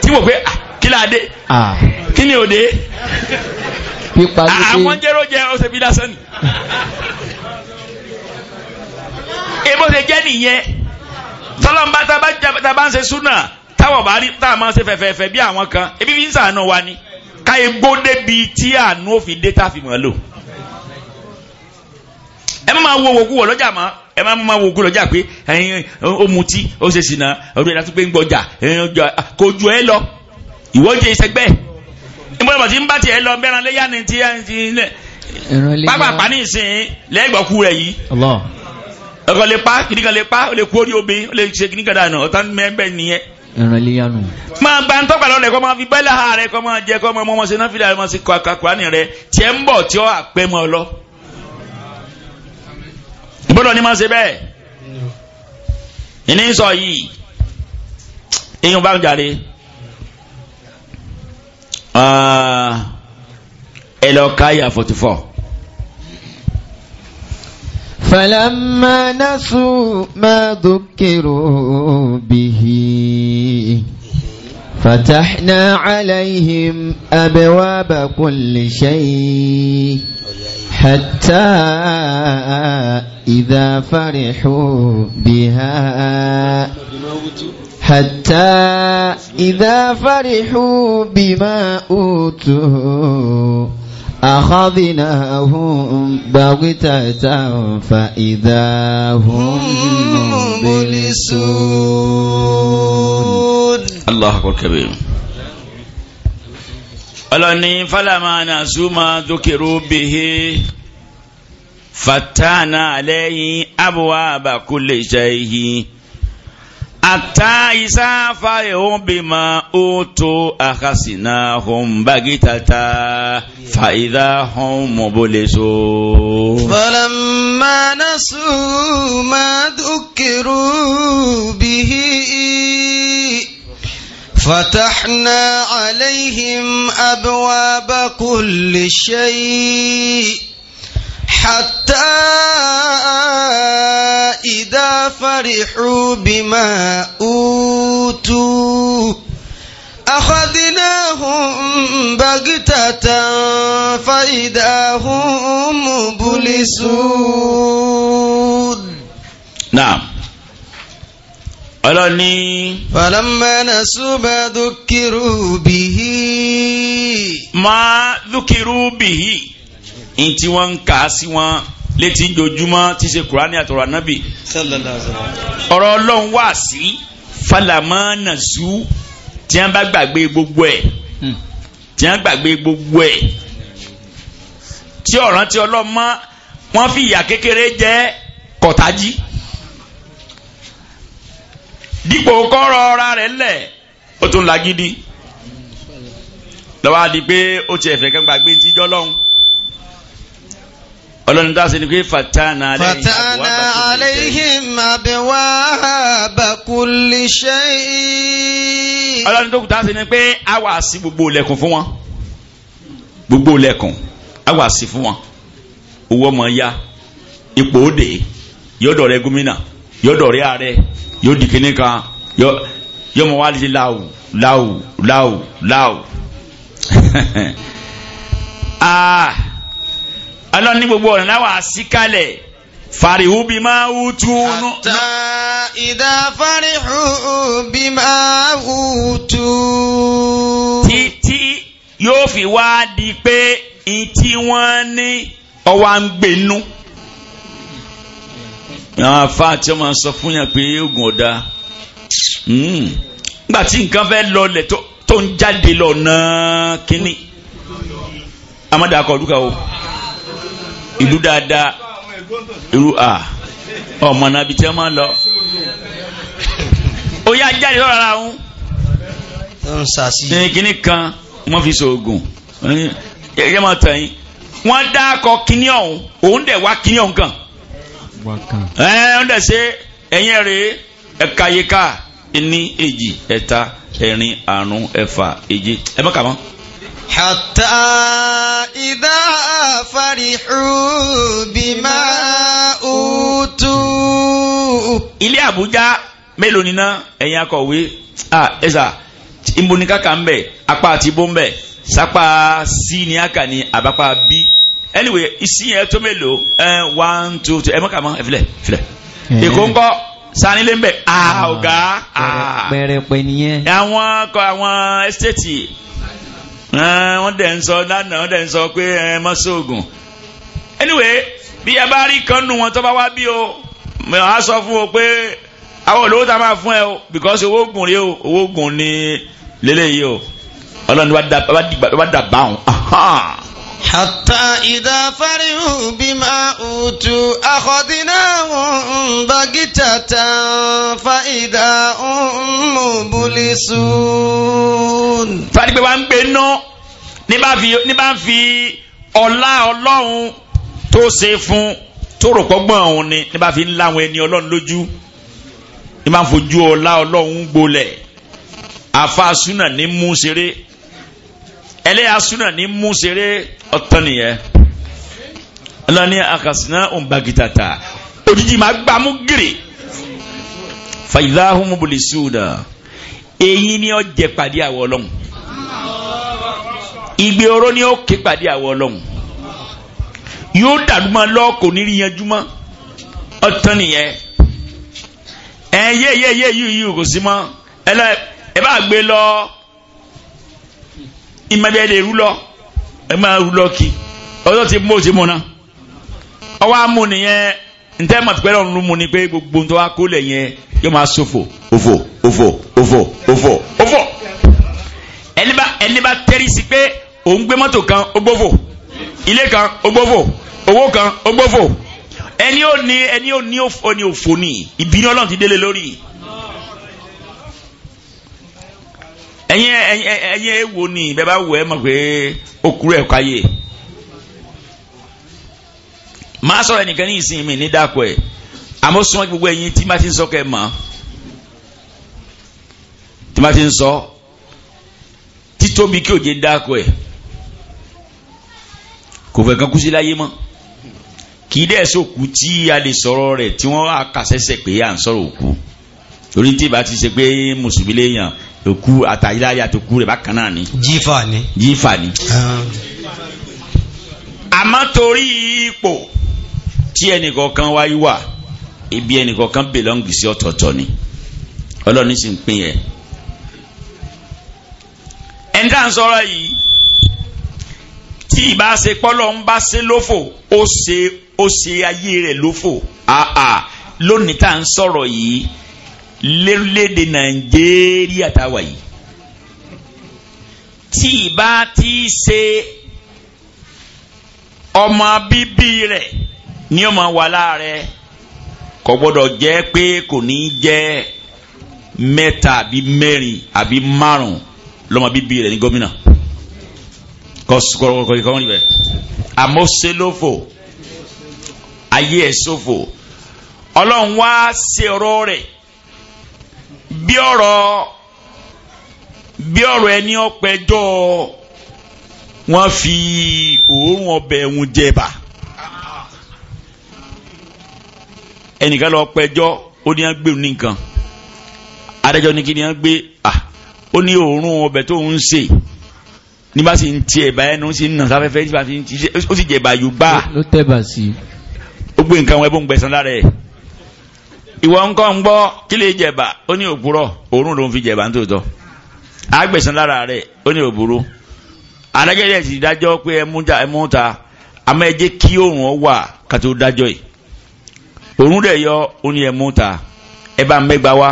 tí mo pé ah, kí la dé kí ni òde. pípa lóde ah, àwọn jẹ́rọ jẹ́ ọ̀sẹ̀ bí lásán ni. ebo eh, ṣe jẹ́ nìyẹn tọ́lọ́mbà tá a bá ń ṣe súnà táwọn bá rí tá a máa ṣe fẹ̀fẹ̀fẹ̀ bí àwọn kan ebi fi ń sàánú wa ni káyé gbó débi tí àánú òfin dé tá a fi mọ̀ lò ẹ má máa wo òwòkú wọ̀ lọ́jà mọ́ ẹ má máa wo òwòkú lọ́jà pé ẹyin ọmùtí ó ṣe sìnà ọdún ìdásí pé ń gbọjà kò ju ẹ lọ ìwọ jẹ ìṣẹgbẹ ìmọ̀lẹ́mọ̀ tí ń bá tiẹ̀ lọ bẹ́ran léyà ni ti pápápá ní ìsìn lẹ́gbọ̀kú rẹ̀ yìí ọkọ̀ lè pa kìnnìkan lè pa ó lè kú orí obìnrin ó lè ṣe kìnnìkan dànù ọ̀tá mẹ́bẹ̀ nìyẹn ìrànlẹ́yànù. máa gba ntọ́gbà lọ́rẹ̀ kọ́ máa fi bẹ́lẹ̀ ààrẹ kọ́ máa jẹ kọ́ máa mọ́ ọmọ ṣe náà máa ṣe kọ́ àkàkọ́ àní rẹ̀ tiẹ̀ ń bọ̀ tí ó àpẹ́ mọ́ ọ lọ gbọ́dọ̀ ní máa ṣe bẹ́ẹ̀ ìní sọ yìí èèyàn bá ń jàre ah, ẹ lọ káyà forty four. فلما نسوا ما ذكروا به فتحنا عليهم أبواب كل شيء حتى إذا فرحوا بها حتى إذا فرحوا بما أوتوا أخذناهم بغتة فإذا هم مبلسون الله أكبر ọlọ́ni fálàmà nàṣúmà dókèrò bèhé fatana alẹ́yìn abuwa abakule ṣẹ́yìn ata isafa ehun bima oto akasina hun bagitata fa'ida hun moboleso. falamma nasu ma dukiru bihi. فتحنا عليهم أبواب كل شيء حتى إذا فرحوا بما أوتوا أخذناهم بغتة فإذا هم مبلسون نعم ọlọ́ni. falamma nasu ma dhukiru bihi. ma dhukiru bihi. n tí wọ́n ń kà á sí wọn létí jojúmọ́ ti ṣe kurani àtọ̀rọ̀ ànábì. ọ̀rọ̀ ọlọ́run wà sí falamma nasu tí wọ́n bá gbàgbé gbogbo ẹ̀ hmm. tí wọ́n gbàgbé gbogbo ẹ̀ tí ọ̀ràn ọlọ́mọ wọ́n fi ìyà kékeré jẹ́ kọ̀tájí. dípò kọ́rọ̀ ọ̀ra rẹ̀ lẹ̀ ó tún lagídí lọ́wọ́ adi pé ó ti ẹ̀fẹ̀ kan gbàgbé ti jọ́ lọ́hùn ọlọ́run dá sí ni pé fatana alayhim abuwa bakulli shay'in. tó kù gbogbo ilẹ̀kùn fún wọn gbogbo ilẹ̀kùn a wà sí fún wọn owó ọmọ ya ipò òde yọ̀dọ̀ rẹ gómìnà rẹ ààrẹ yóò di kíní kan yóò mọ wá lé láwù láwù láwù láwù. Ah, ọlọ́run ní gbogbo ọ̀nà láwà síkálẹ̀ farihu bima utunu. hatta idha farihu bima utu. títí yóò fi wá di pé ìtí wọ́n ní ọwọ́ à ń gbénú àwọn afá tí wọ́n máa sọ fún yàn pé oògùn ọ̀dà hmm. nígbà tí nǹkan fẹ́ lọlẹ̀ tó ń jáde lọ náà kínní amadakọ olúkà o ìlú dáadáa irú a ọmọ náà bí tí wọ́n máa lọ ó yá jáde ara òun kínní kan wọ́n fi sọ oògùn ẹ̀yẹ́ máa tàn yín wọ́n dá akọ kínní ọ̀hún òun dẹ̀ wá kínní ọ̀hún kan ẹ̀ ń dẹ̀ ṣe ẹ̀yìn rẹ̀ ẹ̀ka yíká ní èjì ẹ̀ta ẹ̀rin àrún ẹ̀fà èje ẹ̀ mọ́ kà mọ́. حتى إذا فرحوا ilé Àbújá mélòó ni náà ẹ̀yin akọ̀wé ẹ̀sà ìmúnikàkà ń bẹ̀ apá àti ibó ń bẹ̀ sápá sí ni a kà ní àbápá bí anyway ìsìn yẹn tó mélòó ẹ one two three ẹ mọ kà mọ ẹ filẹ filẹ èkó ńkọ sanilé ń bẹ aa ọgá aa pẹrẹpẹ nìyẹn. àwọn kọ àwọn ẹsítéètì wọ́n dẹ̀ ń sọ lánàá wọ́n dẹ̀ ń sọ pé ẹ mọ sóògùn anyway bí ẹ bá rí kan nù wọn tó bá wá bí o màá sọ fún o pé àwọn olówó tá a máa fún ẹ o because owó gùn rí o owó gùn ní lélẹ́yìí o ọlọ́run bá dà báwọn. حتى إذا فرحوا بما أوتوا أخذناهم بغتة فإذا هم مبلسون fari pé wá ń gbé ná ní bá ń fi ọlá ọlọ́run tó ṣe fún tó rò pọ́gbọ́n òun ni ní bá fi ń láwọn ẹni ọlọ́run lójú ní bá ń fojú ọlá ọlọ́run gbolẹ̀ àfa súnà ní mú ṣeré ẹlẹ́yà súnà ní mú seré ọ̀tọ́ nìyẹn ọlọ́ni àkàsínà òǹbagìtàtà òjijì máa gbà mú gírì fàyíláhùn mọ́bùlì súnà èyí ni ó jẹ pàdé àwọ̀ ọlọ́run ìgbé oró ni ó ké pàdé àwọ̀ ọlọ́run yóò dàrú mọ́ lọ́ọ̀kọ̀ ní ríyanjú mọ́ ọ̀tọ́ nìyẹn ẹ yé yé yé yíyí kò sí mọ́ ẹ bá gbé lọ́ọ́ ìmọ̀bí ẹ lè rú lọ ẹ máa rú lọ kí ọjọ́ ti mú òsì mu náà ọwọ́ amú nìyẹn ntẹ́ màtúpẹ́rẹ́ ọ̀run mu ni pé gbogbo ntọ́ akólẹ̀ yẹn yóò máa ṣòfò òfò òfò òfò òfò òfò ẹni bá ẹni bá tẹ́rí sí pé òun gbé mọ́tò kan ó gbófò ilé kan ó gbófò owó kan ó gbófò ẹni ò ní ẹni ò ní òfò ní òfò ní ìbínú ọlọ́run ti délé lórí ẹ̀yin ẹ̀yin ewo ni bẹ́ẹ̀ bá wọ ẹ mọ̀ pé okuru ẹ̀ káyè máa sọ̀rọ̀ ẹnìkan ní ìsìn mi ní dàpọ̀ ẹ̀ àmọ́ súnmọ́ gbogbo ẹ̀yin tí máa ti ń sọ kẹ́ ẹ̀ mọ̀ tí máa ti ń sọ títóbi kí òjé dàpọ̀ ẹ̀ kò fẹ́ kan kú láyé mọ́ kì í dẹ́ sókù tí a lè sọ̀rọ̀ rẹ̀ tí wọ́n á kà sẹ́sẹ̀ pé à ń sọ̀rọ̀ òkú torí tí ìbá ti ṣe pé mùsùlùmí lè yàn òkú àtàyíláyà tó kú rẹ̀ bákan náà ni. jífà ni. jífà ni. Ah. àmọ́ torí ipò tí ẹnìkọ̀ọ̀kan wáyé wà ibi ẹnìkọ̀ọ̀kan bèlọ́ǹgì sí ọ̀tọ̀ọ̀tọ̀ ni ọlọ́run sì ń pín yẹn. ẹni tá à ń sọ̀rọ̀ yìí tí ìbá pọ́lọ́ ń bá ṣe lófò ó ṣe ó ṣe ayé rẹ̀ lófò lónìí tá à ń sọ̀rọ̀ yìí lórílẹ̀‐èdè nàìjíríà tá a wà yìí tí ìbá ti ṣe ọmọ bíbí rẹ̀ ní ọmọ wà láàrẹ̀ kò gbọ́dọ̀ jẹ́ pé kò ní jẹ́ mẹ́ta àbí mẹ́rin àbí márùn-ún bíbí rẹ̀ ní gómìnà kọ́sùkọ́rọ́kọ́ ayé ẹ̀ sófò ọlọ́run wá ṣe ọ̀rọ̀ rẹ̀ bí ọ̀rọ̀ bí ọ̀rọ̀ ẹni ọ̀pẹ̀jọ́ wọ́n fi òórùn ọbẹ̀ ẹ̀hún jẹba ẹnìkan lọ pẹjọ́ ó ní à ń gbé òun nìkan adájọ́ ní kí ni à ń gbé à ó ní òórùn ọbẹ̀ tó ń sè ní bá ń tiẹ̀ báyẹn ní ó sì ń nà sáfẹ́fẹ́ ó sì jẹ̀bà yóò gbà ó tẹ̀ bà sí. ó gbé nǹkan wọn ẹ bó ń gbẹ̀sán lára ẹ̀. ìwọ ń kọ́ ń gbọ́ kí lè jẹ̀bà ó ní òpùrọ̀ òórùn ló ń fi jẹ̀bà ń tòótọ́ àgbẹ̀sán lára rẹ̀ ó ní òbúrú adájọ́ ti dájọ́ pé ẹ mú ta àmọ́ ẹ jẹ́ kí òórùn ọ wà ká tó dájọ́ yìí ta ẹ bá wá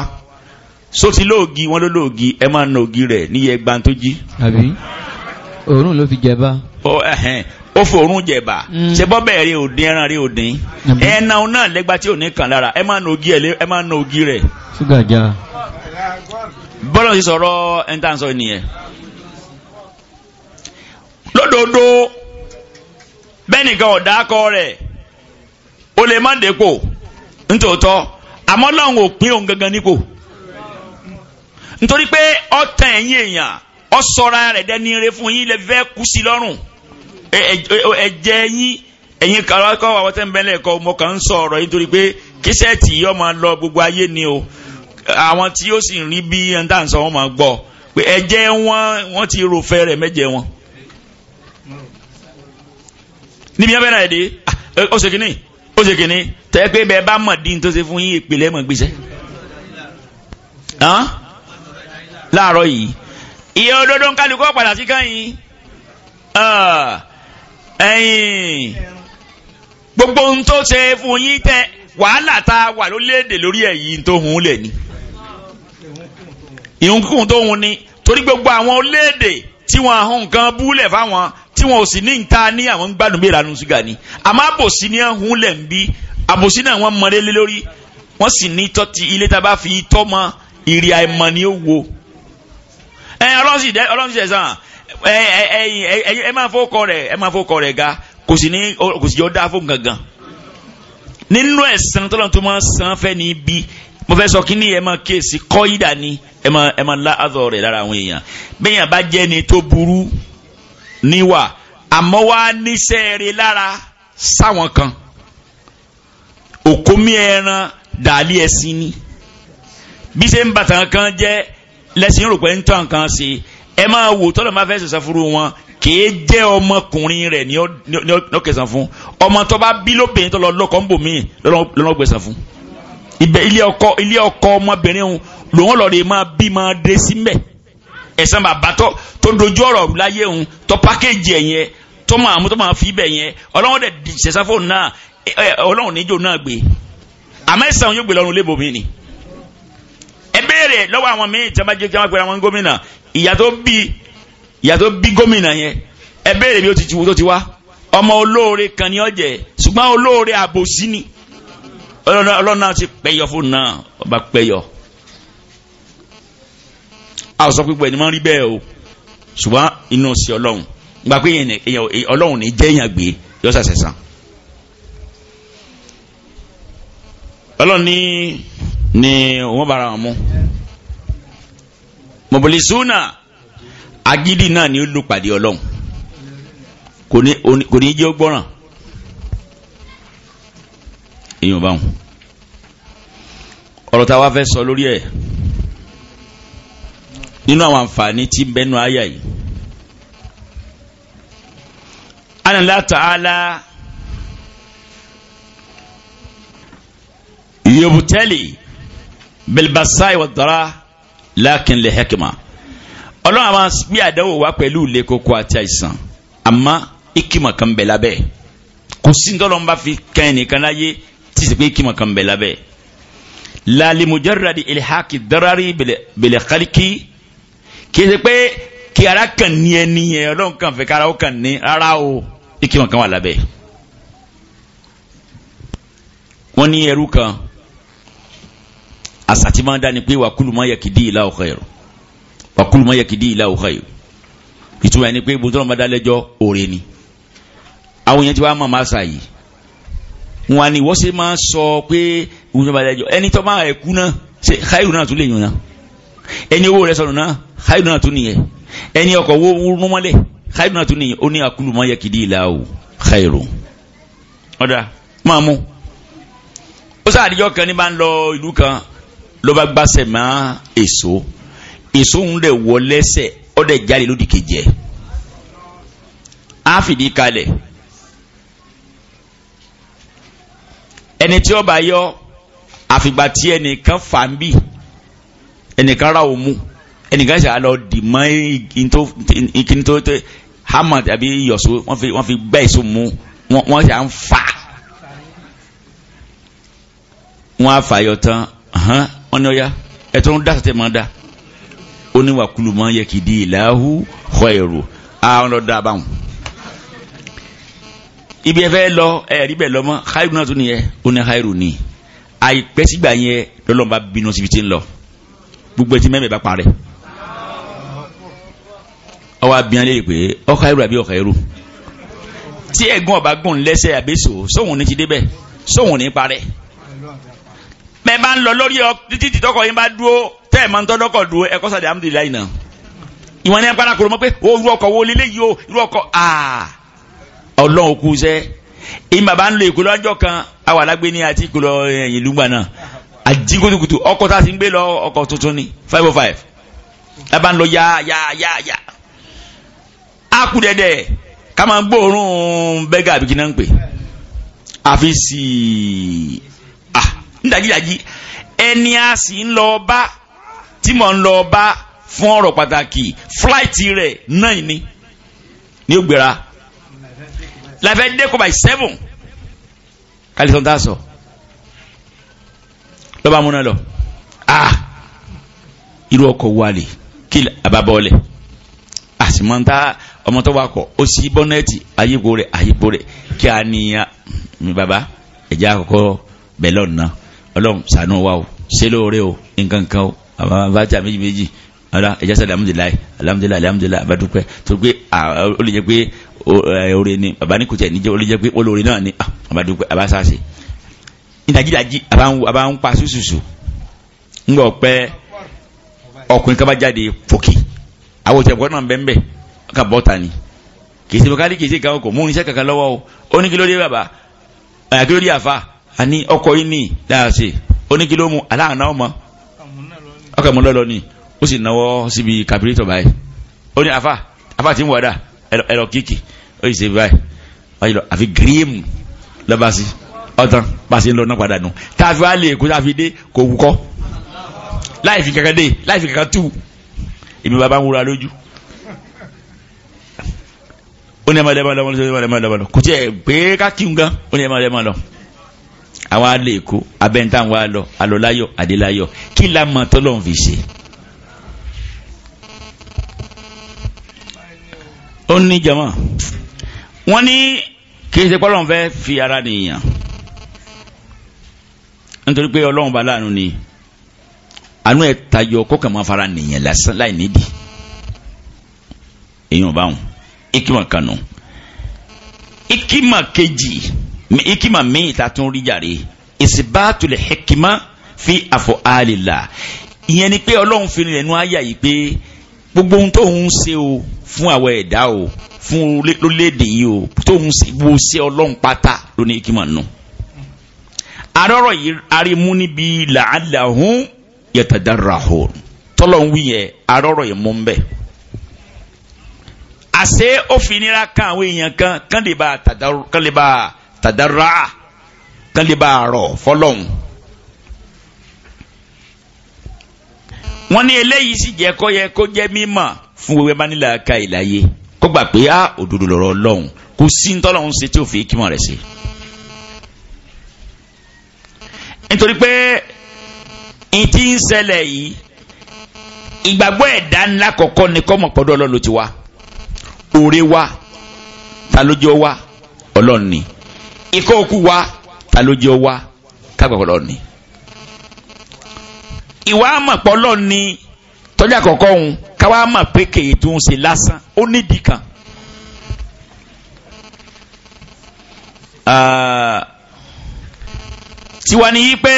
lóògì wọn ló lóògì ẹ máa òórùn ló fi jẹba. ó ẹhìn ó fòórùn jẹba mm. ṣe bọ́ bẹ́ẹ̀ rí òdin ẹran rí òdin òun náà tí na ogi ẹ ẹ máa na ogi rẹ̀. ṣúgà já. bọ́lá ti sọ̀rọ̀ nìyẹn. bẹ́ẹ̀ nìkan ọ̀dà rẹ̀ o lè má dépò àmọ́ ò pín òun gangan nípò nítorí pé ọ̀tàn ẹ̀yìn ọsọra rẹ dẹni rẹ fún yín lè fẹ kú sí lọ́rùn ẹjẹ yín ẹ̀yin kàrọ kọ àwọn tẹ n bẹlẹ kọ mo kàn ń sọ ọ̀rọ̀ yìí torí pé kíṣẹẹtì yìí ọmọ lọ gbogbo ayé ni o àwọn tí ó sì ń rí bí ẹn tá à ń sọ wọn máa gbọ́ pé ẹjẹ wọn wọn ti rò fẹ rẹ mẹjẹ wọn. níbi yẹn bẹ́ẹ̀ náà dé ó ṣe kínní ó ṣe kínní tẹ́ pé bẹ́ẹ̀ bá mọ̀ dín tó ṣe fún yín ìpìlẹ̀ mọ̀ gbèsè. láàárọ̀ yìí ìyẹ òdodo ń kálukú ọ̀padà sí kẹ́yìn ah, ẹ̀yìn gbogbo ohun tó ṣe fún yín tẹ wàhálà tá a wà lórílẹ̀‐èdè lórí ẹ̀yìn tó hun lẹ̀ ni ìhun kíkùn tó hun ni torí gbogbo àwọn orílẹ̀‐èdè tí wọ́n ahun nǹkan búlẹ̀ fáwọn tí wọn ò sì ní nta ní àwọn gbádùn bí ìranú ṣúgà ni àmọ́ àbòsí ni ẹ̀hún lẹ̀ ń bí àbòsí náà wọ́n mọ̀lé lórí wọ́n sì ní tọ́tí ilé tá a bá fi tọ́ mọ ìrì àìmọ̀ ni ó wo. ẹ eh, ọlọ́run sì ọlọ́run sì ẹ̀sán ẹ ẹ ẹ ẹ máa fọ́ kọ ẹ máa kọ ga kò sì ní kò sì jọ dá fún gangan nínú ẹ̀sán tó máa san fẹ́ ní ibi mo fẹ́ sọ ẹ máa kọ́ ni ẹ máa ẹ máa lá lára àwọn èèyàn bẹ́ẹ̀ bá lẹ́sìn rò pé ń tàn kan sí ẹ máa wò tọ́lọ̀ máa fẹ́ sẹ̀sán fúru wọn kìí jẹ́ ọmọkùnrin rẹ̀ ní ọkẹsàn fún ọmọ tó bá bí lóbìnrin tó lọ lọ́kọ̀ ń bò míì lọ́nà ọgbẹ̀sàn fún ibẹ̀ ilé ọkọ ilé ọkọ ọmọbìnrin òun lòun lọ́ọ́ de máa bí máa dé síbẹ̀ ẹ̀sán bàbá tó tó dojú ọ̀rọ̀ láyé òun tó pákéjì ẹ̀ yẹn tó máa mú tó máa fi ibẹ̀ yẹn ọlọ́run dẹ̀ sẹ̀sán fóun náà ọlọ́run níjó náà gbé àmọ́ ẹ̀sán yóò gbé lọ́run lébòmí ni ẹ béèrè lọ́wọ́ àwọn míì tí wọ́n bá jẹ́ kí wọ́n pẹ̀lú àwọn gómìnà ìyà tó bí ìyà tó bí gómìnà yẹn ẹ béèrè bí ó ti ti wo tó ti wá ọmọ olóore kan ni ó jẹ́ ṣùgbọ́n olóore àbòsí ni ọlọ́run náà ti pẹ́yọ fún náà ọba pẹ́yọ. a sọ pípọ̀ ẹni máa ń rí bẹ́ẹ̀ o ṣùgbọ́n inú sí ọlọ́run gba pé ọlọ́run ní jẹ́ èèyàn yọ sàṣẹ̀ sàn. ọlọ́run ní ni wọ́n bára wọn mú mọ̀bìlì súnà agídí náà ni ó lù pàdé ọlọ́run kò ní jẹ́ ó gbọ́ràn èèyàn báwọn ọ̀rọ̀ tá a wá fẹ́ sọ lórí ẹ̀ nínú àwọn àǹfààní tí ń bẹ́nu àyà yìí Allah ta'ala yòbùtẹ́lì bilbasai wa dara lakin le hekima ọlọ́run àwọn bí àdánwò wá pẹ̀lú ilé koko àti àìsàn àmọ́ ikima kan bẹ̀ lábẹ́ kò sí ntọ́lọ́n bá fi kẹ́ nìkan láyé tí sì pé ikima kan bẹ̀ lábẹ́ lalimujarradi ilhaki darari bele kaliki kì í ṣe pé kí ara kàn ní ẹni yẹn ọlọ́run kàn fẹ́ ikima kan wà lábẹ́ wọ́n ní ẹrú kan àsàtì máa ń dá ni pé wàkúlù máa yẹ kìdí ìlà ọ̀kọ̀ ẹ̀rọ wàkúlù máa yẹ kìdí ìlà ọ̀kọ̀ ẹ̀rọ ìtumọ̀ ẹni ni àwọn yẹn ti wá mọ̀ máa sà yìí wọn á ní wọ́n ṣe máa sọ pé bùtọ́ ọmọdé alẹ́jọ́ ẹni tó máa ẹ̀kú náà ṣe káyọ̀ náà tún lè yàn náà ẹni owó rẹ sọnù náà káyọ̀ náà tún nìyẹn ẹni ọkọ̀ wo rúmọ́lẹ̀ káyọ̀ náà tún nìyẹn ó ní àkúlù máa yẹ kìdí o káyọ̀ ọ̀dà máa ó sáà àdíjọ́ kan ní bá ń lọ ìlú kan ló bá gbàsẹ̀ mọ́ èso èso ń lè wọ lẹ́sẹ̀ ó dẹ̀ jáde lódì kejì ẹ̀ á fìdí kalẹ̀ ẹni tí ó bá yọ àfìgbà tí ẹnìkan fà ń bì ẹnìkan ra òmu ẹnìkan ṣe àlọ́ dì mọ́ ìkíni tó tẹ hamad àbí yọ̀só wọ́n fi gbẹ́ èso mu wọ́n ṣe à ń fà wọ́n á fàyọ̀ tán wọ́n ní ọ̀yá ẹ̀tọ́ ń dá sàtẹ̀ máa dá ó ní wàkúlù máa yẹ kìdí ìlàhù xọ èrò àwọn lọ dáa báwọn. ibi ẹ fẹ́ lọ ẹ̀rí bẹ̀ lọ́mọ hairu náà tún nìyẹn ó ní hairu ni àìpẹ́ sígbà yẹn lọ́lọ́mọba bínú síbi tí ń gbogbo ẹtí mẹ́mẹ́ bá parẹ́ ọwọ́ abiyan lè pé ọkà irú àbí ọkà irú tí ẹ̀gbọ́n ọba gùn lẹ́sẹ̀ àbẹ́sọ̀ sóhun ní ti débẹ̀ sóhun ní parẹ́. bẹ́ẹ̀ bá ń lọ lórí ọ títí tìtọ́kọ̀ yín bá dúró tẹ́ ẹ̀ máa ń tọ́dọ́kọ̀ dúró ẹ kọ́ sàdé alhamdulilayi náà ìwọ̀n ní agbára kòrò mọ́ pé o irú wo aa ọlọ́run kú sẹ́ ń lo ọjọ́ kan alágbé àti ẹ̀yìn eh, lùgbà náà àjí tá a ti ń lọ ọkọ tuntun five oh five ń lọ yá yá yá yá a kú dẹ́dẹ́ ká máa gbóòórùn bẹ́gà ń pè àfi sí i. nídàjídàjí ẹni a sì ń lọ bá tí mò ń lọ bá fún ọ̀rọ̀ pàtàkì fúláìtì rẹ̀ náà ni ní ó gbéra làfẹ́ dẹ́kọ̀ by seven kálífọ́n tá a sọ lọ́ba múná lọ ah irú ọkọ̀ wálé kí àbábọ́ọ̀lẹ̀ àsìmọ́ntà ọmọ tó wà kọ̀ ó sì bọ́nẹ́ẹ̀tì ayípo rẹ̀ ayípo rẹ̀ kí a níyà mi bàbá ẹ̀já àkọ́kọ́ bẹ̀lọ́ọ̀nù náà ọlọ́run ṣàánú wa o ṣe lóore o nǹkan kan o àwọn abájá méjì méjì ọlá ẹjẹ sẹ alhamdulilayi alhamdulilayi alhamdulilayi abadúpẹ́ tó gbé ó lè jẹ pé oore ni bàbá ní kùtẹ níjẹ ó lè jẹ pé olóore náà ni abadúpẹ́ abasaase ìdájídájí àbá ń pa ṣùṣùṣù ń gbọ pé ọkùnrin kaba jáde fòkì àwọn òtí ẹ̀kọ́ náà bẹ́ẹ̀ bẹ́ẹ̀ ká bọ́ ta ni kìí ṣe mọ́kálí kìí ṣe ìkàwé kò mú irinṣẹ́ kankan lọ́wọ́ o ó ní kí ló dé bàbá àyà kí ló dé àfa ani ọkọ̀ yìí nì dáhàsì oníkìlómù aláàánà ọmọ ọkọ̀ mú lọ́lọ́ ni ó sì sibi kabiri kàbírítọ̀ báyìí ó ní afa afa ti ń wàdà ẹ̀rọ kíkì ó sì ṣe báyìí wáyé lọ àfi gírímù lọ́ba sí ọ̀tàn bá a ṣe ń lọ náà padà nù tá a fi wá lè kó tá a fi dé kò wúkọ́ láì fi kankan dé láì fi kankan tú èmi bàbá ń wúra lójú ní ẹ̀ máa lẹ́ máa lọ kò tí ẹ̀ gbé ká kí n gan ó ní ẹ̀ máa lẹ́ máa àwa lè kó abẹ́ntà wa lọ alọ́láyọ̀ adélayọ̀ kí la mọ̀ tọ́lọ́run fi ṣe. ó ní jama wọ́n ní kì í ṣe pọ́lọ́run fẹ́ fi ara nìyàn nítorí pé ọlọ́run bá láàánú ni àánú ẹ̀ tayọ kọ́kàn máa fara nìyàn lásán láì nídìí èèyàn báwọn ikima kanu ikima kejì ikima mi ta tún rí jàre ìsìbáàtú lè hekima fi àfọ àlìlà ìyẹn ni pé ọlọ́run fi rìnrìn ẹnu àyà yìí pé gbogbo ohun tóun ṣe o fún àwọn ẹ̀dá o fún lórílẹ̀‐èdè yìí o tóun ṣe bó ṣe ọlọ́run pátá ló ní ikima nù. arọ́rọ̀ yìí arimú níbi làálàhún yatadarrahun tọ́lọ̀ wí yẹn arọ́rọ̀ yìí mú ń àṣé ó nira kan àwọn èèyàn kan kán lè bá tàdárò kán lè bá Tadara, kálíbà rọ̀ fọlọ́hún. wọ́n ní eléyìí sì jẹ́ kó yẹ kó jẹ́ mímọ̀ fún wíwẹ́ manila ka ìlàyé kó gbà pé á ah, òdodo lọ́rọ̀ lọ́hùn kò sí ń tọ́lọ́hún ṣe tí ò fi kímọ̀ rẹ̀ ṣe. nítorí pé n ti ń ṣẹlẹ̀ yìí ìgbàgbọ́ ẹ̀dá ńlá kọ̀ọ̀kan ni kọ́mọ̀ pọ̀dọ̀ ọlọ́run ló ti wá òre wa ta ló jọ wá ọlọ́run ni ikọ́ òkú wa ta ló jẹ́ wa kágbà pọ̀lọ́ ni. ìwà àmọ̀pọ̀ lọ ni tọ́jú àkọ́kọ́ òun káwá mọ̀ pé kèé tó ń ṣe lásán ó nídìí kan. Ah, tiwa ni yí pé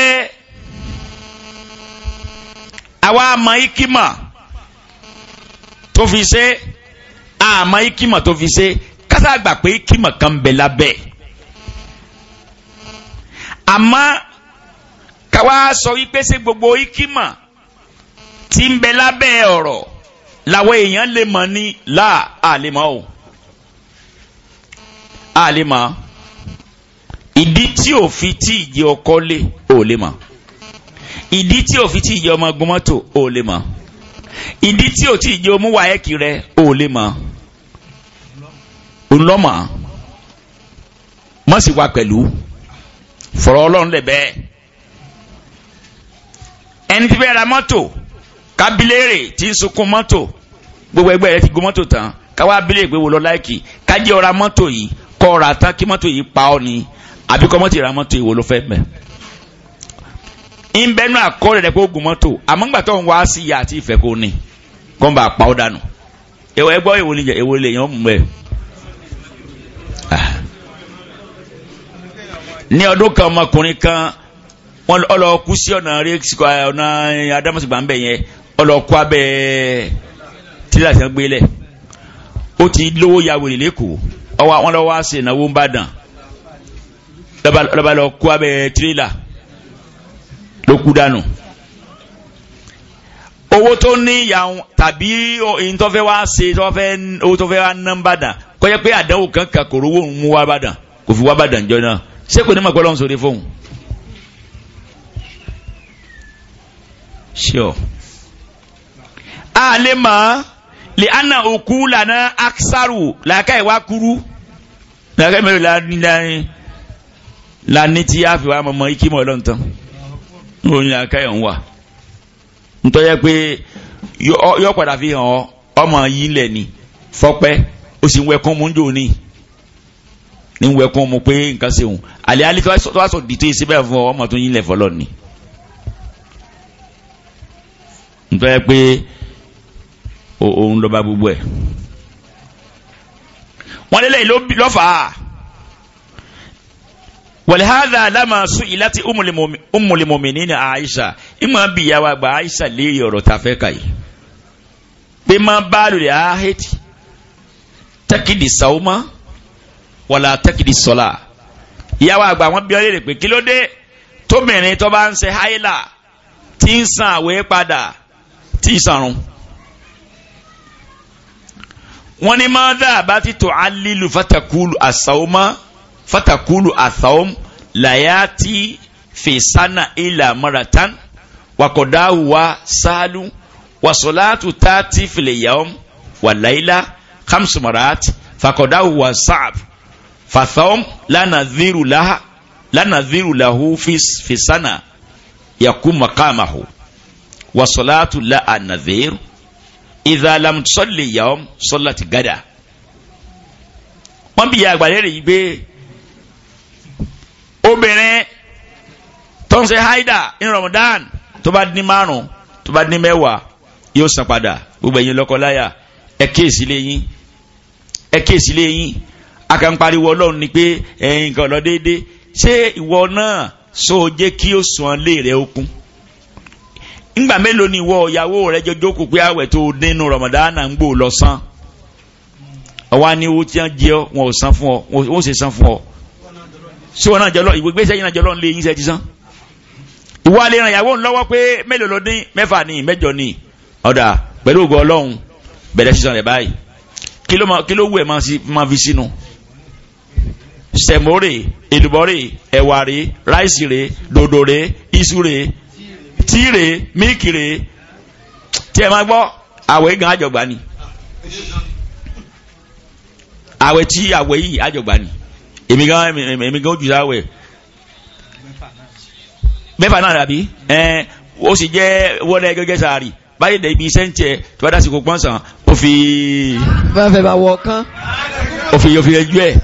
àwa àmọ́ ikímà tó fi ṣe àmọ́ ikímà tó fi ṣe kásá pé ikímà kan bẹ̀ lábẹ́ àmọ́ káwa sọ wípé ṣe gbogbo ikímà tí ń bẹ lábẹ́ ọ̀rọ̀ làwọn èèyàn lè mọ̀ ní là àlèmọ́ o àlèmọ́ ìdí tí ò fi tí ìjẹ ọkọ lé ò lè mọ̀ ìdí tí ò fi tí ìjẹ ọmọ gbọmọ́tò ò lè mọ̀ ìdí tí ò tí ìjẹ omúwà ẹ̀kì rẹ ò lè mọ̀ ńlọ́mọ̀ mọ̀ sí wa pẹ̀lú fọ̀rọ̀ ọlọ́run lẹ̀ bẹ́ẹ̀ ẹni tí bẹ́ẹ̀ ra mọ́tò kábílẹ̀rẹ̀ tí ń sunkún mọ́tò gbogbo ẹgbẹ́ rẹ ti gbó mọ́tò tán káwá abílẹ̀ ìgbé wo lọ láìkì kájẹ́ ọ̀ra mọ́tò yìí kọ́ ọ̀ra tán kí mọ́tò yìí pa ọ́ ni àbí mọ́tò ìra mọ́tò ìwò ló fẹ́ mẹ́. ń bẹ́nu àkọọ́lẹ̀ rẹ kó gun mọ́tò àmọ́ ńgbà tó ń wá sí ìyá àti ìfẹ́ kó ní kó ń bá a pa ọ́ dànù. èwo ẹgbọ́ èwo ní ọdún kan ọmọkùnrin kan wọn lọ kú sí ọ̀nà rẹ́síkò ọ̀nà adámọ̀sígbà ń bẹ̀ yẹn ọlọ́kú abẹ́ tíra ti gbé lẹ̀ ó ti lówó ya wèrè lẹ́kọ̀ọ́ ọwọ́ àwọn lọ́wọ́ àṣẹ ìnáwó ń bàdàn lọ́ba lọ́kú abẹ́ tírélà ló kú dànù owó tó ní ìyàwó tàbí ìtọ́fẹ́ wá ṣe owó tó fẹ́ wá ná ń bàdàn kọ́jẹ́ pé àdánwò kankan kò rówó ń mú wá bàdàn kò fi wá bàdàn jọ náà ṣé kò ní mọ̀ pé ọlọ́run sòrè fóun. sure. a lè mọ̀ lè ana òkú lànà aksaru làákà ìwà kúrú làákà ìmọ̀lẹ́ lánìí lánìí tí a fi wá mọ̀mọ́ ikí mọ̀ ọlọ́run tán òun làákà ìwọ̀n wà ntọ́jẹ́ pé yọ padà fi hàn ọmọ yìí lẹ̀ ni fọ́pẹ́ ó sì ń wẹ̀kún mú jò ní ní wẹkún mu pé nǹkan ṣe òun àlẹ́ alikẹ́ wá sọ dìtẹ́ síbẹ̀ fún ọmọ tó yín lẹ̀ fọlọ́ ni. nítorí pé òun lọ́ba gbogbo ẹ̀ wọ́n lélẹ̀ lọ́fà wàlíhàdà alámàásù ìláti umulimomini ní Aisha ìmọ̀ bí ìyá wa Aisha léèrè ọ̀rọ̀ tá a fẹ́ kà yìí pé má bá lulẹ̀ ahẹ́tì tẹ́kìdì sàwọ́mọ́ wàlá tẹ́kìdì sọ́lá ìyàwó àgbà wọn bí ọlẹ́rẹ̀ pé kí ló dé tómìnrin tó bá ń ṣe háìlà tí ń san àwẹ̀ padà tí ń sanrun. wọ́n ní mọ́dà bá ti tò alilu fatakulu asawoma fatakulu asawom layati fesana ila maratan wakodawu wa salu wasolatu tati filiyawom walaila khamsumarat fakodawu saab fathom lánàzírù láhà lánàzírù lahu fisana yakun makamahu wasolatu la anazir idalam sọlẹ yam sọlati gada wọn bí agbálẹ̀ rẹ̀ yìí pé obìnrin tó ń ṣe haida ní Ramadan tó bá dín márùn tó bá dín yóò san gbogbo ẹ̀yin lọ́kọláya ẹ kíyèsí lẹ́yìn ẹ kíyèsí lẹ́yìn akànpariwo ọlọ́run ni pé ẹ̀yin nǹkan lọ déédé ṣé ìwọ náà so jẹ́ kí o sùn lé rẹ okun ńgbà mélòó ni ìwọ ìyàwó rẹ jọjọ kò pé àwẹ̀ tó nínú rọmọdánà ń gbò lọ san ọwọ́ ni owó tí wọ́n jẹ ọ wọn ò san fún ọ wọn ò sì san fún ọ sí wọn náà jọlọ ìwé gbèsè yìí náà jọlọ ń lé yín sẹ́ ti san ìwọ alẹ́ ràn ìyàwó ńlọ́wọ́ pé mélòó ló dín mẹ́fà ni mẹ́jọ ni ọ̀dà pẹ̀lú ògo ọlọ́run bẹ̀rẹ̀ sísan rẹ̀ báyìí kí ló wù ẹ̀ máa fi sínú sẹ̀mórè èlùbọ́rè ẹ̀wàrè ráìsìrè dòdòrè ìsúrè tíìrè míìkìrè tí ẹ máa gbọ́ àwẹ̀ gan àjọgbá ni àwẹ̀ tí àwẹ̀ yìí àjọgbá ni èmi gan èmi gan ojú sáwẹ̀ mẹ́fà náà dàbí ẹ̀ ó sì jẹ́ wọ́lẹ̀ gẹ́gẹ́ sàárì báyìí dẹ̀ ibi iṣẹ́ ń tiẹ̀ tí wọ́n dá sí kó pọ́n sàn ó fi. bá a bá wọ kán òfin òfin ẹjú ẹ̀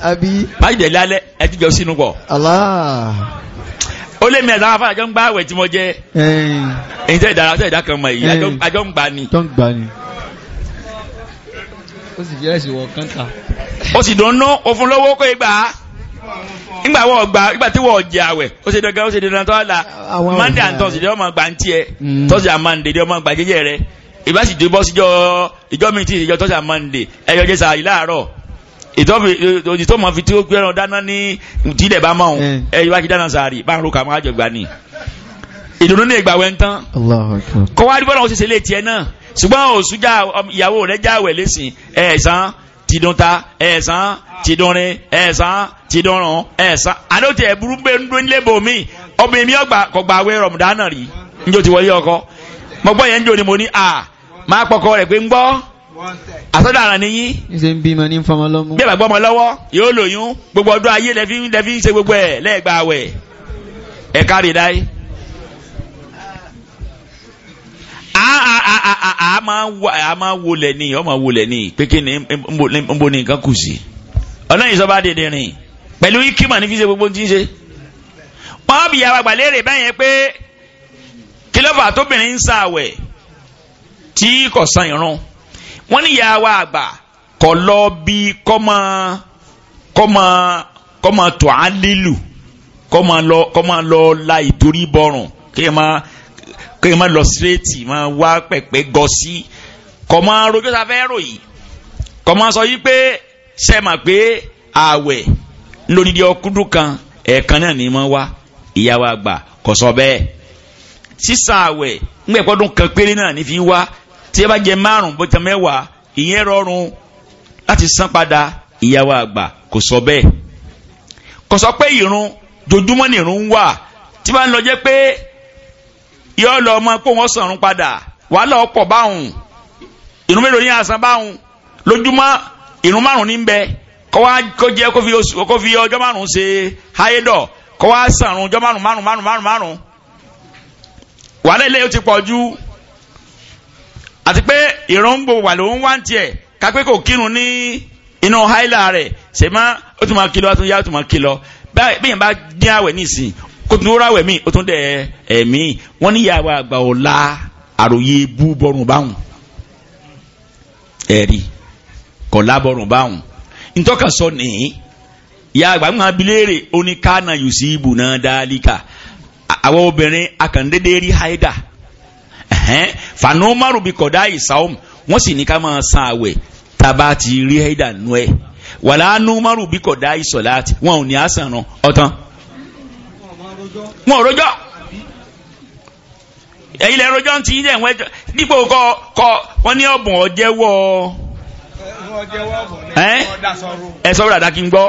májèlé lálẹ́ ẹjú jọ sínú pọ̀. ó lé mi àtàwọn afárá àjọ ń gbá àwẹ̀ tí mo jẹ́ ẹ̀yin tẹ́ ìdára tẹ́ ìdá kan mọ̀ èyí àjọ ń gbà ni. ó sì jẹ́ ẹ̀sìn wọ̀ kọ́ńtà. ó sì dùnnú òfin lọ́wọ́ kó e gbà á nígbà wọ́n gbà nígbà tí wọ́n jẹ àwẹ̀ ó ṣe dandan ó ṣe dandan tó la mande and tọ́sí ìdí ọmọ gbà ń tiẹ̀ tọ́sí àmàǹdè ìdí ọmọ gbà jẹjẹ rẹ ìbá sì dé bọ́ síjọ́ ìjọ́ mi ti ìjọ́ tọ́sí àmàǹdè ẹ̀yọ́ jẹ́ sàárì láàárọ̀ ìtọ́ mọ̀ fi tí ó gbé ẹran dáná ní tílẹ̀ bá mọ̀ ẹ wá sí dáná sàárì bá ń ro kàmú àjọgbà ni ìdùnnú ní ìgbà wẹ̀ ń tán kọ́ wá rí bọ́lá wọn ṣe ṣe lé tiẹ̀ náà ṣùgbọ́n òṣù já ìyàwó rẹ̀ já wẹ̀ lẹ́sìn ẹ̀ẹ̀sán ti dùn ta ẹ̀ẹ̀sán ti dùn rin ẹ̀ẹ̀sán ti dùn rùn ẹ̀ẹ̀sán àdótì ẹ̀burú gbé ń dún lébò mí ọmọ èmi ọgbà kọgbà wẹ̀ rọ̀mùdánà rí njó ti wọlé ọkọ mọ̀gbọ́n yẹn ń jò àsọdọ̀ àrà ni yín. ṣe ń bímọ ní fọmọ lọ́mú. bí ẹ bá gbọ́ ọmọ lọ́wọ́ yóò lóyún gbogbo ọdún ayé lẹ́fí lẹ́fí ń ṣe gbogbo ẹ̀ lẹ́ẹ̀gbà wẹ̀ ẹ̀ kárí dáì. a máa wọlé ni ọmọ wọlé ni pé kí ni ń bo ní nǹkan kù sí. ọlọ́yin sọ bá dèdè rìn pẹ̀lú ikima ní fi ṣe gbogbo ti ṣe. wọ́n bìyà wà gbàlérè báyẹn pé kí tóbìnrin ń wọ́n ní ìyá wa àgbà kọ̀ lọ bí kọ́mọ kọ́mọ kọ́mọ tó á lílù kọ́mọ lọ lọ la ìtorí bọ̀rùn kéèyàn má kéèyàn má lọ síréètì má wá pẹ̀pẹ́ gọ sí kọ́mọ rojọ́ ta fẹ́ ròyìn kọ́mọ sọ yí pé ṣe mà pé ààwẹ̀ lónìí di ọkúndùn kan ẹ̀ẹ̀kan náà ni wọ́n wá ìyá wa àgbà kọ̀ sọ bẹ́ẹ̀ sísan ààwẹ̀ ńgbẹ̀pọ̀dún kan péré náà ní fi wá tí ẹ bá jẹ márùn bó tẹ mẹ́wàá ìyẹn rọrùn láti san padà ìyàwó àgbà kò sọ bẹ́ẹ̀ kò sọ pé ìrun dojúmọ́ ni ìrun wà tí bá ń lọ jẹ́ pé yọ lọ ọmọ kó wọ́n sọ̀run padà wàhálà ọkọ̀ báhùn ìrun mélòó ní àṣà báhùn lójúmọ́ ìrun márùn ní bẹ kọ́ wá kó jẹ́ kó fi ọjọ́ márùn ṣe háyédọ̀ kọ́ wá sọ̀run ọjọ́ márùn márùn márùn márùn wàhálà ilé yóò ti pọ̀ ju àti pé gbogbo wà lòun wá tiẹ̀ kápẹ́ kò kírun ní inú háìlà rẹ̀ ṣe má ó tún máa kí lọ ó tún yá ó tún máa kí lọ yẹn bá dín àwẹ̀ nísìn kó tún rà wẹ̀ mí ó tún dẹ̀ wọ́n ní àgbà ọ̀la àròyé bú bọ́rùn ẹ̀rí ntọ́ka sọ ìyá àgbà ń léèrè haida fanomaru bi kọ̀dá ìsáwọ́m wọ́n sì ní ká ma san àwẹ̀ taba ti rí ẹ̀dà ẹ Wala wàlá numaru bi kọ̀dá ìsọ̀láàtì wọn ò ní àsànràn ọ̀tán wọn ò rọjọ́ ẹ̀yìn lẹ́rọ ti ilẹ̀ ẹ̀wọ̀n ẹjọ́ dípò kọ kọ́ wọ́n ní ọ̀bùn ọ̀jẹ́wọ́ ẹ sọ wúrà dákí ń gbọ́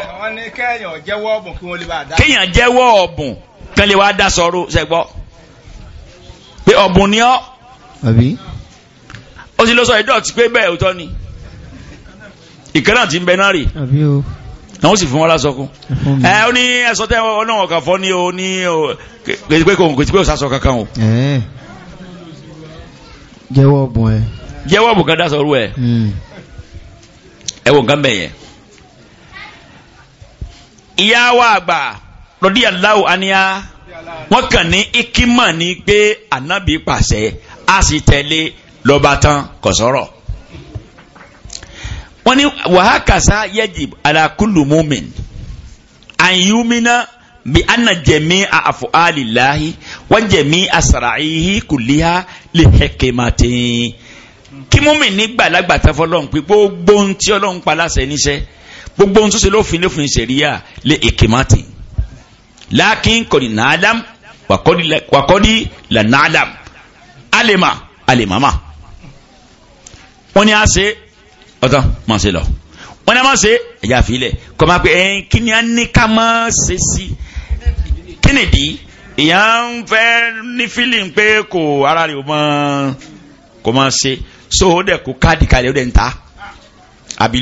kéèyàn jẹ́wọ́ ọ̀bùn kan lè wá dá sọ̀rọ̀ ṣẹ́gbọ́. ọ̀bùn ni ọ́ ó sì lọ sọ ìdọ̀tí pé bẹ́ẹ̀ òótọ́ ni ìkànnà ti ń bẹ náà rè àwọn sì fún wọn lásọkún ẹ ó ní ẹsọ tẹ ọ náà ọkà fọ ní o ní o kèsì pé kò kèsì pé ò sásọ kankan o. jẹ́wọ́ ọ̀bùn ẹ. jẹ́wọ́ ọ̀bùn kan dásọ̀rú ẹ hmm. ẹ wọ nǹkan bẹ̀yẹn. ìyá wa àgbà lọ́dí aláwọ̀ àníyá wọ́n kàn ní ikima ni pé anabi pàṣẹ a sì tẹ̀lé lọ́ba tán kò sọ̀rọ̀ wọ́n ní wàhákàsá yajib ala kullu mu'min an yumina bi anna jẹ̀mí àfọ̀ àlìláhi wọ́n jẹ̀mí àsàràyíhi kùlíhà lè hẹ́kẹ́màtì. kí múmi nígbà lágbàtà fọlọ́n pé gbogbo ohun tí ọlọ́run pa láṣẹ níṣẹ́ gbogbo ohun tó ṣe lófin lófin ṣẹ̀ríyà lè hẹ́kẹ́màtì lakin kodi nàálàm wàkọ́dí là la alèmà Alema, mà wọ́n ní a se, ọ̀tọ̀ mà ṣe lọ wọ́n ya a má ṣe ẹ̀yà àfilẹ̀ kọ́ máa pe ẹ̀ kí ni a ní ká má ṣe sí kí ni dì ìyàn ń fẹ́ ní fílìm pé kò ara rẹ̀ kò mọ̀ ṣe so ó dẹ̀ kó káàdì kalẹ̀ ó dẹ̀ ń ta àbí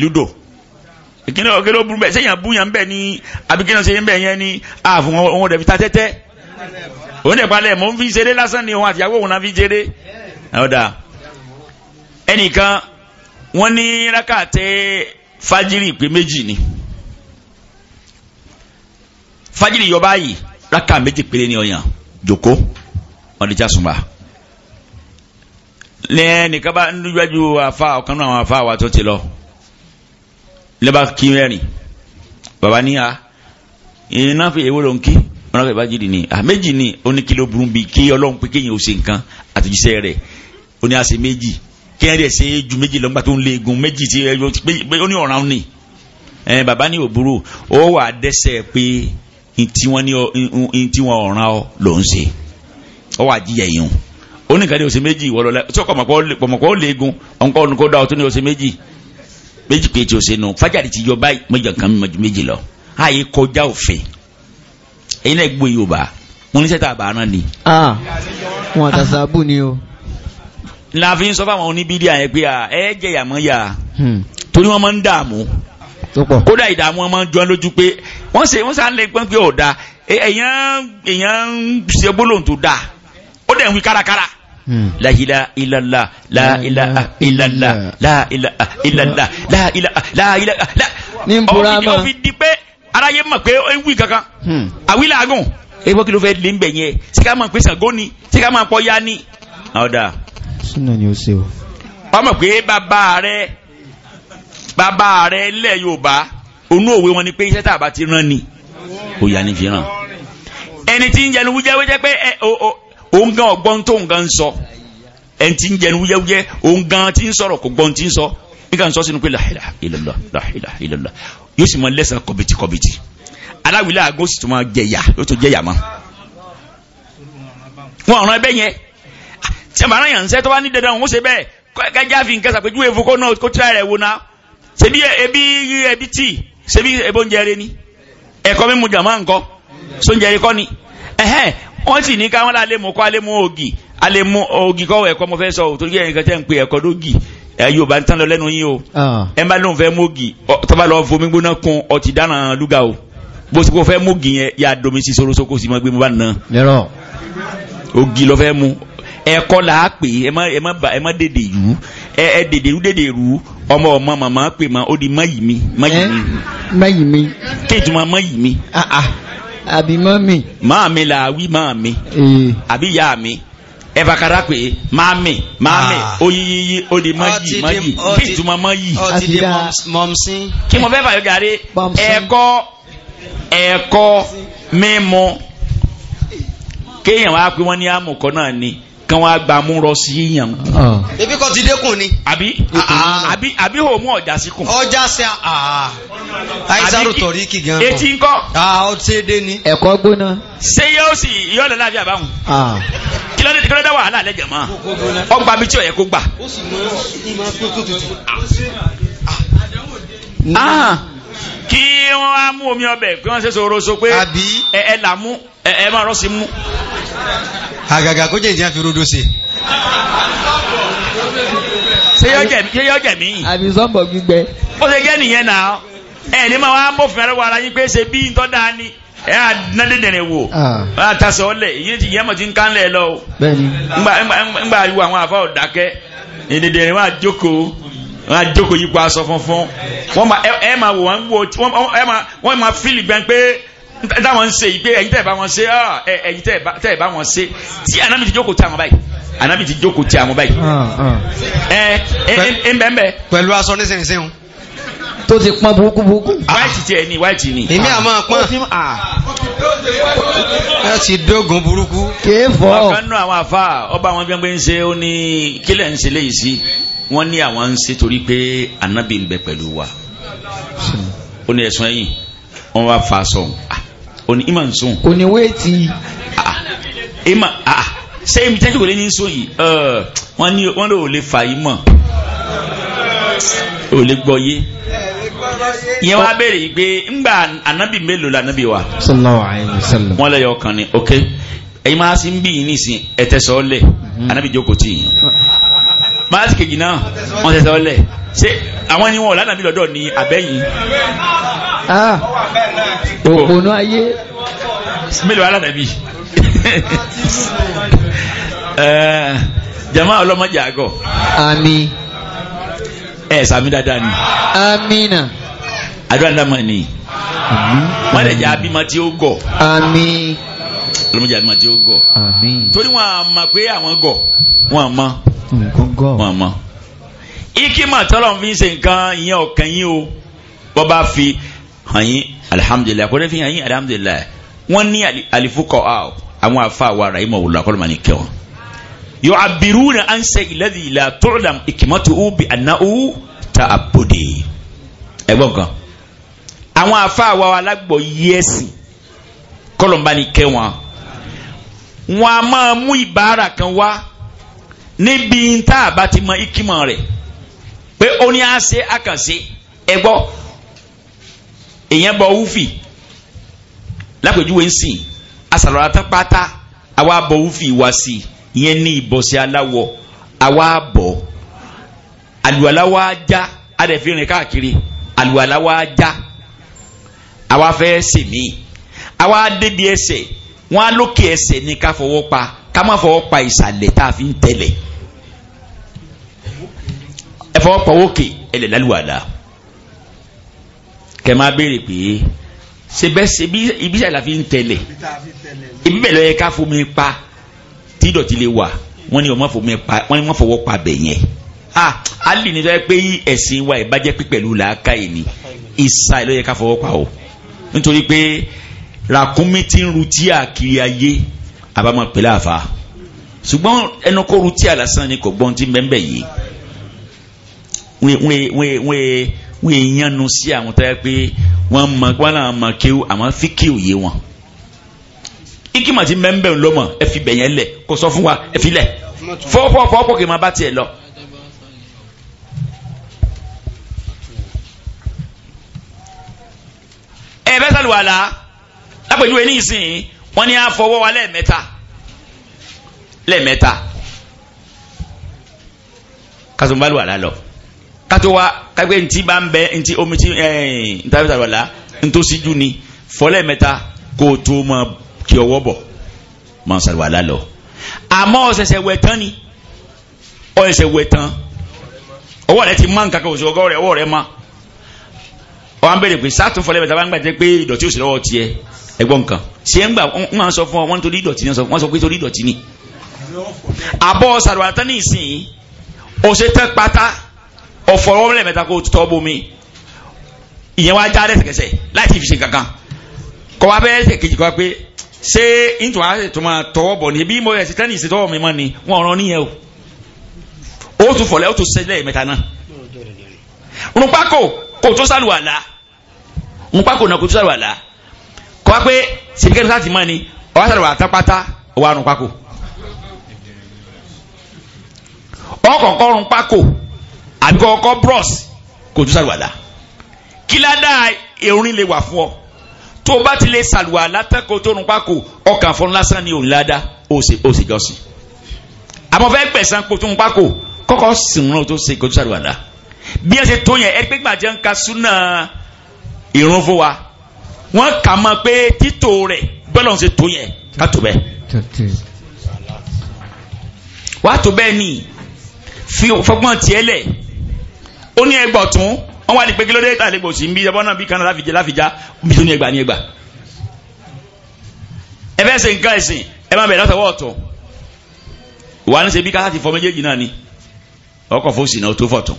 kíni ọ̀kẹ́ ló burú bẹ́ẹ̀ sẹ́yìn abúyàn bẹ́ẹ̀ ni àbí kíni ọ̀sẹ̀yìn bẹ́ẹ̀ yẹn ni àfún òun rẹ̀ fi ta tẹ́tẹ́ òun dẹ̀ palẹ̀ mò ń fi ṣeré lásán ni òun àtìyàwó òun náà fi ṣeré ọ̀dà ẹnìkan wọ́n ní rákàtẹ́ fájírì pé méjì ni fájírì yọ báyìí rákà méjì péré ni ọ̀yàn jòkó ọ̀dẹ̀já sùnmà lẹ́ẹ̀nìkan bá ń dújú àfa ọ̀kan náà àwọn àfa àwa tó ti lọ lẹ́bà kí mẹ́rin bàbá ní a ah, iná fi èwo ló ń kí wọn náà fẹ́ bá jìnnì a ah, méjì ni ó ní kí ló burú bí kí ọlọ́run pé kéèyàn ó ṣe nǹkan àtijọ́sẹ́ rẹ̀ ó ní a ṣe méjì kéèyàn dẹ̀ ṣe ju méjì lọ́gbà tó ń lé egun méjì tí ó ní ọ̀ràn ni ẹ bàbá ní òbúrò ó wà dẹ́sẹ̀ pé ntí wọn ọ̀ràn ọ ló ń ṣe ó wà jíyà yìí ó ní kàdé ó ṣe méjì ìwọ́lọ́lá tí ọkọ̀ mọ̀kọ́ lé egun ọ̀nkọ́ méjì pé tí o ṣe nù fájàrí ti yọ báyìí mọ̀jọ kan mi mọ̀jú méjì lọ àyè kọjá òfin ẹ̀yin náà gbọ́ yorùbá wọn ní sẹ́tà àbáràn ni. wọn àtàṣà bù ni o. la fi ń sọ fáwọn oníbídìí àyẹ̀ pé ẹ jẹ ìyàmọ́ yà hmm. torí wọn máa ń dààmú kódà ìdààmú wọn máa ń jọ lójú pé wọ́n ṣe wọ́n sàn lè pọ́n pé ọ̀dà èèyàn èèyàn ń ṣe gbólóhùn tó dáa ó dẹ̀ ń wí kárakára. Hmm. la ilaha illallah la ilaha illallah la ilaha illallah la ilaha la ilaha la ní n oh, bora ma ọ fi di pé aráyé mọ̀ pé ó ń wí kankan hmm. àwílà agùn ewé kí ló fẹ́ lé ń bẹ̀ yẹn síkà máa pè Ṣàngó ni síkà máa pọ̀ ya ni. ọ̀dà súnà ni ó ṣe o. ọmọ pé bàbá rẹ bàbá rẹ lẹ Yorùbá onú òwe wọn ni pé iṣẹ́ tá a bá ti rán ni ó yà ní fi ràn ẹni tí ń jẹnu wújẹ́ wíjẹ́ pé ẹ o o òun gan ọgbọ́n tó nǹkan ń sọ ẹni tí ń jẹnu wúyẹ́wúyẹ́ òun gan ti ń sọ̀rọ̀ kò gbọ́n ti ń sọ nǹkan sọ sínú pé làhìlà ìlàlà làhìlà ìlàlà yóò sì mọ lẹ́sàn kọ̀bìtì kọ̀bìtì aláwìlẹ̀ àgọ́ sì tún máa jẹ̀yà yóò tún jẹ̀yà mọ́. wọn ọ̀ràn ẹbẹ yẹn tí a máa sẹ́ tó bá ní dandan òun ṣe bẹ́ẹ̀ kájá fi nǹkan sàpéjúwe fún náà kó tíra rẹ̀ wò náà ṣebí ebi ebi tíì ṣebí ebóúnjẹ rẹ ni ẹ̀kọ́ mímu jàmá nǹkan sóúnjẹ rẹ kọ́ ni wọ́n sì ní ká wọ́n lálé mú kọ́ alé mú ògì alé mú ògì kọ́ ẹ̀kọ́ mo fẹ́ sọ ò torí ẹ̀yìn kan tẹ́ ń pe ẹ̀kọ́ lógì ẹ̀ yóò bá ń tán lọ lẹ́nu yín o ah. ẹ̀ ń bá lóun fẹ́ mú ògì tọ́ba lọ fomi gbóná kun ọtí dáná lúgà o bó sì kò fẹ́ mú yẹn yà domi sí soroso kò sì mọ gbé mo bá nà. ògì lọ fẹ́ mu ẹ̀kọ́ là á pè ẹ má ba ẹ má dèdè yù ẹ ẹ dèdè rú dèdè rú ọmọ ọmọ màmá pè má ó di má yìí mi má yìí mi àbí mọ́mì. máàmi là wí máàmi eh. àbí ìyá mi ẹ̀bàkàrà pé máàmi máàmi oyiyiyi ah. ó di mọ́yì yi. bí ìtumọ̀ mọ́yì. ọtí di mọ́msí. kí mo fẹ́ fàyọ̀ gàrí ẹ̀kọ́ ẹ̀kọ́ mímu kéèyàn wá pé wọ́n ní àmùkọ́ náà ni kan wá gba mú rọ sí yàn. Ah. ebi kò ti dẹ́kun ni. àbí ah, àbí àbí ò mú ọjà sí kun. ọjà sí a àìsàrò tọ̀rí kì gan. etí ńkọ́. Ah, ó ṣe dé ni. ẹ̀kọ́ gbóná. ṣé yóò sì yóò lọ láàbí àbáhùn. kí ló dé kí ló dé wàhálà lẹ́jẹ̀ mọ́. ọgbà mi tí ò yẹ kó gbà. ó kí wọ́n wá mú omi ọbẹ̀ pé wọ́n ṣe sọ̀rọ̀ so pé ẹ là mú ẹ máa rọ́ sí mú. àgàgà kó fi rodo ṣe. ṣé yọ jẹ̀mí. àbí sọ́mbọ̀ gbígbẹ. ó ṣe jẹ́ nìyẹn náà ẹ ní máa wá mọ̀fìn ẹ̀rọ ara yín pé ṣe bí ntọ́ dáa ni ẹ á ná dédèrè wò á tasọ̀ ìyẹn ti ti ń kán lọ o. àwọn wọn á jókòó yípo aṣọ funfun wọn ma ẹ ma wò wọn wò ẹ ma wọn ma fílì gbẹ pé táwọn ń ṣe yìí pé ẹ̀yin tẹ́ ẹ bá wọn ṣe ah, ẹ̀yin tẹ́ ẹ bá wọn ṣe tí anami ti jókòó ti àwọn báyìí anami ti jókòó ti àwọn báyìí ah, ah. ẹ ẹ ń bẹ́ẹ̀ pẹ̀lú aṣọ nísinsìnyí tó ti pọn burúkú burúkú. wáìtì tiẹ̀ ni wáìtì ni. èmi àmọ́ pọn. ẹ ti dógun burúkú. kéèfọ́. ọ̀kan nù àwọn àfa ọba àwọn gbẹ́ngbẹ́ ń ṣe ó ní kílẹ̀ ń ṣe léyìí sí wọ́n ní àwọn ń ṣe torí pé anabi ń bẹ pẹ̀lú wa ó ní ẹ̀sùn ẹ̀yìn wọ́n wá fa sọ̀n ah, ó ní ìmọ̀ ń sùn. kò ní wéètì. Ah, ah, ìmọ̀ ṣé ibi tẹ́jú kò lé ní sọ yìí wọ́n ní wọ́n lò lè fà yìí mọ̀ ò lè gbọ́ yé ìyẹn wá béèrè yìí pé ńgbà anabi mélòó la anabi wa. wọ́n lè yọ ọkàn ni ok ẹ̀yin máa ń bí yìí nísìn ẹ̀tẹ̀sọ́ lẹ̀ anabi mm-hmm. jókòó tì yìí màásì kejì náà wọ́n tẹ̀sẹ̀ ọlẹ̀ ṣé àwọn ni wọn ò lánàá bí lọ́dọ̀ ní abẹ́yìn. Ah, òpònú ayé. mélòó alánàá bí eh, jama ọlọmọdé àgọ. àmín. ẹ sàmì dáadáa ni. amina. àdúrà ńlá mọ̀ ni. wọ́n lè jẹ́ abímọ tí ó gọ̀. àmín lọ́mọdé àmà tí ó gọ̀ torí wọn àmà pé àwọn gọ̀ wọn àmà wọn àmà ikima tọ́lọ̀ fi ń ṣe nǹkan ìyẹn ọ̀kan yín o wọ́n bá fi hàn yín alihamudulilayi kò ní fi hàn yín alihamudulilayi wọ́n ní alifukọ̀ àwọn afa wa ara ìmọ̀ wòlò akọ́lọ́mọ ni kẹwọn yóò abiru na an ṣe ìlẹ́dì ìlà tọ́lọ̀dàm ìkìmọ́tò ó bi àná ó ta àbòdè ẹgbọ́n kan àwọn afa wa alágbọ̀ yẹ́sì kọ́lọ́mọ ni wọn a máa mú ìbára kan wá níbi tá a bá ti mọ ikímọ̀ rẹ̀ pé ó ní à ń ṣe àkànṣe ẹ gbọ́ èèyàn bọ wúfì lápèjúwe ń sìn àṣàlọ́ra tán pátá àwa bọ wúfì wá sí i ìyẹn ní ìbọ̀sẹ̀ aláwọ̀ àwa bọ̀ àlùwàlá wa já adẹ̀fínrin káàkiri àlùwàlá wa já àwa fẹ́ sèmí àwa débi ẹsẹ̀ wọ́n á lókè ẹsẹ̀ ní ká fọwọ́ pa ká má fọwọ́ pa ìsàlẹ̀ tá a fi ń tẹ̀lẹ̀ ẹ fọwọ́ pa òkè ẹlẹ̀ lálùwàlà kẹ máa béèrè pé sebẹ sebi ibi sàlẹ̀ fi ń tẹ̀lẹ̀ ibi bẹ̀ lọ yẹ ká fomi pa tí ìdọ̀tí lè wà wọ́n ní ọmọ fomi pa wọ́n ní wọ́n fọwọ́ pa bẹ̀ yẹn ah ali ni sọ pé ẹ̀sìn wa ìbàjẹ́ pípẹ̀lú làákàyè ni ìsàlẹ̀ yẹ ká fọwọ́ pa o nítorí pé làkúnmí tí ń rutí àkiri ayé àbámọ̀ pẹ̀lẹ́ àfa ṣùgbọ́n ẹnu kó rutí àlásán ni kò gbọ́n tí bẹ́ẹ̀ bẹ́ẹ̀ yìí wọ́n èèyànnu sí àwọn tẹ́lẹ̀ pé wọ́n mọ wọ́n náà mọ kéwù àwọn fi kéwù yé wọn. ikima ti mẹ́ńbẹ̀ ń lọ́mọ ẹ fi bẹ̀yẹn lẹ̀ kó sọ fún wa ẹ fi lẹ̀ kì í máa bá tiẹ̀ lọ. ẹ bẹ́ẹ̀ sálùwàlà lápẹ̀jú ẹni ìsìn wọ́n ní àfọwọ́ wa lẹ́ẹ̀mẹ́ta lẹ́ẹ̀mẹ́ta kátó bá lù wà lálọ kátó wa kápẹ́ ntí bá ń bẹ ntí omi tí ntàbí tàbí ọ̀la ntòsíjú ni fọlẹ́ẹ̀mẹ́ta kó o tó mọ kí ọwọ́ bọ̀ mọ sàlùwà lálọ àmọ́ ọ̀sẹ̀sẹ̀ wẹ̀ tán ni ọ̀sẹ̀sẹ̀ wẹ̀ tán ọwọ́ rẹ ti mọ nǹkan kan ọgọ́ rẹ ọwọ́ rẹ mọ ọ à ń bèrè pé sátún bá ń gbàdé pé ìdọ̀tí òsì lọ́wọ́ tiẹ̀ ẹ̀gbọ́n nǹkan ṣé ń gbà wọ́n máa ń sọ fún ọ wọ́n torí ìdọ̀tí ni wọ́n sọ pé torí ìdọ̀tí ni. àbọ̀ sàrùwàtán ní ìsìn ọ̀sẹ̀ pátá ọ̀fọ̀rọ̀ lẹ́mẹ̀ta kó tọ́ bomi ìyẹn wá já lẹ́sẹ̀kẹsẹ̀ láti fi ṣe kankan kọ́ wa bẹ́ẹ̀ ṣe kejì kọ́ pé ṣé ìtura tó máa tọwọ́ bọ̀ ni bí mo ẹ̀sìn tẹ́nì ìsìn tọwọ́ mi mọ́ ni wọ́n rán níyẹn o ó tún fọ̀lẹ́ ó tún ṣẹlẹ̀ mẹ́ta náà kọ́ wá pé sèbíkẹ́ni sáà ti mọ́ ni ọwọ́ sàrò àtọ́ pátá ọwọ́ àrùn pákó ọkọ̀ọ̀kọ́ ọrùn pákó àbí kọ́kọ́ bros kò tún sàrùwàlà kí ládàá erin lè wà fún ọ tó o bá ti lè sàrùwàlà tẹ́kọ̀ọ́ tó ọrùn pákó ọkàn fún lásán ni òun ládàá ó sì jọ́sìn àmọ́ fẹ́ gbẹ̀sán kó tó ọrùn pákó kọ́kọ́ sìnrún tó ṣe kó tún sàrùwàlà bí ẹ ṣe tó yẹn ẹgbẹ́gbàjẹ́ ń ka súnà ìrún fún wa wọ́n kà mọ́ pé títò rẹ̀ bọ́lọ̀ ń ṣe tó yẹn ká tó bẹ́ẹ̀. wàá tó bẹ́ẹ̀ ni fi fọgbọ́n tiẹ̀ lẹ̀ ó ní ẹgbà ọ̀tún wọ́n wá ní pé kí ló dé tà lẹ́gbọ̀ sí bí ẹbọn náà bí kan láfijá láfijá bí tó ní ẹgbà ní ẹgbà. ẹ fẹ́ nǹkan ẹ̀sìn ẹ má bẹ̀rẹ̀ lọ́sọ̀wọ́ ọ̀tún ìwà ní ṣe bí ká láti fọ méjèèjì náà ni ọkọ̀ fòsì náà tó fọ̀tún.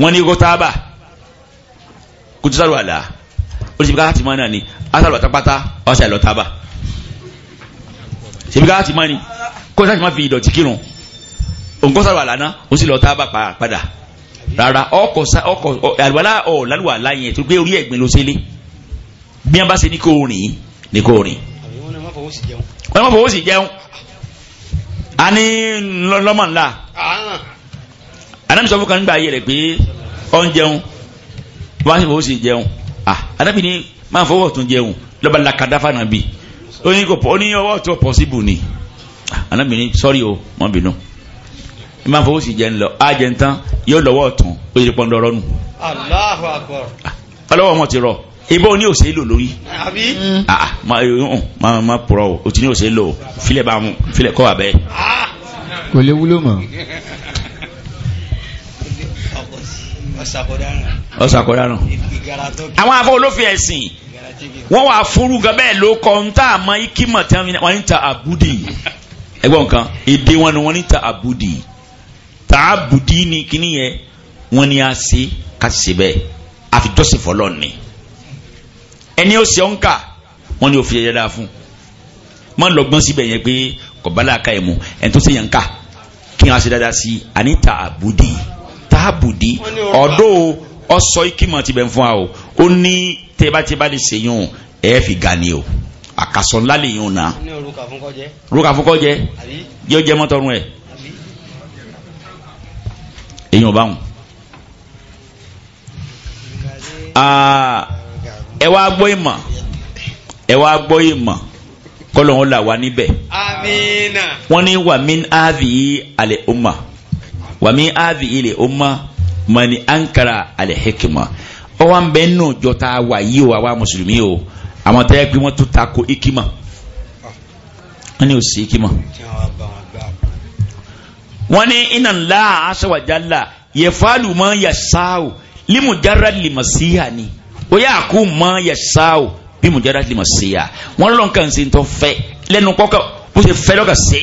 wọ́n ní kó tábà kò tó sáré àlà olùsèbí ká láti máa nà ni asálù àtàpátá ọ̀sẹ̀ lọ tábà sèbí ká láti máa ni kó sáà ti máa fi ìdọ̀tí kírun òǹkọ́ sáré àlà náà ó sì lọ tábà padà rárá ọkọ̀ ọkọ̀ àlùwàlá ọ̀ lálùwàlá yẹn tó gbé orí ẹ̀gbin ló ṣẹlẹ̀ bí wọ́n bá ṣe ní kò rìn ní kò rìn wọ́n má fọwọ́ sí jẹun a ní lọ́mọ̀ ńlá anamisọ́fọ́ kan gbà yẹ pé ọ̀ ń jẹun bá sì fọwọ́ sí jẹun ah anábì ni máa fọwọ́ tún jẹun lọ́ba lakadáfà náà bì ó ní kò ó ní ọwọ́ tó pọ̀síbù ni anábì ni sọ́rí o wọ́n bínú máa fọwọ́ sí jẹun lọ á jẹun tán yóò lọ́wọ́ tún ó yẹ pọ́n dọ́rọ́ nù. Allahu Akbar. ọlọ́wọ́ wọn ti rọ ibo ni òsè lò lórí. àbí. ah ma ma ma purọ́ o ti ní òsè lò filẹ̀ bá mu filẹ̀ kọ́ wa bẹ́ẹ̀. Ah! kò lè wúlò mọ́ ọ̀sàkọ̀dáràn àwọn afọ olófin ẹ̀sìn wọ́n wà fúnrú gan bẹ́ẹ̀ ló kọ́ ń tà mọ́ ikímọ̀ tí wọ́n ń ta abudi ẹgbọ́n nǹkan èdè wọn ni wọ́n ń ta àbúdì ta àbúdì ni kíní yẹn wọ́n ní a ṣe ká ṣe bẹ́ẹ̀ àfijọ́sìn fọlọ́ ni ẹni ó ṣe ọ́n kà wọ́n ní òfin ẹ̀yẹ́dá fún mọ́ lọ́gbọ́n síbẹ̀ yẹn pé kọ̀bálà ká ẹ̀ mú ẹni tó ṣe yẹn kí wọ́n á ṣe dáadáa sí àníta àbúdì yìí tààbùdí ọ̀dọ́ ọsọ ikimọ̀ ti bẹ̀ fún wa o ó ní tẹ́bátẹ́bá lè ṣe yún fi ga ni o àkàsọ̀ ńlá lè yún náà rúkà fún kọ́jẹ́ yóò jẹ́ mọ́tọ́rún ẹ̀ èyàn bá wọn. ẹ wá gbọ́ ìmọ̀ ẹ wá gbọ́ ìmọ̀ kọ́lọ̀ wọn là wá níbẹ̀. wọ́n ní wàmín áàbì àlẹ́ ọmọ wa mi aadhi ilẹ̀ o mani ankara alihikima ọ wa bẹ nù jọta wa yìí o àwa mùsùlùmí o àwọn tẹ́ pé wọ́n tún ta ko ikima wọ́n ní o sí ikima wọ́n ní iná ńlá aṣọ́wájálá yẹ fáàlù mọ́ yẹ sáà limujarra limasiya ni o yà kú mọ́ yẹ sáà limujarra limasiya wọ́n lọ́nkà ń ṣe fẹ́ lẹ́nu kọ́kọ́ bó ṣe fẹ́ lọ́kà sí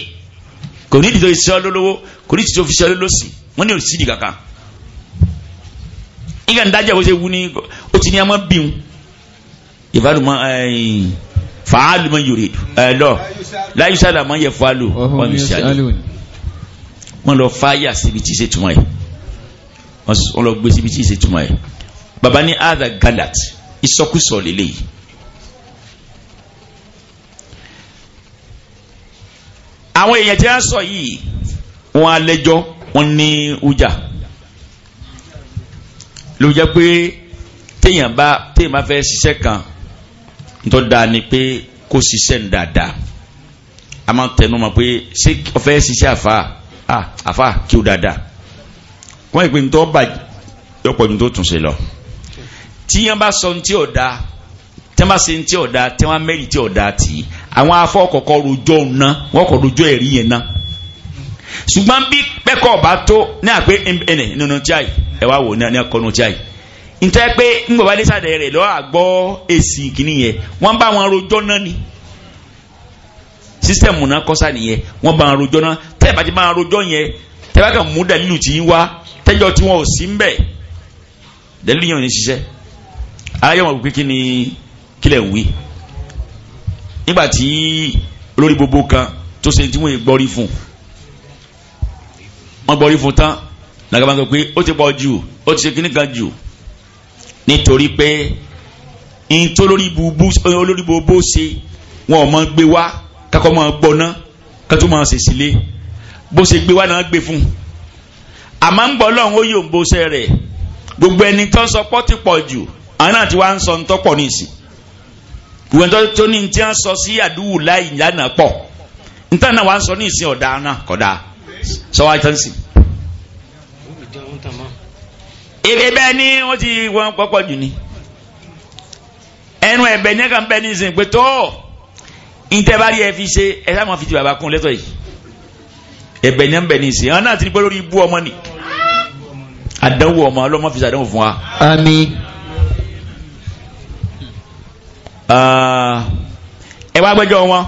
kò ní ìdíjọ iṣẹ́ lólówó kò ní ìdíjọ iṣẹ́ lólósì wọ́n ní òsì nìkankan nígbà ńdájà bó ṣe wú ní ó ti ní ọmọ bíun ìbálòmọ fàálù mọ yorì lọ láyé sálà mọ yẹ fàálù wọn yóò ṣàlù wọn lọ fáyà síbi tí ṣe túmọ̀ ẹ̀ wọn lọ gbé síbi tí ṣe túmọ̀ ẹ̀ baba ní ada galat ìsọkúsọ lélẹ́yìí àwọn èèyàn tí wọ́n sọ yìí wọ́n alẹ́jọ́ wọ́n ní ujà ló jẹ́ pé téèyàn bá téèyàn bá fẹ́ ṣiṣẹ́ kan tó dáa ni pé kó ṣiṣẹ́ ń dáadáa a máa tẹnu mọ́ pé ṣé o fẹ́ ṣiṣẹ́ àfa àfa kí o dáadáa wọ́n ìpín tó bà yọpọ̀ ní tó tún ṣe lọ tíyàn bá sọ ní tí ò dáa tí wọ́n bá ṣe ní tí ò dáa tí wọ́n mẹ́rin tí ò dáa tì í àwọn afọ kọkọ rojọ ná wọ́n kọ̀ rojọ́ ẹ̀rí yẹn ná ṣùgbọ́n bí bá tó ní àpé ẹnì nínú tí àyè ẹ wá wò ní nínú tí nítorí pé ńgbọ̀n rẹ̀ lọ́wọ́ èsì yẹn wọ́n bá wọn rojọ́ ni náà kọ́sà nìyẹn wọ́n bá wọn rojọ́ bá ti bá wọn rojọ́ yẹn bá kàn mú dàlílù wọn ò sí ń bẹ̀ dàlílù yẹn ò ní ṣiṣẹ́ wọn kò ni kílẹ̀ ń nígbàtí olórí gbogbo kan tó ṣe tí wọ́n gbọ́rí fún wọ́n gbọ́rí fún tán làgbà sọ pé ó ti pọ̀ jù ó ti ṣe kíní kan jù nítorí pé n tó lórí gbogbo ṣe wọn ò mọ gbé wá kakọ́ mọ gbọ́ ná kátó mọ ṣèṣì lé bó ṣe gbé wá náà gbé fún àmọ́ ń gbọ́ lọ́hún ó yòǹbó ṣe rẹ̀ gbogbo ẹni tó ń sọ pọ́ ti pọ̀ jù àwọn náà ti wá ń sọ ń tọ́pọ̀ ní ìsìn ìwọ̀n tó ní tí wọ́n sọ sí àdúgbò láì lánàá pọ̀ níta náà wà ń sọ ní ìsìn ọ̀dà náà kọ̀dà sọ wá tán sí. èrè bẹ́ẹ̀ ni wọ́n ti wọ́n pọ́pọ́ jù ni ẹnu ẹ̀bẹ̀ ní ẹ̀ka ń bẹ́ ní ìsìn pé tó ìtẹ́bárí ẹ fi ṣe ẹ sáà máa fi ti bàbá kún lẹ́tọ̀ yìí ẹ̀bẹ̀ ní ẹ̀bẹ̀ ní ìsìn àwọn náà ti ọmọ ni àdánwò ọmọ ọlọ́mọ fi ṣàdánwò fún wa. àmín. Uh, ẹ wá gbẹ́jọ́ wọn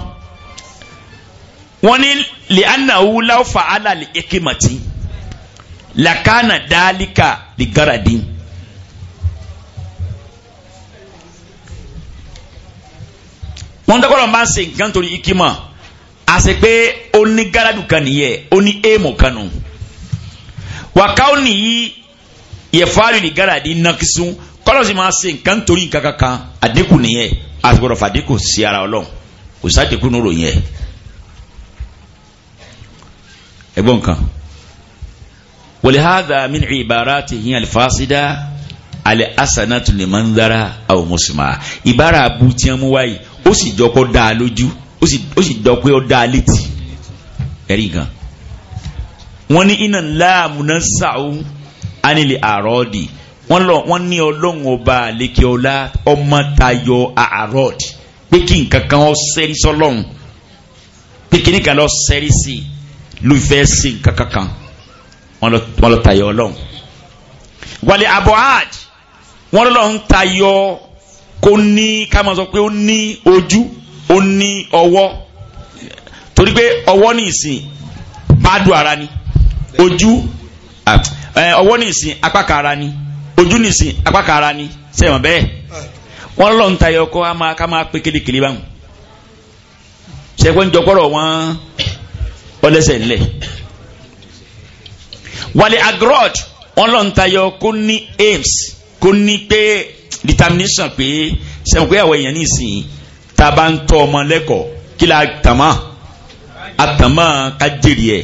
wọ́n ní lianahu laufa ala li ekimati lakana dalika li garadin. wọ́n tọ́kọ̀rọ̀ máa ń ṣe nǹkan torí ikima àṣẹ pé ó ní gáràdù kan nìyẹn ó ní èèmù kan nù wàkàó nìyí yẹfaari ni garadi nakisun kọlọsi máa ṣe nǹkan torí nǹkan kankan àdínkù nìyẹn àgbọ̀dọ̀ fàdínkù sí ara ọlọ́run kò sádìkù nù ròyìn ẹ̀. ẹgbọ́n kan walihadha min ibaratihi alfasida alẹ́ asanatu limandara aw musma ìbára abutiamu wáyé ó sì jọ kó dáa lójú ó sì jọ pé ó dáa létí ẹ̀rí nǹkan. wọ́n ní iná ńlá amúnásáwó anili àrọ́ọ̀dì wọ́n lọ wọ́n ní ọlọ́run ọba àlekè ọlá ọmọ tayọ àrọ́ọ̀dì pé kí nǹkan kan ọ sẹ́rí sọlọ́run pé kí nìkan lọ sẹ́rí sí ló fẹ́ sí nǹkan kankan wọ́n lọ tayọ ọlọ́run. wàlẹ̀ abuhaj wọ́n lọ ń tayọ kó ní ká máa sọ pé ó ní ojú ó ní ọwọ́ torí pé ọwọ́ ní ìsìn bá dùn ara ni ojú. Ah ọwọ́ nìsín apá kan ara ni ojú nìsín apá kan ara ni sẹ́wọ̀n bẹ́ẹ̀ wọ́n lọ ń tayọ kọ́ ká máa pé kédekèlé báwọn sẹ́kọ́ ń jọkọ́rọ̀ ọlẹ́sẹ̀ ńlẹ̀ wàlẹ̀ agrod wọ́n lọ ń tayọ kó ní aims kó ní pé determination pé sẹ́wọ̀n pé àwọn èèyàn nìsín tá a bá ń tọ́ ọmọ lẹ́kọ̀ọ́ kí la tàmá àtàmá ká ẹ̀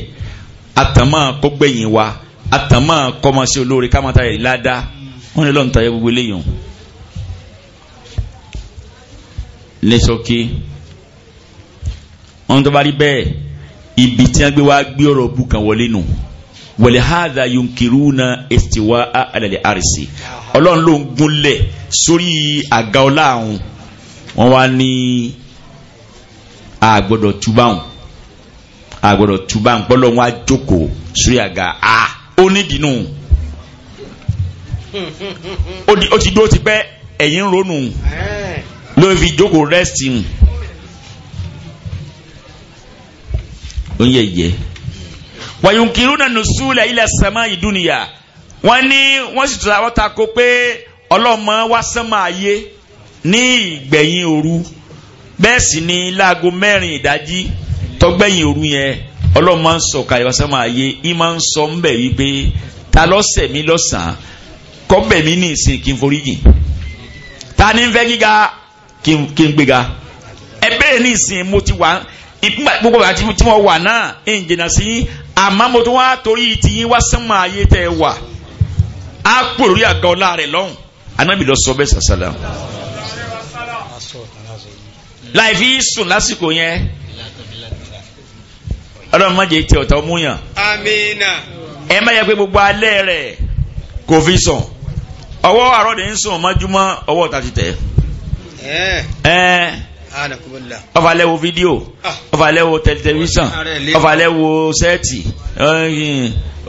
àtàmá kó gbẹ̀yìn wa. Atama kọ́mọṣe olóore kámátà yẹ ládá wọ́n ní lọ́nà tayé gbogbo eléyìí lẹ́sọ̀kí wọ́n tó bá rí bẹ́ẹ̀ ibi tí wọ́n gbé wá gbé ọ̀rọ̀ bù wọlé nù wọlé hàdà yunkiruna estiwa alẹ́ àrìsí ọlọ́run ló ń gúnlẹ̀ sórí àga ọlá àwọn wọ́n wá ní àgbọ̀dọ̀ túbáwọn àgbọ̀dọ̀ túbáwọn pọ́lọ́ wọn á jókòó sórí àga a. Ah ó nídìínú ó ti dúró ti pẹ́ ẹ̀yìn ronú ló fi jókòó rẹ́sì ó yẹ yẹ wàyùnkìrú náà nùsùlẹ̀ ilẹ̀ sẹ́mà ìdúnìyà wọ́n ní wọ́n sì tún àwọn tako pé ọlọ́mọ wá sánmà ayé ní ìgbẹ̀yìn òru bẹ́ẹ̀ sì ni láago mẹ́rin ìdájí tọgbẹ̀yìn òru yẹn ọlọ́run máa ń sọ ká ìwà sẹ́mu ayé í máa ń sọ ń bẹ̀ wípé ta lọ́sẹ̀ mi lọ́sàn-án mi bẹ̀ mí ní ìsìn kí n foríjì ta ni ń fẹ́ gíga kí n gbéga ẹ bẹ́ẹ̀ ní ìsìn mo ti wà gbogbo àti tí wọ́n wà náà ń jìnnà sí àmọ́ mo tún wá torí ti yín wá sẹ́mu ayé tẹ́ ẹ wà á kú lórí àga ọlá rẹ̀ lọ́hùn anábì lọ sọ bẹ́ẹ̀ sàṣàlà láì fi sùn lásìkò yẹn ọlọ́run má jẹ́ tí ọ̀tọ̀ mú yàn. amina. ẹ má yẹ pé gbogbo alẹ́ rẹ̀ kò fi sùn ọwọ́ àròdì ń sùn mọ́júmọ́ ọwọ́ ọ̀tá ti tẹ̀. Eh. ẹ ọfà lẹ́wọ̀ fídíò ọfà ah. lẹ́wọ̀ tẹlifíṣàn ọfà lẹ́wọ̀ sẹ́ẹ̀tì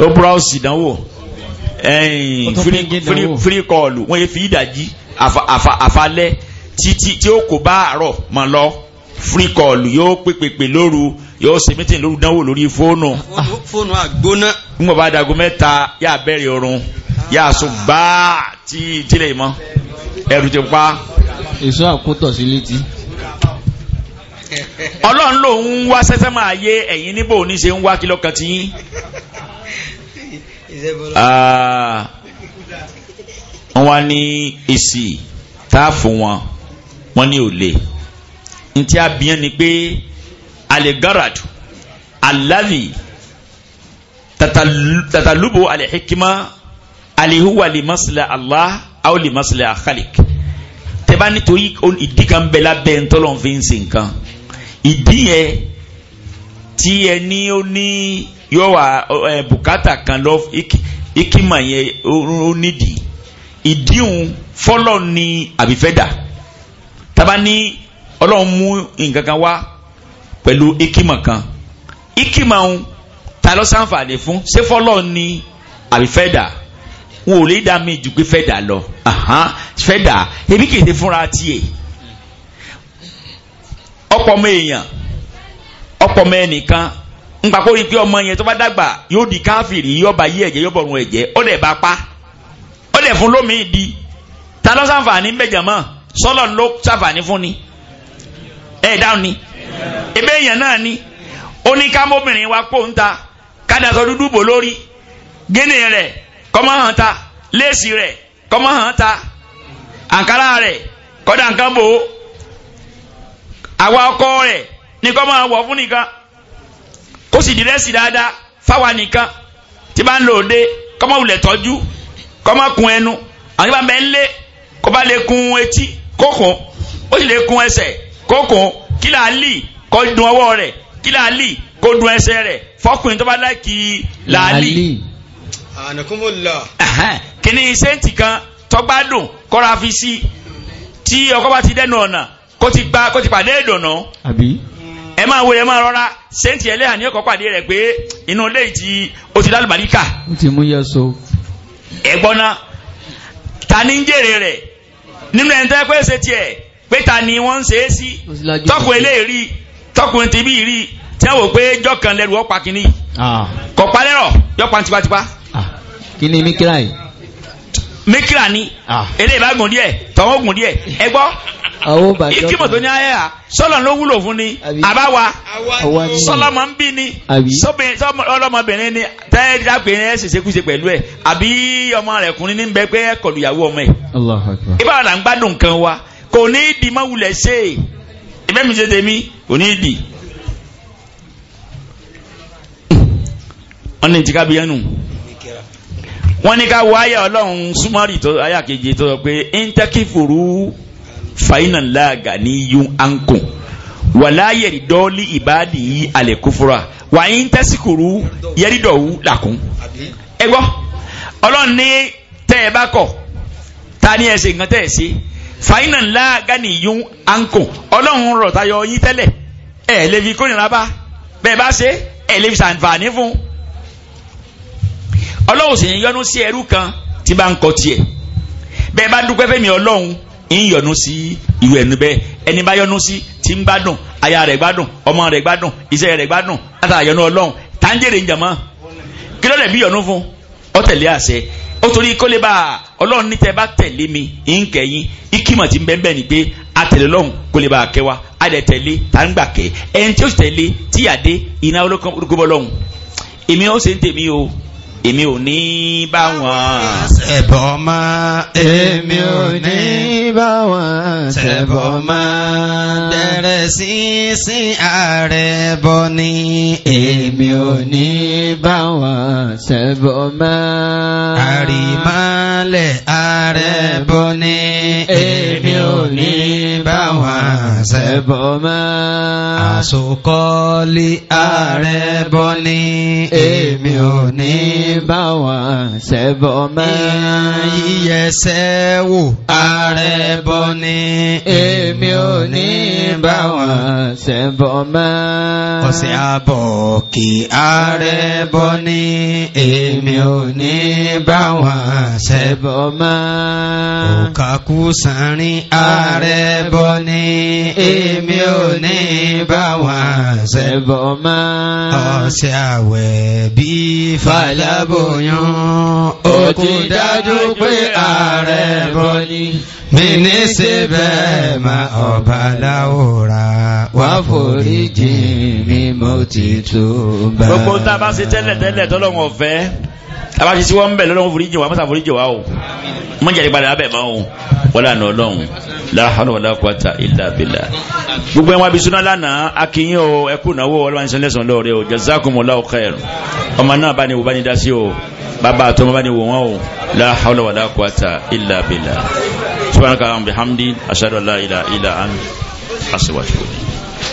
ó búráùsì dánwò fírí kọlù wọ́n yẹ fi ìdajì àfalẹ́ títí tí ó kò bá àárọ̀ mọ́ lọ fírí kọlù yóò pèpèpè lóru yóò ṣe mítìn lórí dánwò lórí fóònù. fóònù àgbóná. n kò bá dago mẹ́ta yà bẹ̀rẹ̀ ọrùn yà sùn báà tí tílẹ̀ mọ́ ẹ̀rù ti pa. èso àkótọ̀ sí létí. ọlọ́run lòun ń wá sẹ́sẹ́ máa yé ẹ̀yin níbo ní ṣe ń wá kí lọ́kàn tí yín. Ah. wọ́n wá ní èsì tá a fún wọn wọ́n ní òlè ntí a ni pé aligaradu alavi tatalubu alihikima alihuwa limasila allah aw limasila khalik tẹ́bá nítorí ìdí kan bẹ́ẹ̀ lábẹ́ ntọ́lọ́nfẹ́nsì nǹkan ìdí yẹn tí ẹ ní ó ní yọ wá bùkátà kan lọ ikima yẹn ó nídìí ìdíhùn fọlọ́ ni àbífẹ́dà tàbá ní ọlọ́run mú nǹkan kan wá pẹ̀lú ikima kan ikima ń ta lọ sáǹfààní fún ṣé fọlọ́ ni àbí fẹ́ dà n ò lè dá mi jù pé fẹ́ lọ fẹ́ ebi kì í ṣe fúnra tiẹ̀ ọ̀pọ̀ ọmọ èèyàn ọ̀pọ̀ ọmọ ẹnìkan nípa kó rí i pé ọmọ yẹn tó bá dàgbà yóò di káfìrí yóò bá yí ẹ̀jẹ̀ yóò bọ̀rùn ẹ̀jẹ̀ ó dẹ̀ bá pa ó dẹ̀ fún lómi di ta lọ sáǹfààní ń bẹ̀jẹ̀ mọ́ sọ́lọ́ ló sáǹfààní fún ni ẹ̀ dáhùn ni ebe èèyàn náà ni ó ní ká mọ́bìnrin wa kó ń ta kádàsọ dúdú bò lórí gíní rẹ̀ kọ́mọ́ hàn ta léèsì rẹ̀ kọ́mọ́ hàn ta àǹkárá rẹ̀ kọ́dà nǹkan bò ó àwa ọkọ rẹ̀ ní kọ́mọ́ wọ̀ fún nìkan kó sì dírẹ́sì dáadáa fáwa nìkan tí bá ń lò dé kọ́mọ́ wulẹ̀ tọ́jú kọ́mọ́ kun ẹnu àwọn tí bá ń lé kó bá lè kun etí kókùn ó sì lè kun ẹsẹ̀ kókùn kí là lì kọ́ dun ọwọ́ rẹ̀ kí làálì kó dun ẹsẹ̀ rẹ̀ fọkùnrin tó bá láìkí làálì. kíní sẹ́ǹtì kan tọ́gbà dùn kọ́ra fi sí tí ọkọ bá ti dẹ́nu ọ̀nà kó ti gba kó ti pàdé ìdùnnú. ẹ máa wọlé ẹ máa rọra sẹ́ǹtì ẹlẹ́yà ní ọkọ̀ pàdé rẹ̀ pé inú ilé ìtì ó ti lálùbáríkà. ó ti mú yẹ so. ẹ gbọ́n náà ta ni ń jèrè rẹ̀ nínú ẹni tó yẹ pé ṣe tiẹ̀ pé ta ni wọ́n ń ṣe é sí tọ́kùn eléyìí rí i tọkùnrin ti bí rí tí a wò pé jọkàn lẹ́rù ọ̀pá kìíní ah. kọ̀pá lẹ́rọ̀ yọpa tipatipa. Ah. kí ni mikira yìí. mikira ni ah. eré ìbágun díẹ̀ tọ̀wọ́ gùn ẹ àwọn bàjọ́ kan fún ni àbáwa sọlọ máa ń bí ni ni tẹ́lẹ̀ pẹ̀lú àbí ọmọ kùnrin ní bẹ́ẹ̀ pé kọlu ìyàwó ọmọ wa kò ní ẹ̀bẹ́ mi ṣe tèmi kò ní ìdì. wọ́n ní ti ká bíyẹn nù wọ́n ní ká wọ àyà ọlọ́run súnmọ́rì tó àyà keje tó sọ pé intakifuru fainalaga ní yun ankun wàlá yẹ̀rìdọ́ lé ìbáàdì yìí alẹ́ kófóra wà á yín tẹ́síkòrú làkún. ẹ gbọ́ ọlọ́run ní tẹ́ ẹ bá kọ̀ ta ni ẹ ṣe nǹkan tẹ́ ẹ ṣe fàyínà ńlá gánìyún ankùn ọlọ́run rọ̀ tayọ yín tẹ́lẹ̀ ẹ̀ lè fi kórìíra bá bẹ́ẹ̀ bá ṣe ẹ̀ lè fi ṣàǹfààní fún ọlọ́run sì ń yọnu sí ẹrú kan tí bá ń kọ tiẹ̀ bẹ́ẹ̀ bá dúpẹ́ fẹ́mi ọlọ́run ń yọnu sí irú ẹnu bẹ́ẹ̀ ẹni bá yọnu sí ti ń gbádùn aya rẹ̀ gbádùn ọmọ rẹ̀ gbádùn iṣẹ́ rẹ̀ gbádùn látara yọnu ọlọ́run táǹjẹ̀rẹ̀ ń jàmọ́ kí ó torí kó lè bá ọlọ́run ní tẹ́ bá tẹ̀lé mi ìǹkẹ́yìn ìkìmọ̀ tí ń bẹ́ẹ̀ bẹ́ẹ̀ ni pé àtẹ̀lé ọlọ́run kó lè bá a kẹ́ wa àdẹ̀tẹ̀lé tá ń gbà kẹ́ ẹni tí ó sì tẹ̀lé tíyàdé iná olókùnbọ̀ ọlọ́run èmi ó ṣe ń tèmi o èmi ò ní bá wọn ṣẹbọ mọ́ èmi ò ní bá wọn ṣẹbọ mọ́ bẹ̀rẹ̀ sí sí ààrẹ bọ́ ni èmi ò ní bá wọn ṣẹbọ mọ́ àrìmọ́lẹ̀ ààrẹ bọ́ ni èmi ò ní bá wọn ṣẹbọ mọ́ àsokọ́lé ààrẹ bọ́ ni èmi ò ní bá wa ṣẹbọ mọ́. ìyẹsẹ̀ wò ààrẹ bọ ni èmi ò ní bá wa ṣẹbọ mọ́. ọ̀sẹ̀ àbọ̀ kì ààrẹ bọ ni èmi ò ní bá wa ṣẹbọ mọ́. òkàkú sanrin ààrẹ bọ ni èmi ò ní bá wa ṣẹbọ mọ́. ọ̀sẹ̀ àwẹ̀ bí fàlà lábòyàn ó ti dájú pé ààrẹ bọ́ ni bíní síbẹ̀ máa ọba láwòrà wá foríjì mi mo ti tó bá. gbogbo tá a bá ṣe tẹ́lẹ̀tẹ́lẹ̀ tọ́lọ́wọ̀n ọ̀fẹ́ tàbá ṣe sí wọn bẹ̀ lọ́lọ́run foríjì wa mọ́sà foríjì wa o mọ́ jẹ́ ìpadà abẹ́ mọ́ o wọ́n lànà ọlọ́run la hawla wala quwwata illa billah gbogbo ẹ̀wọ̀n abisuna lánàá akínyìn o ẹkú náwó ọlọ́run ṣe lẹ́sàn lọ́ọ̀rẹ́ o jazakumullahu khair ọmọ náà bá wo bá ní o bàbá àtọmọ bá ní wo wọn o la wala quwwata illa billah subhanaka wa bihamdi ashhadu an la ilaha illa anta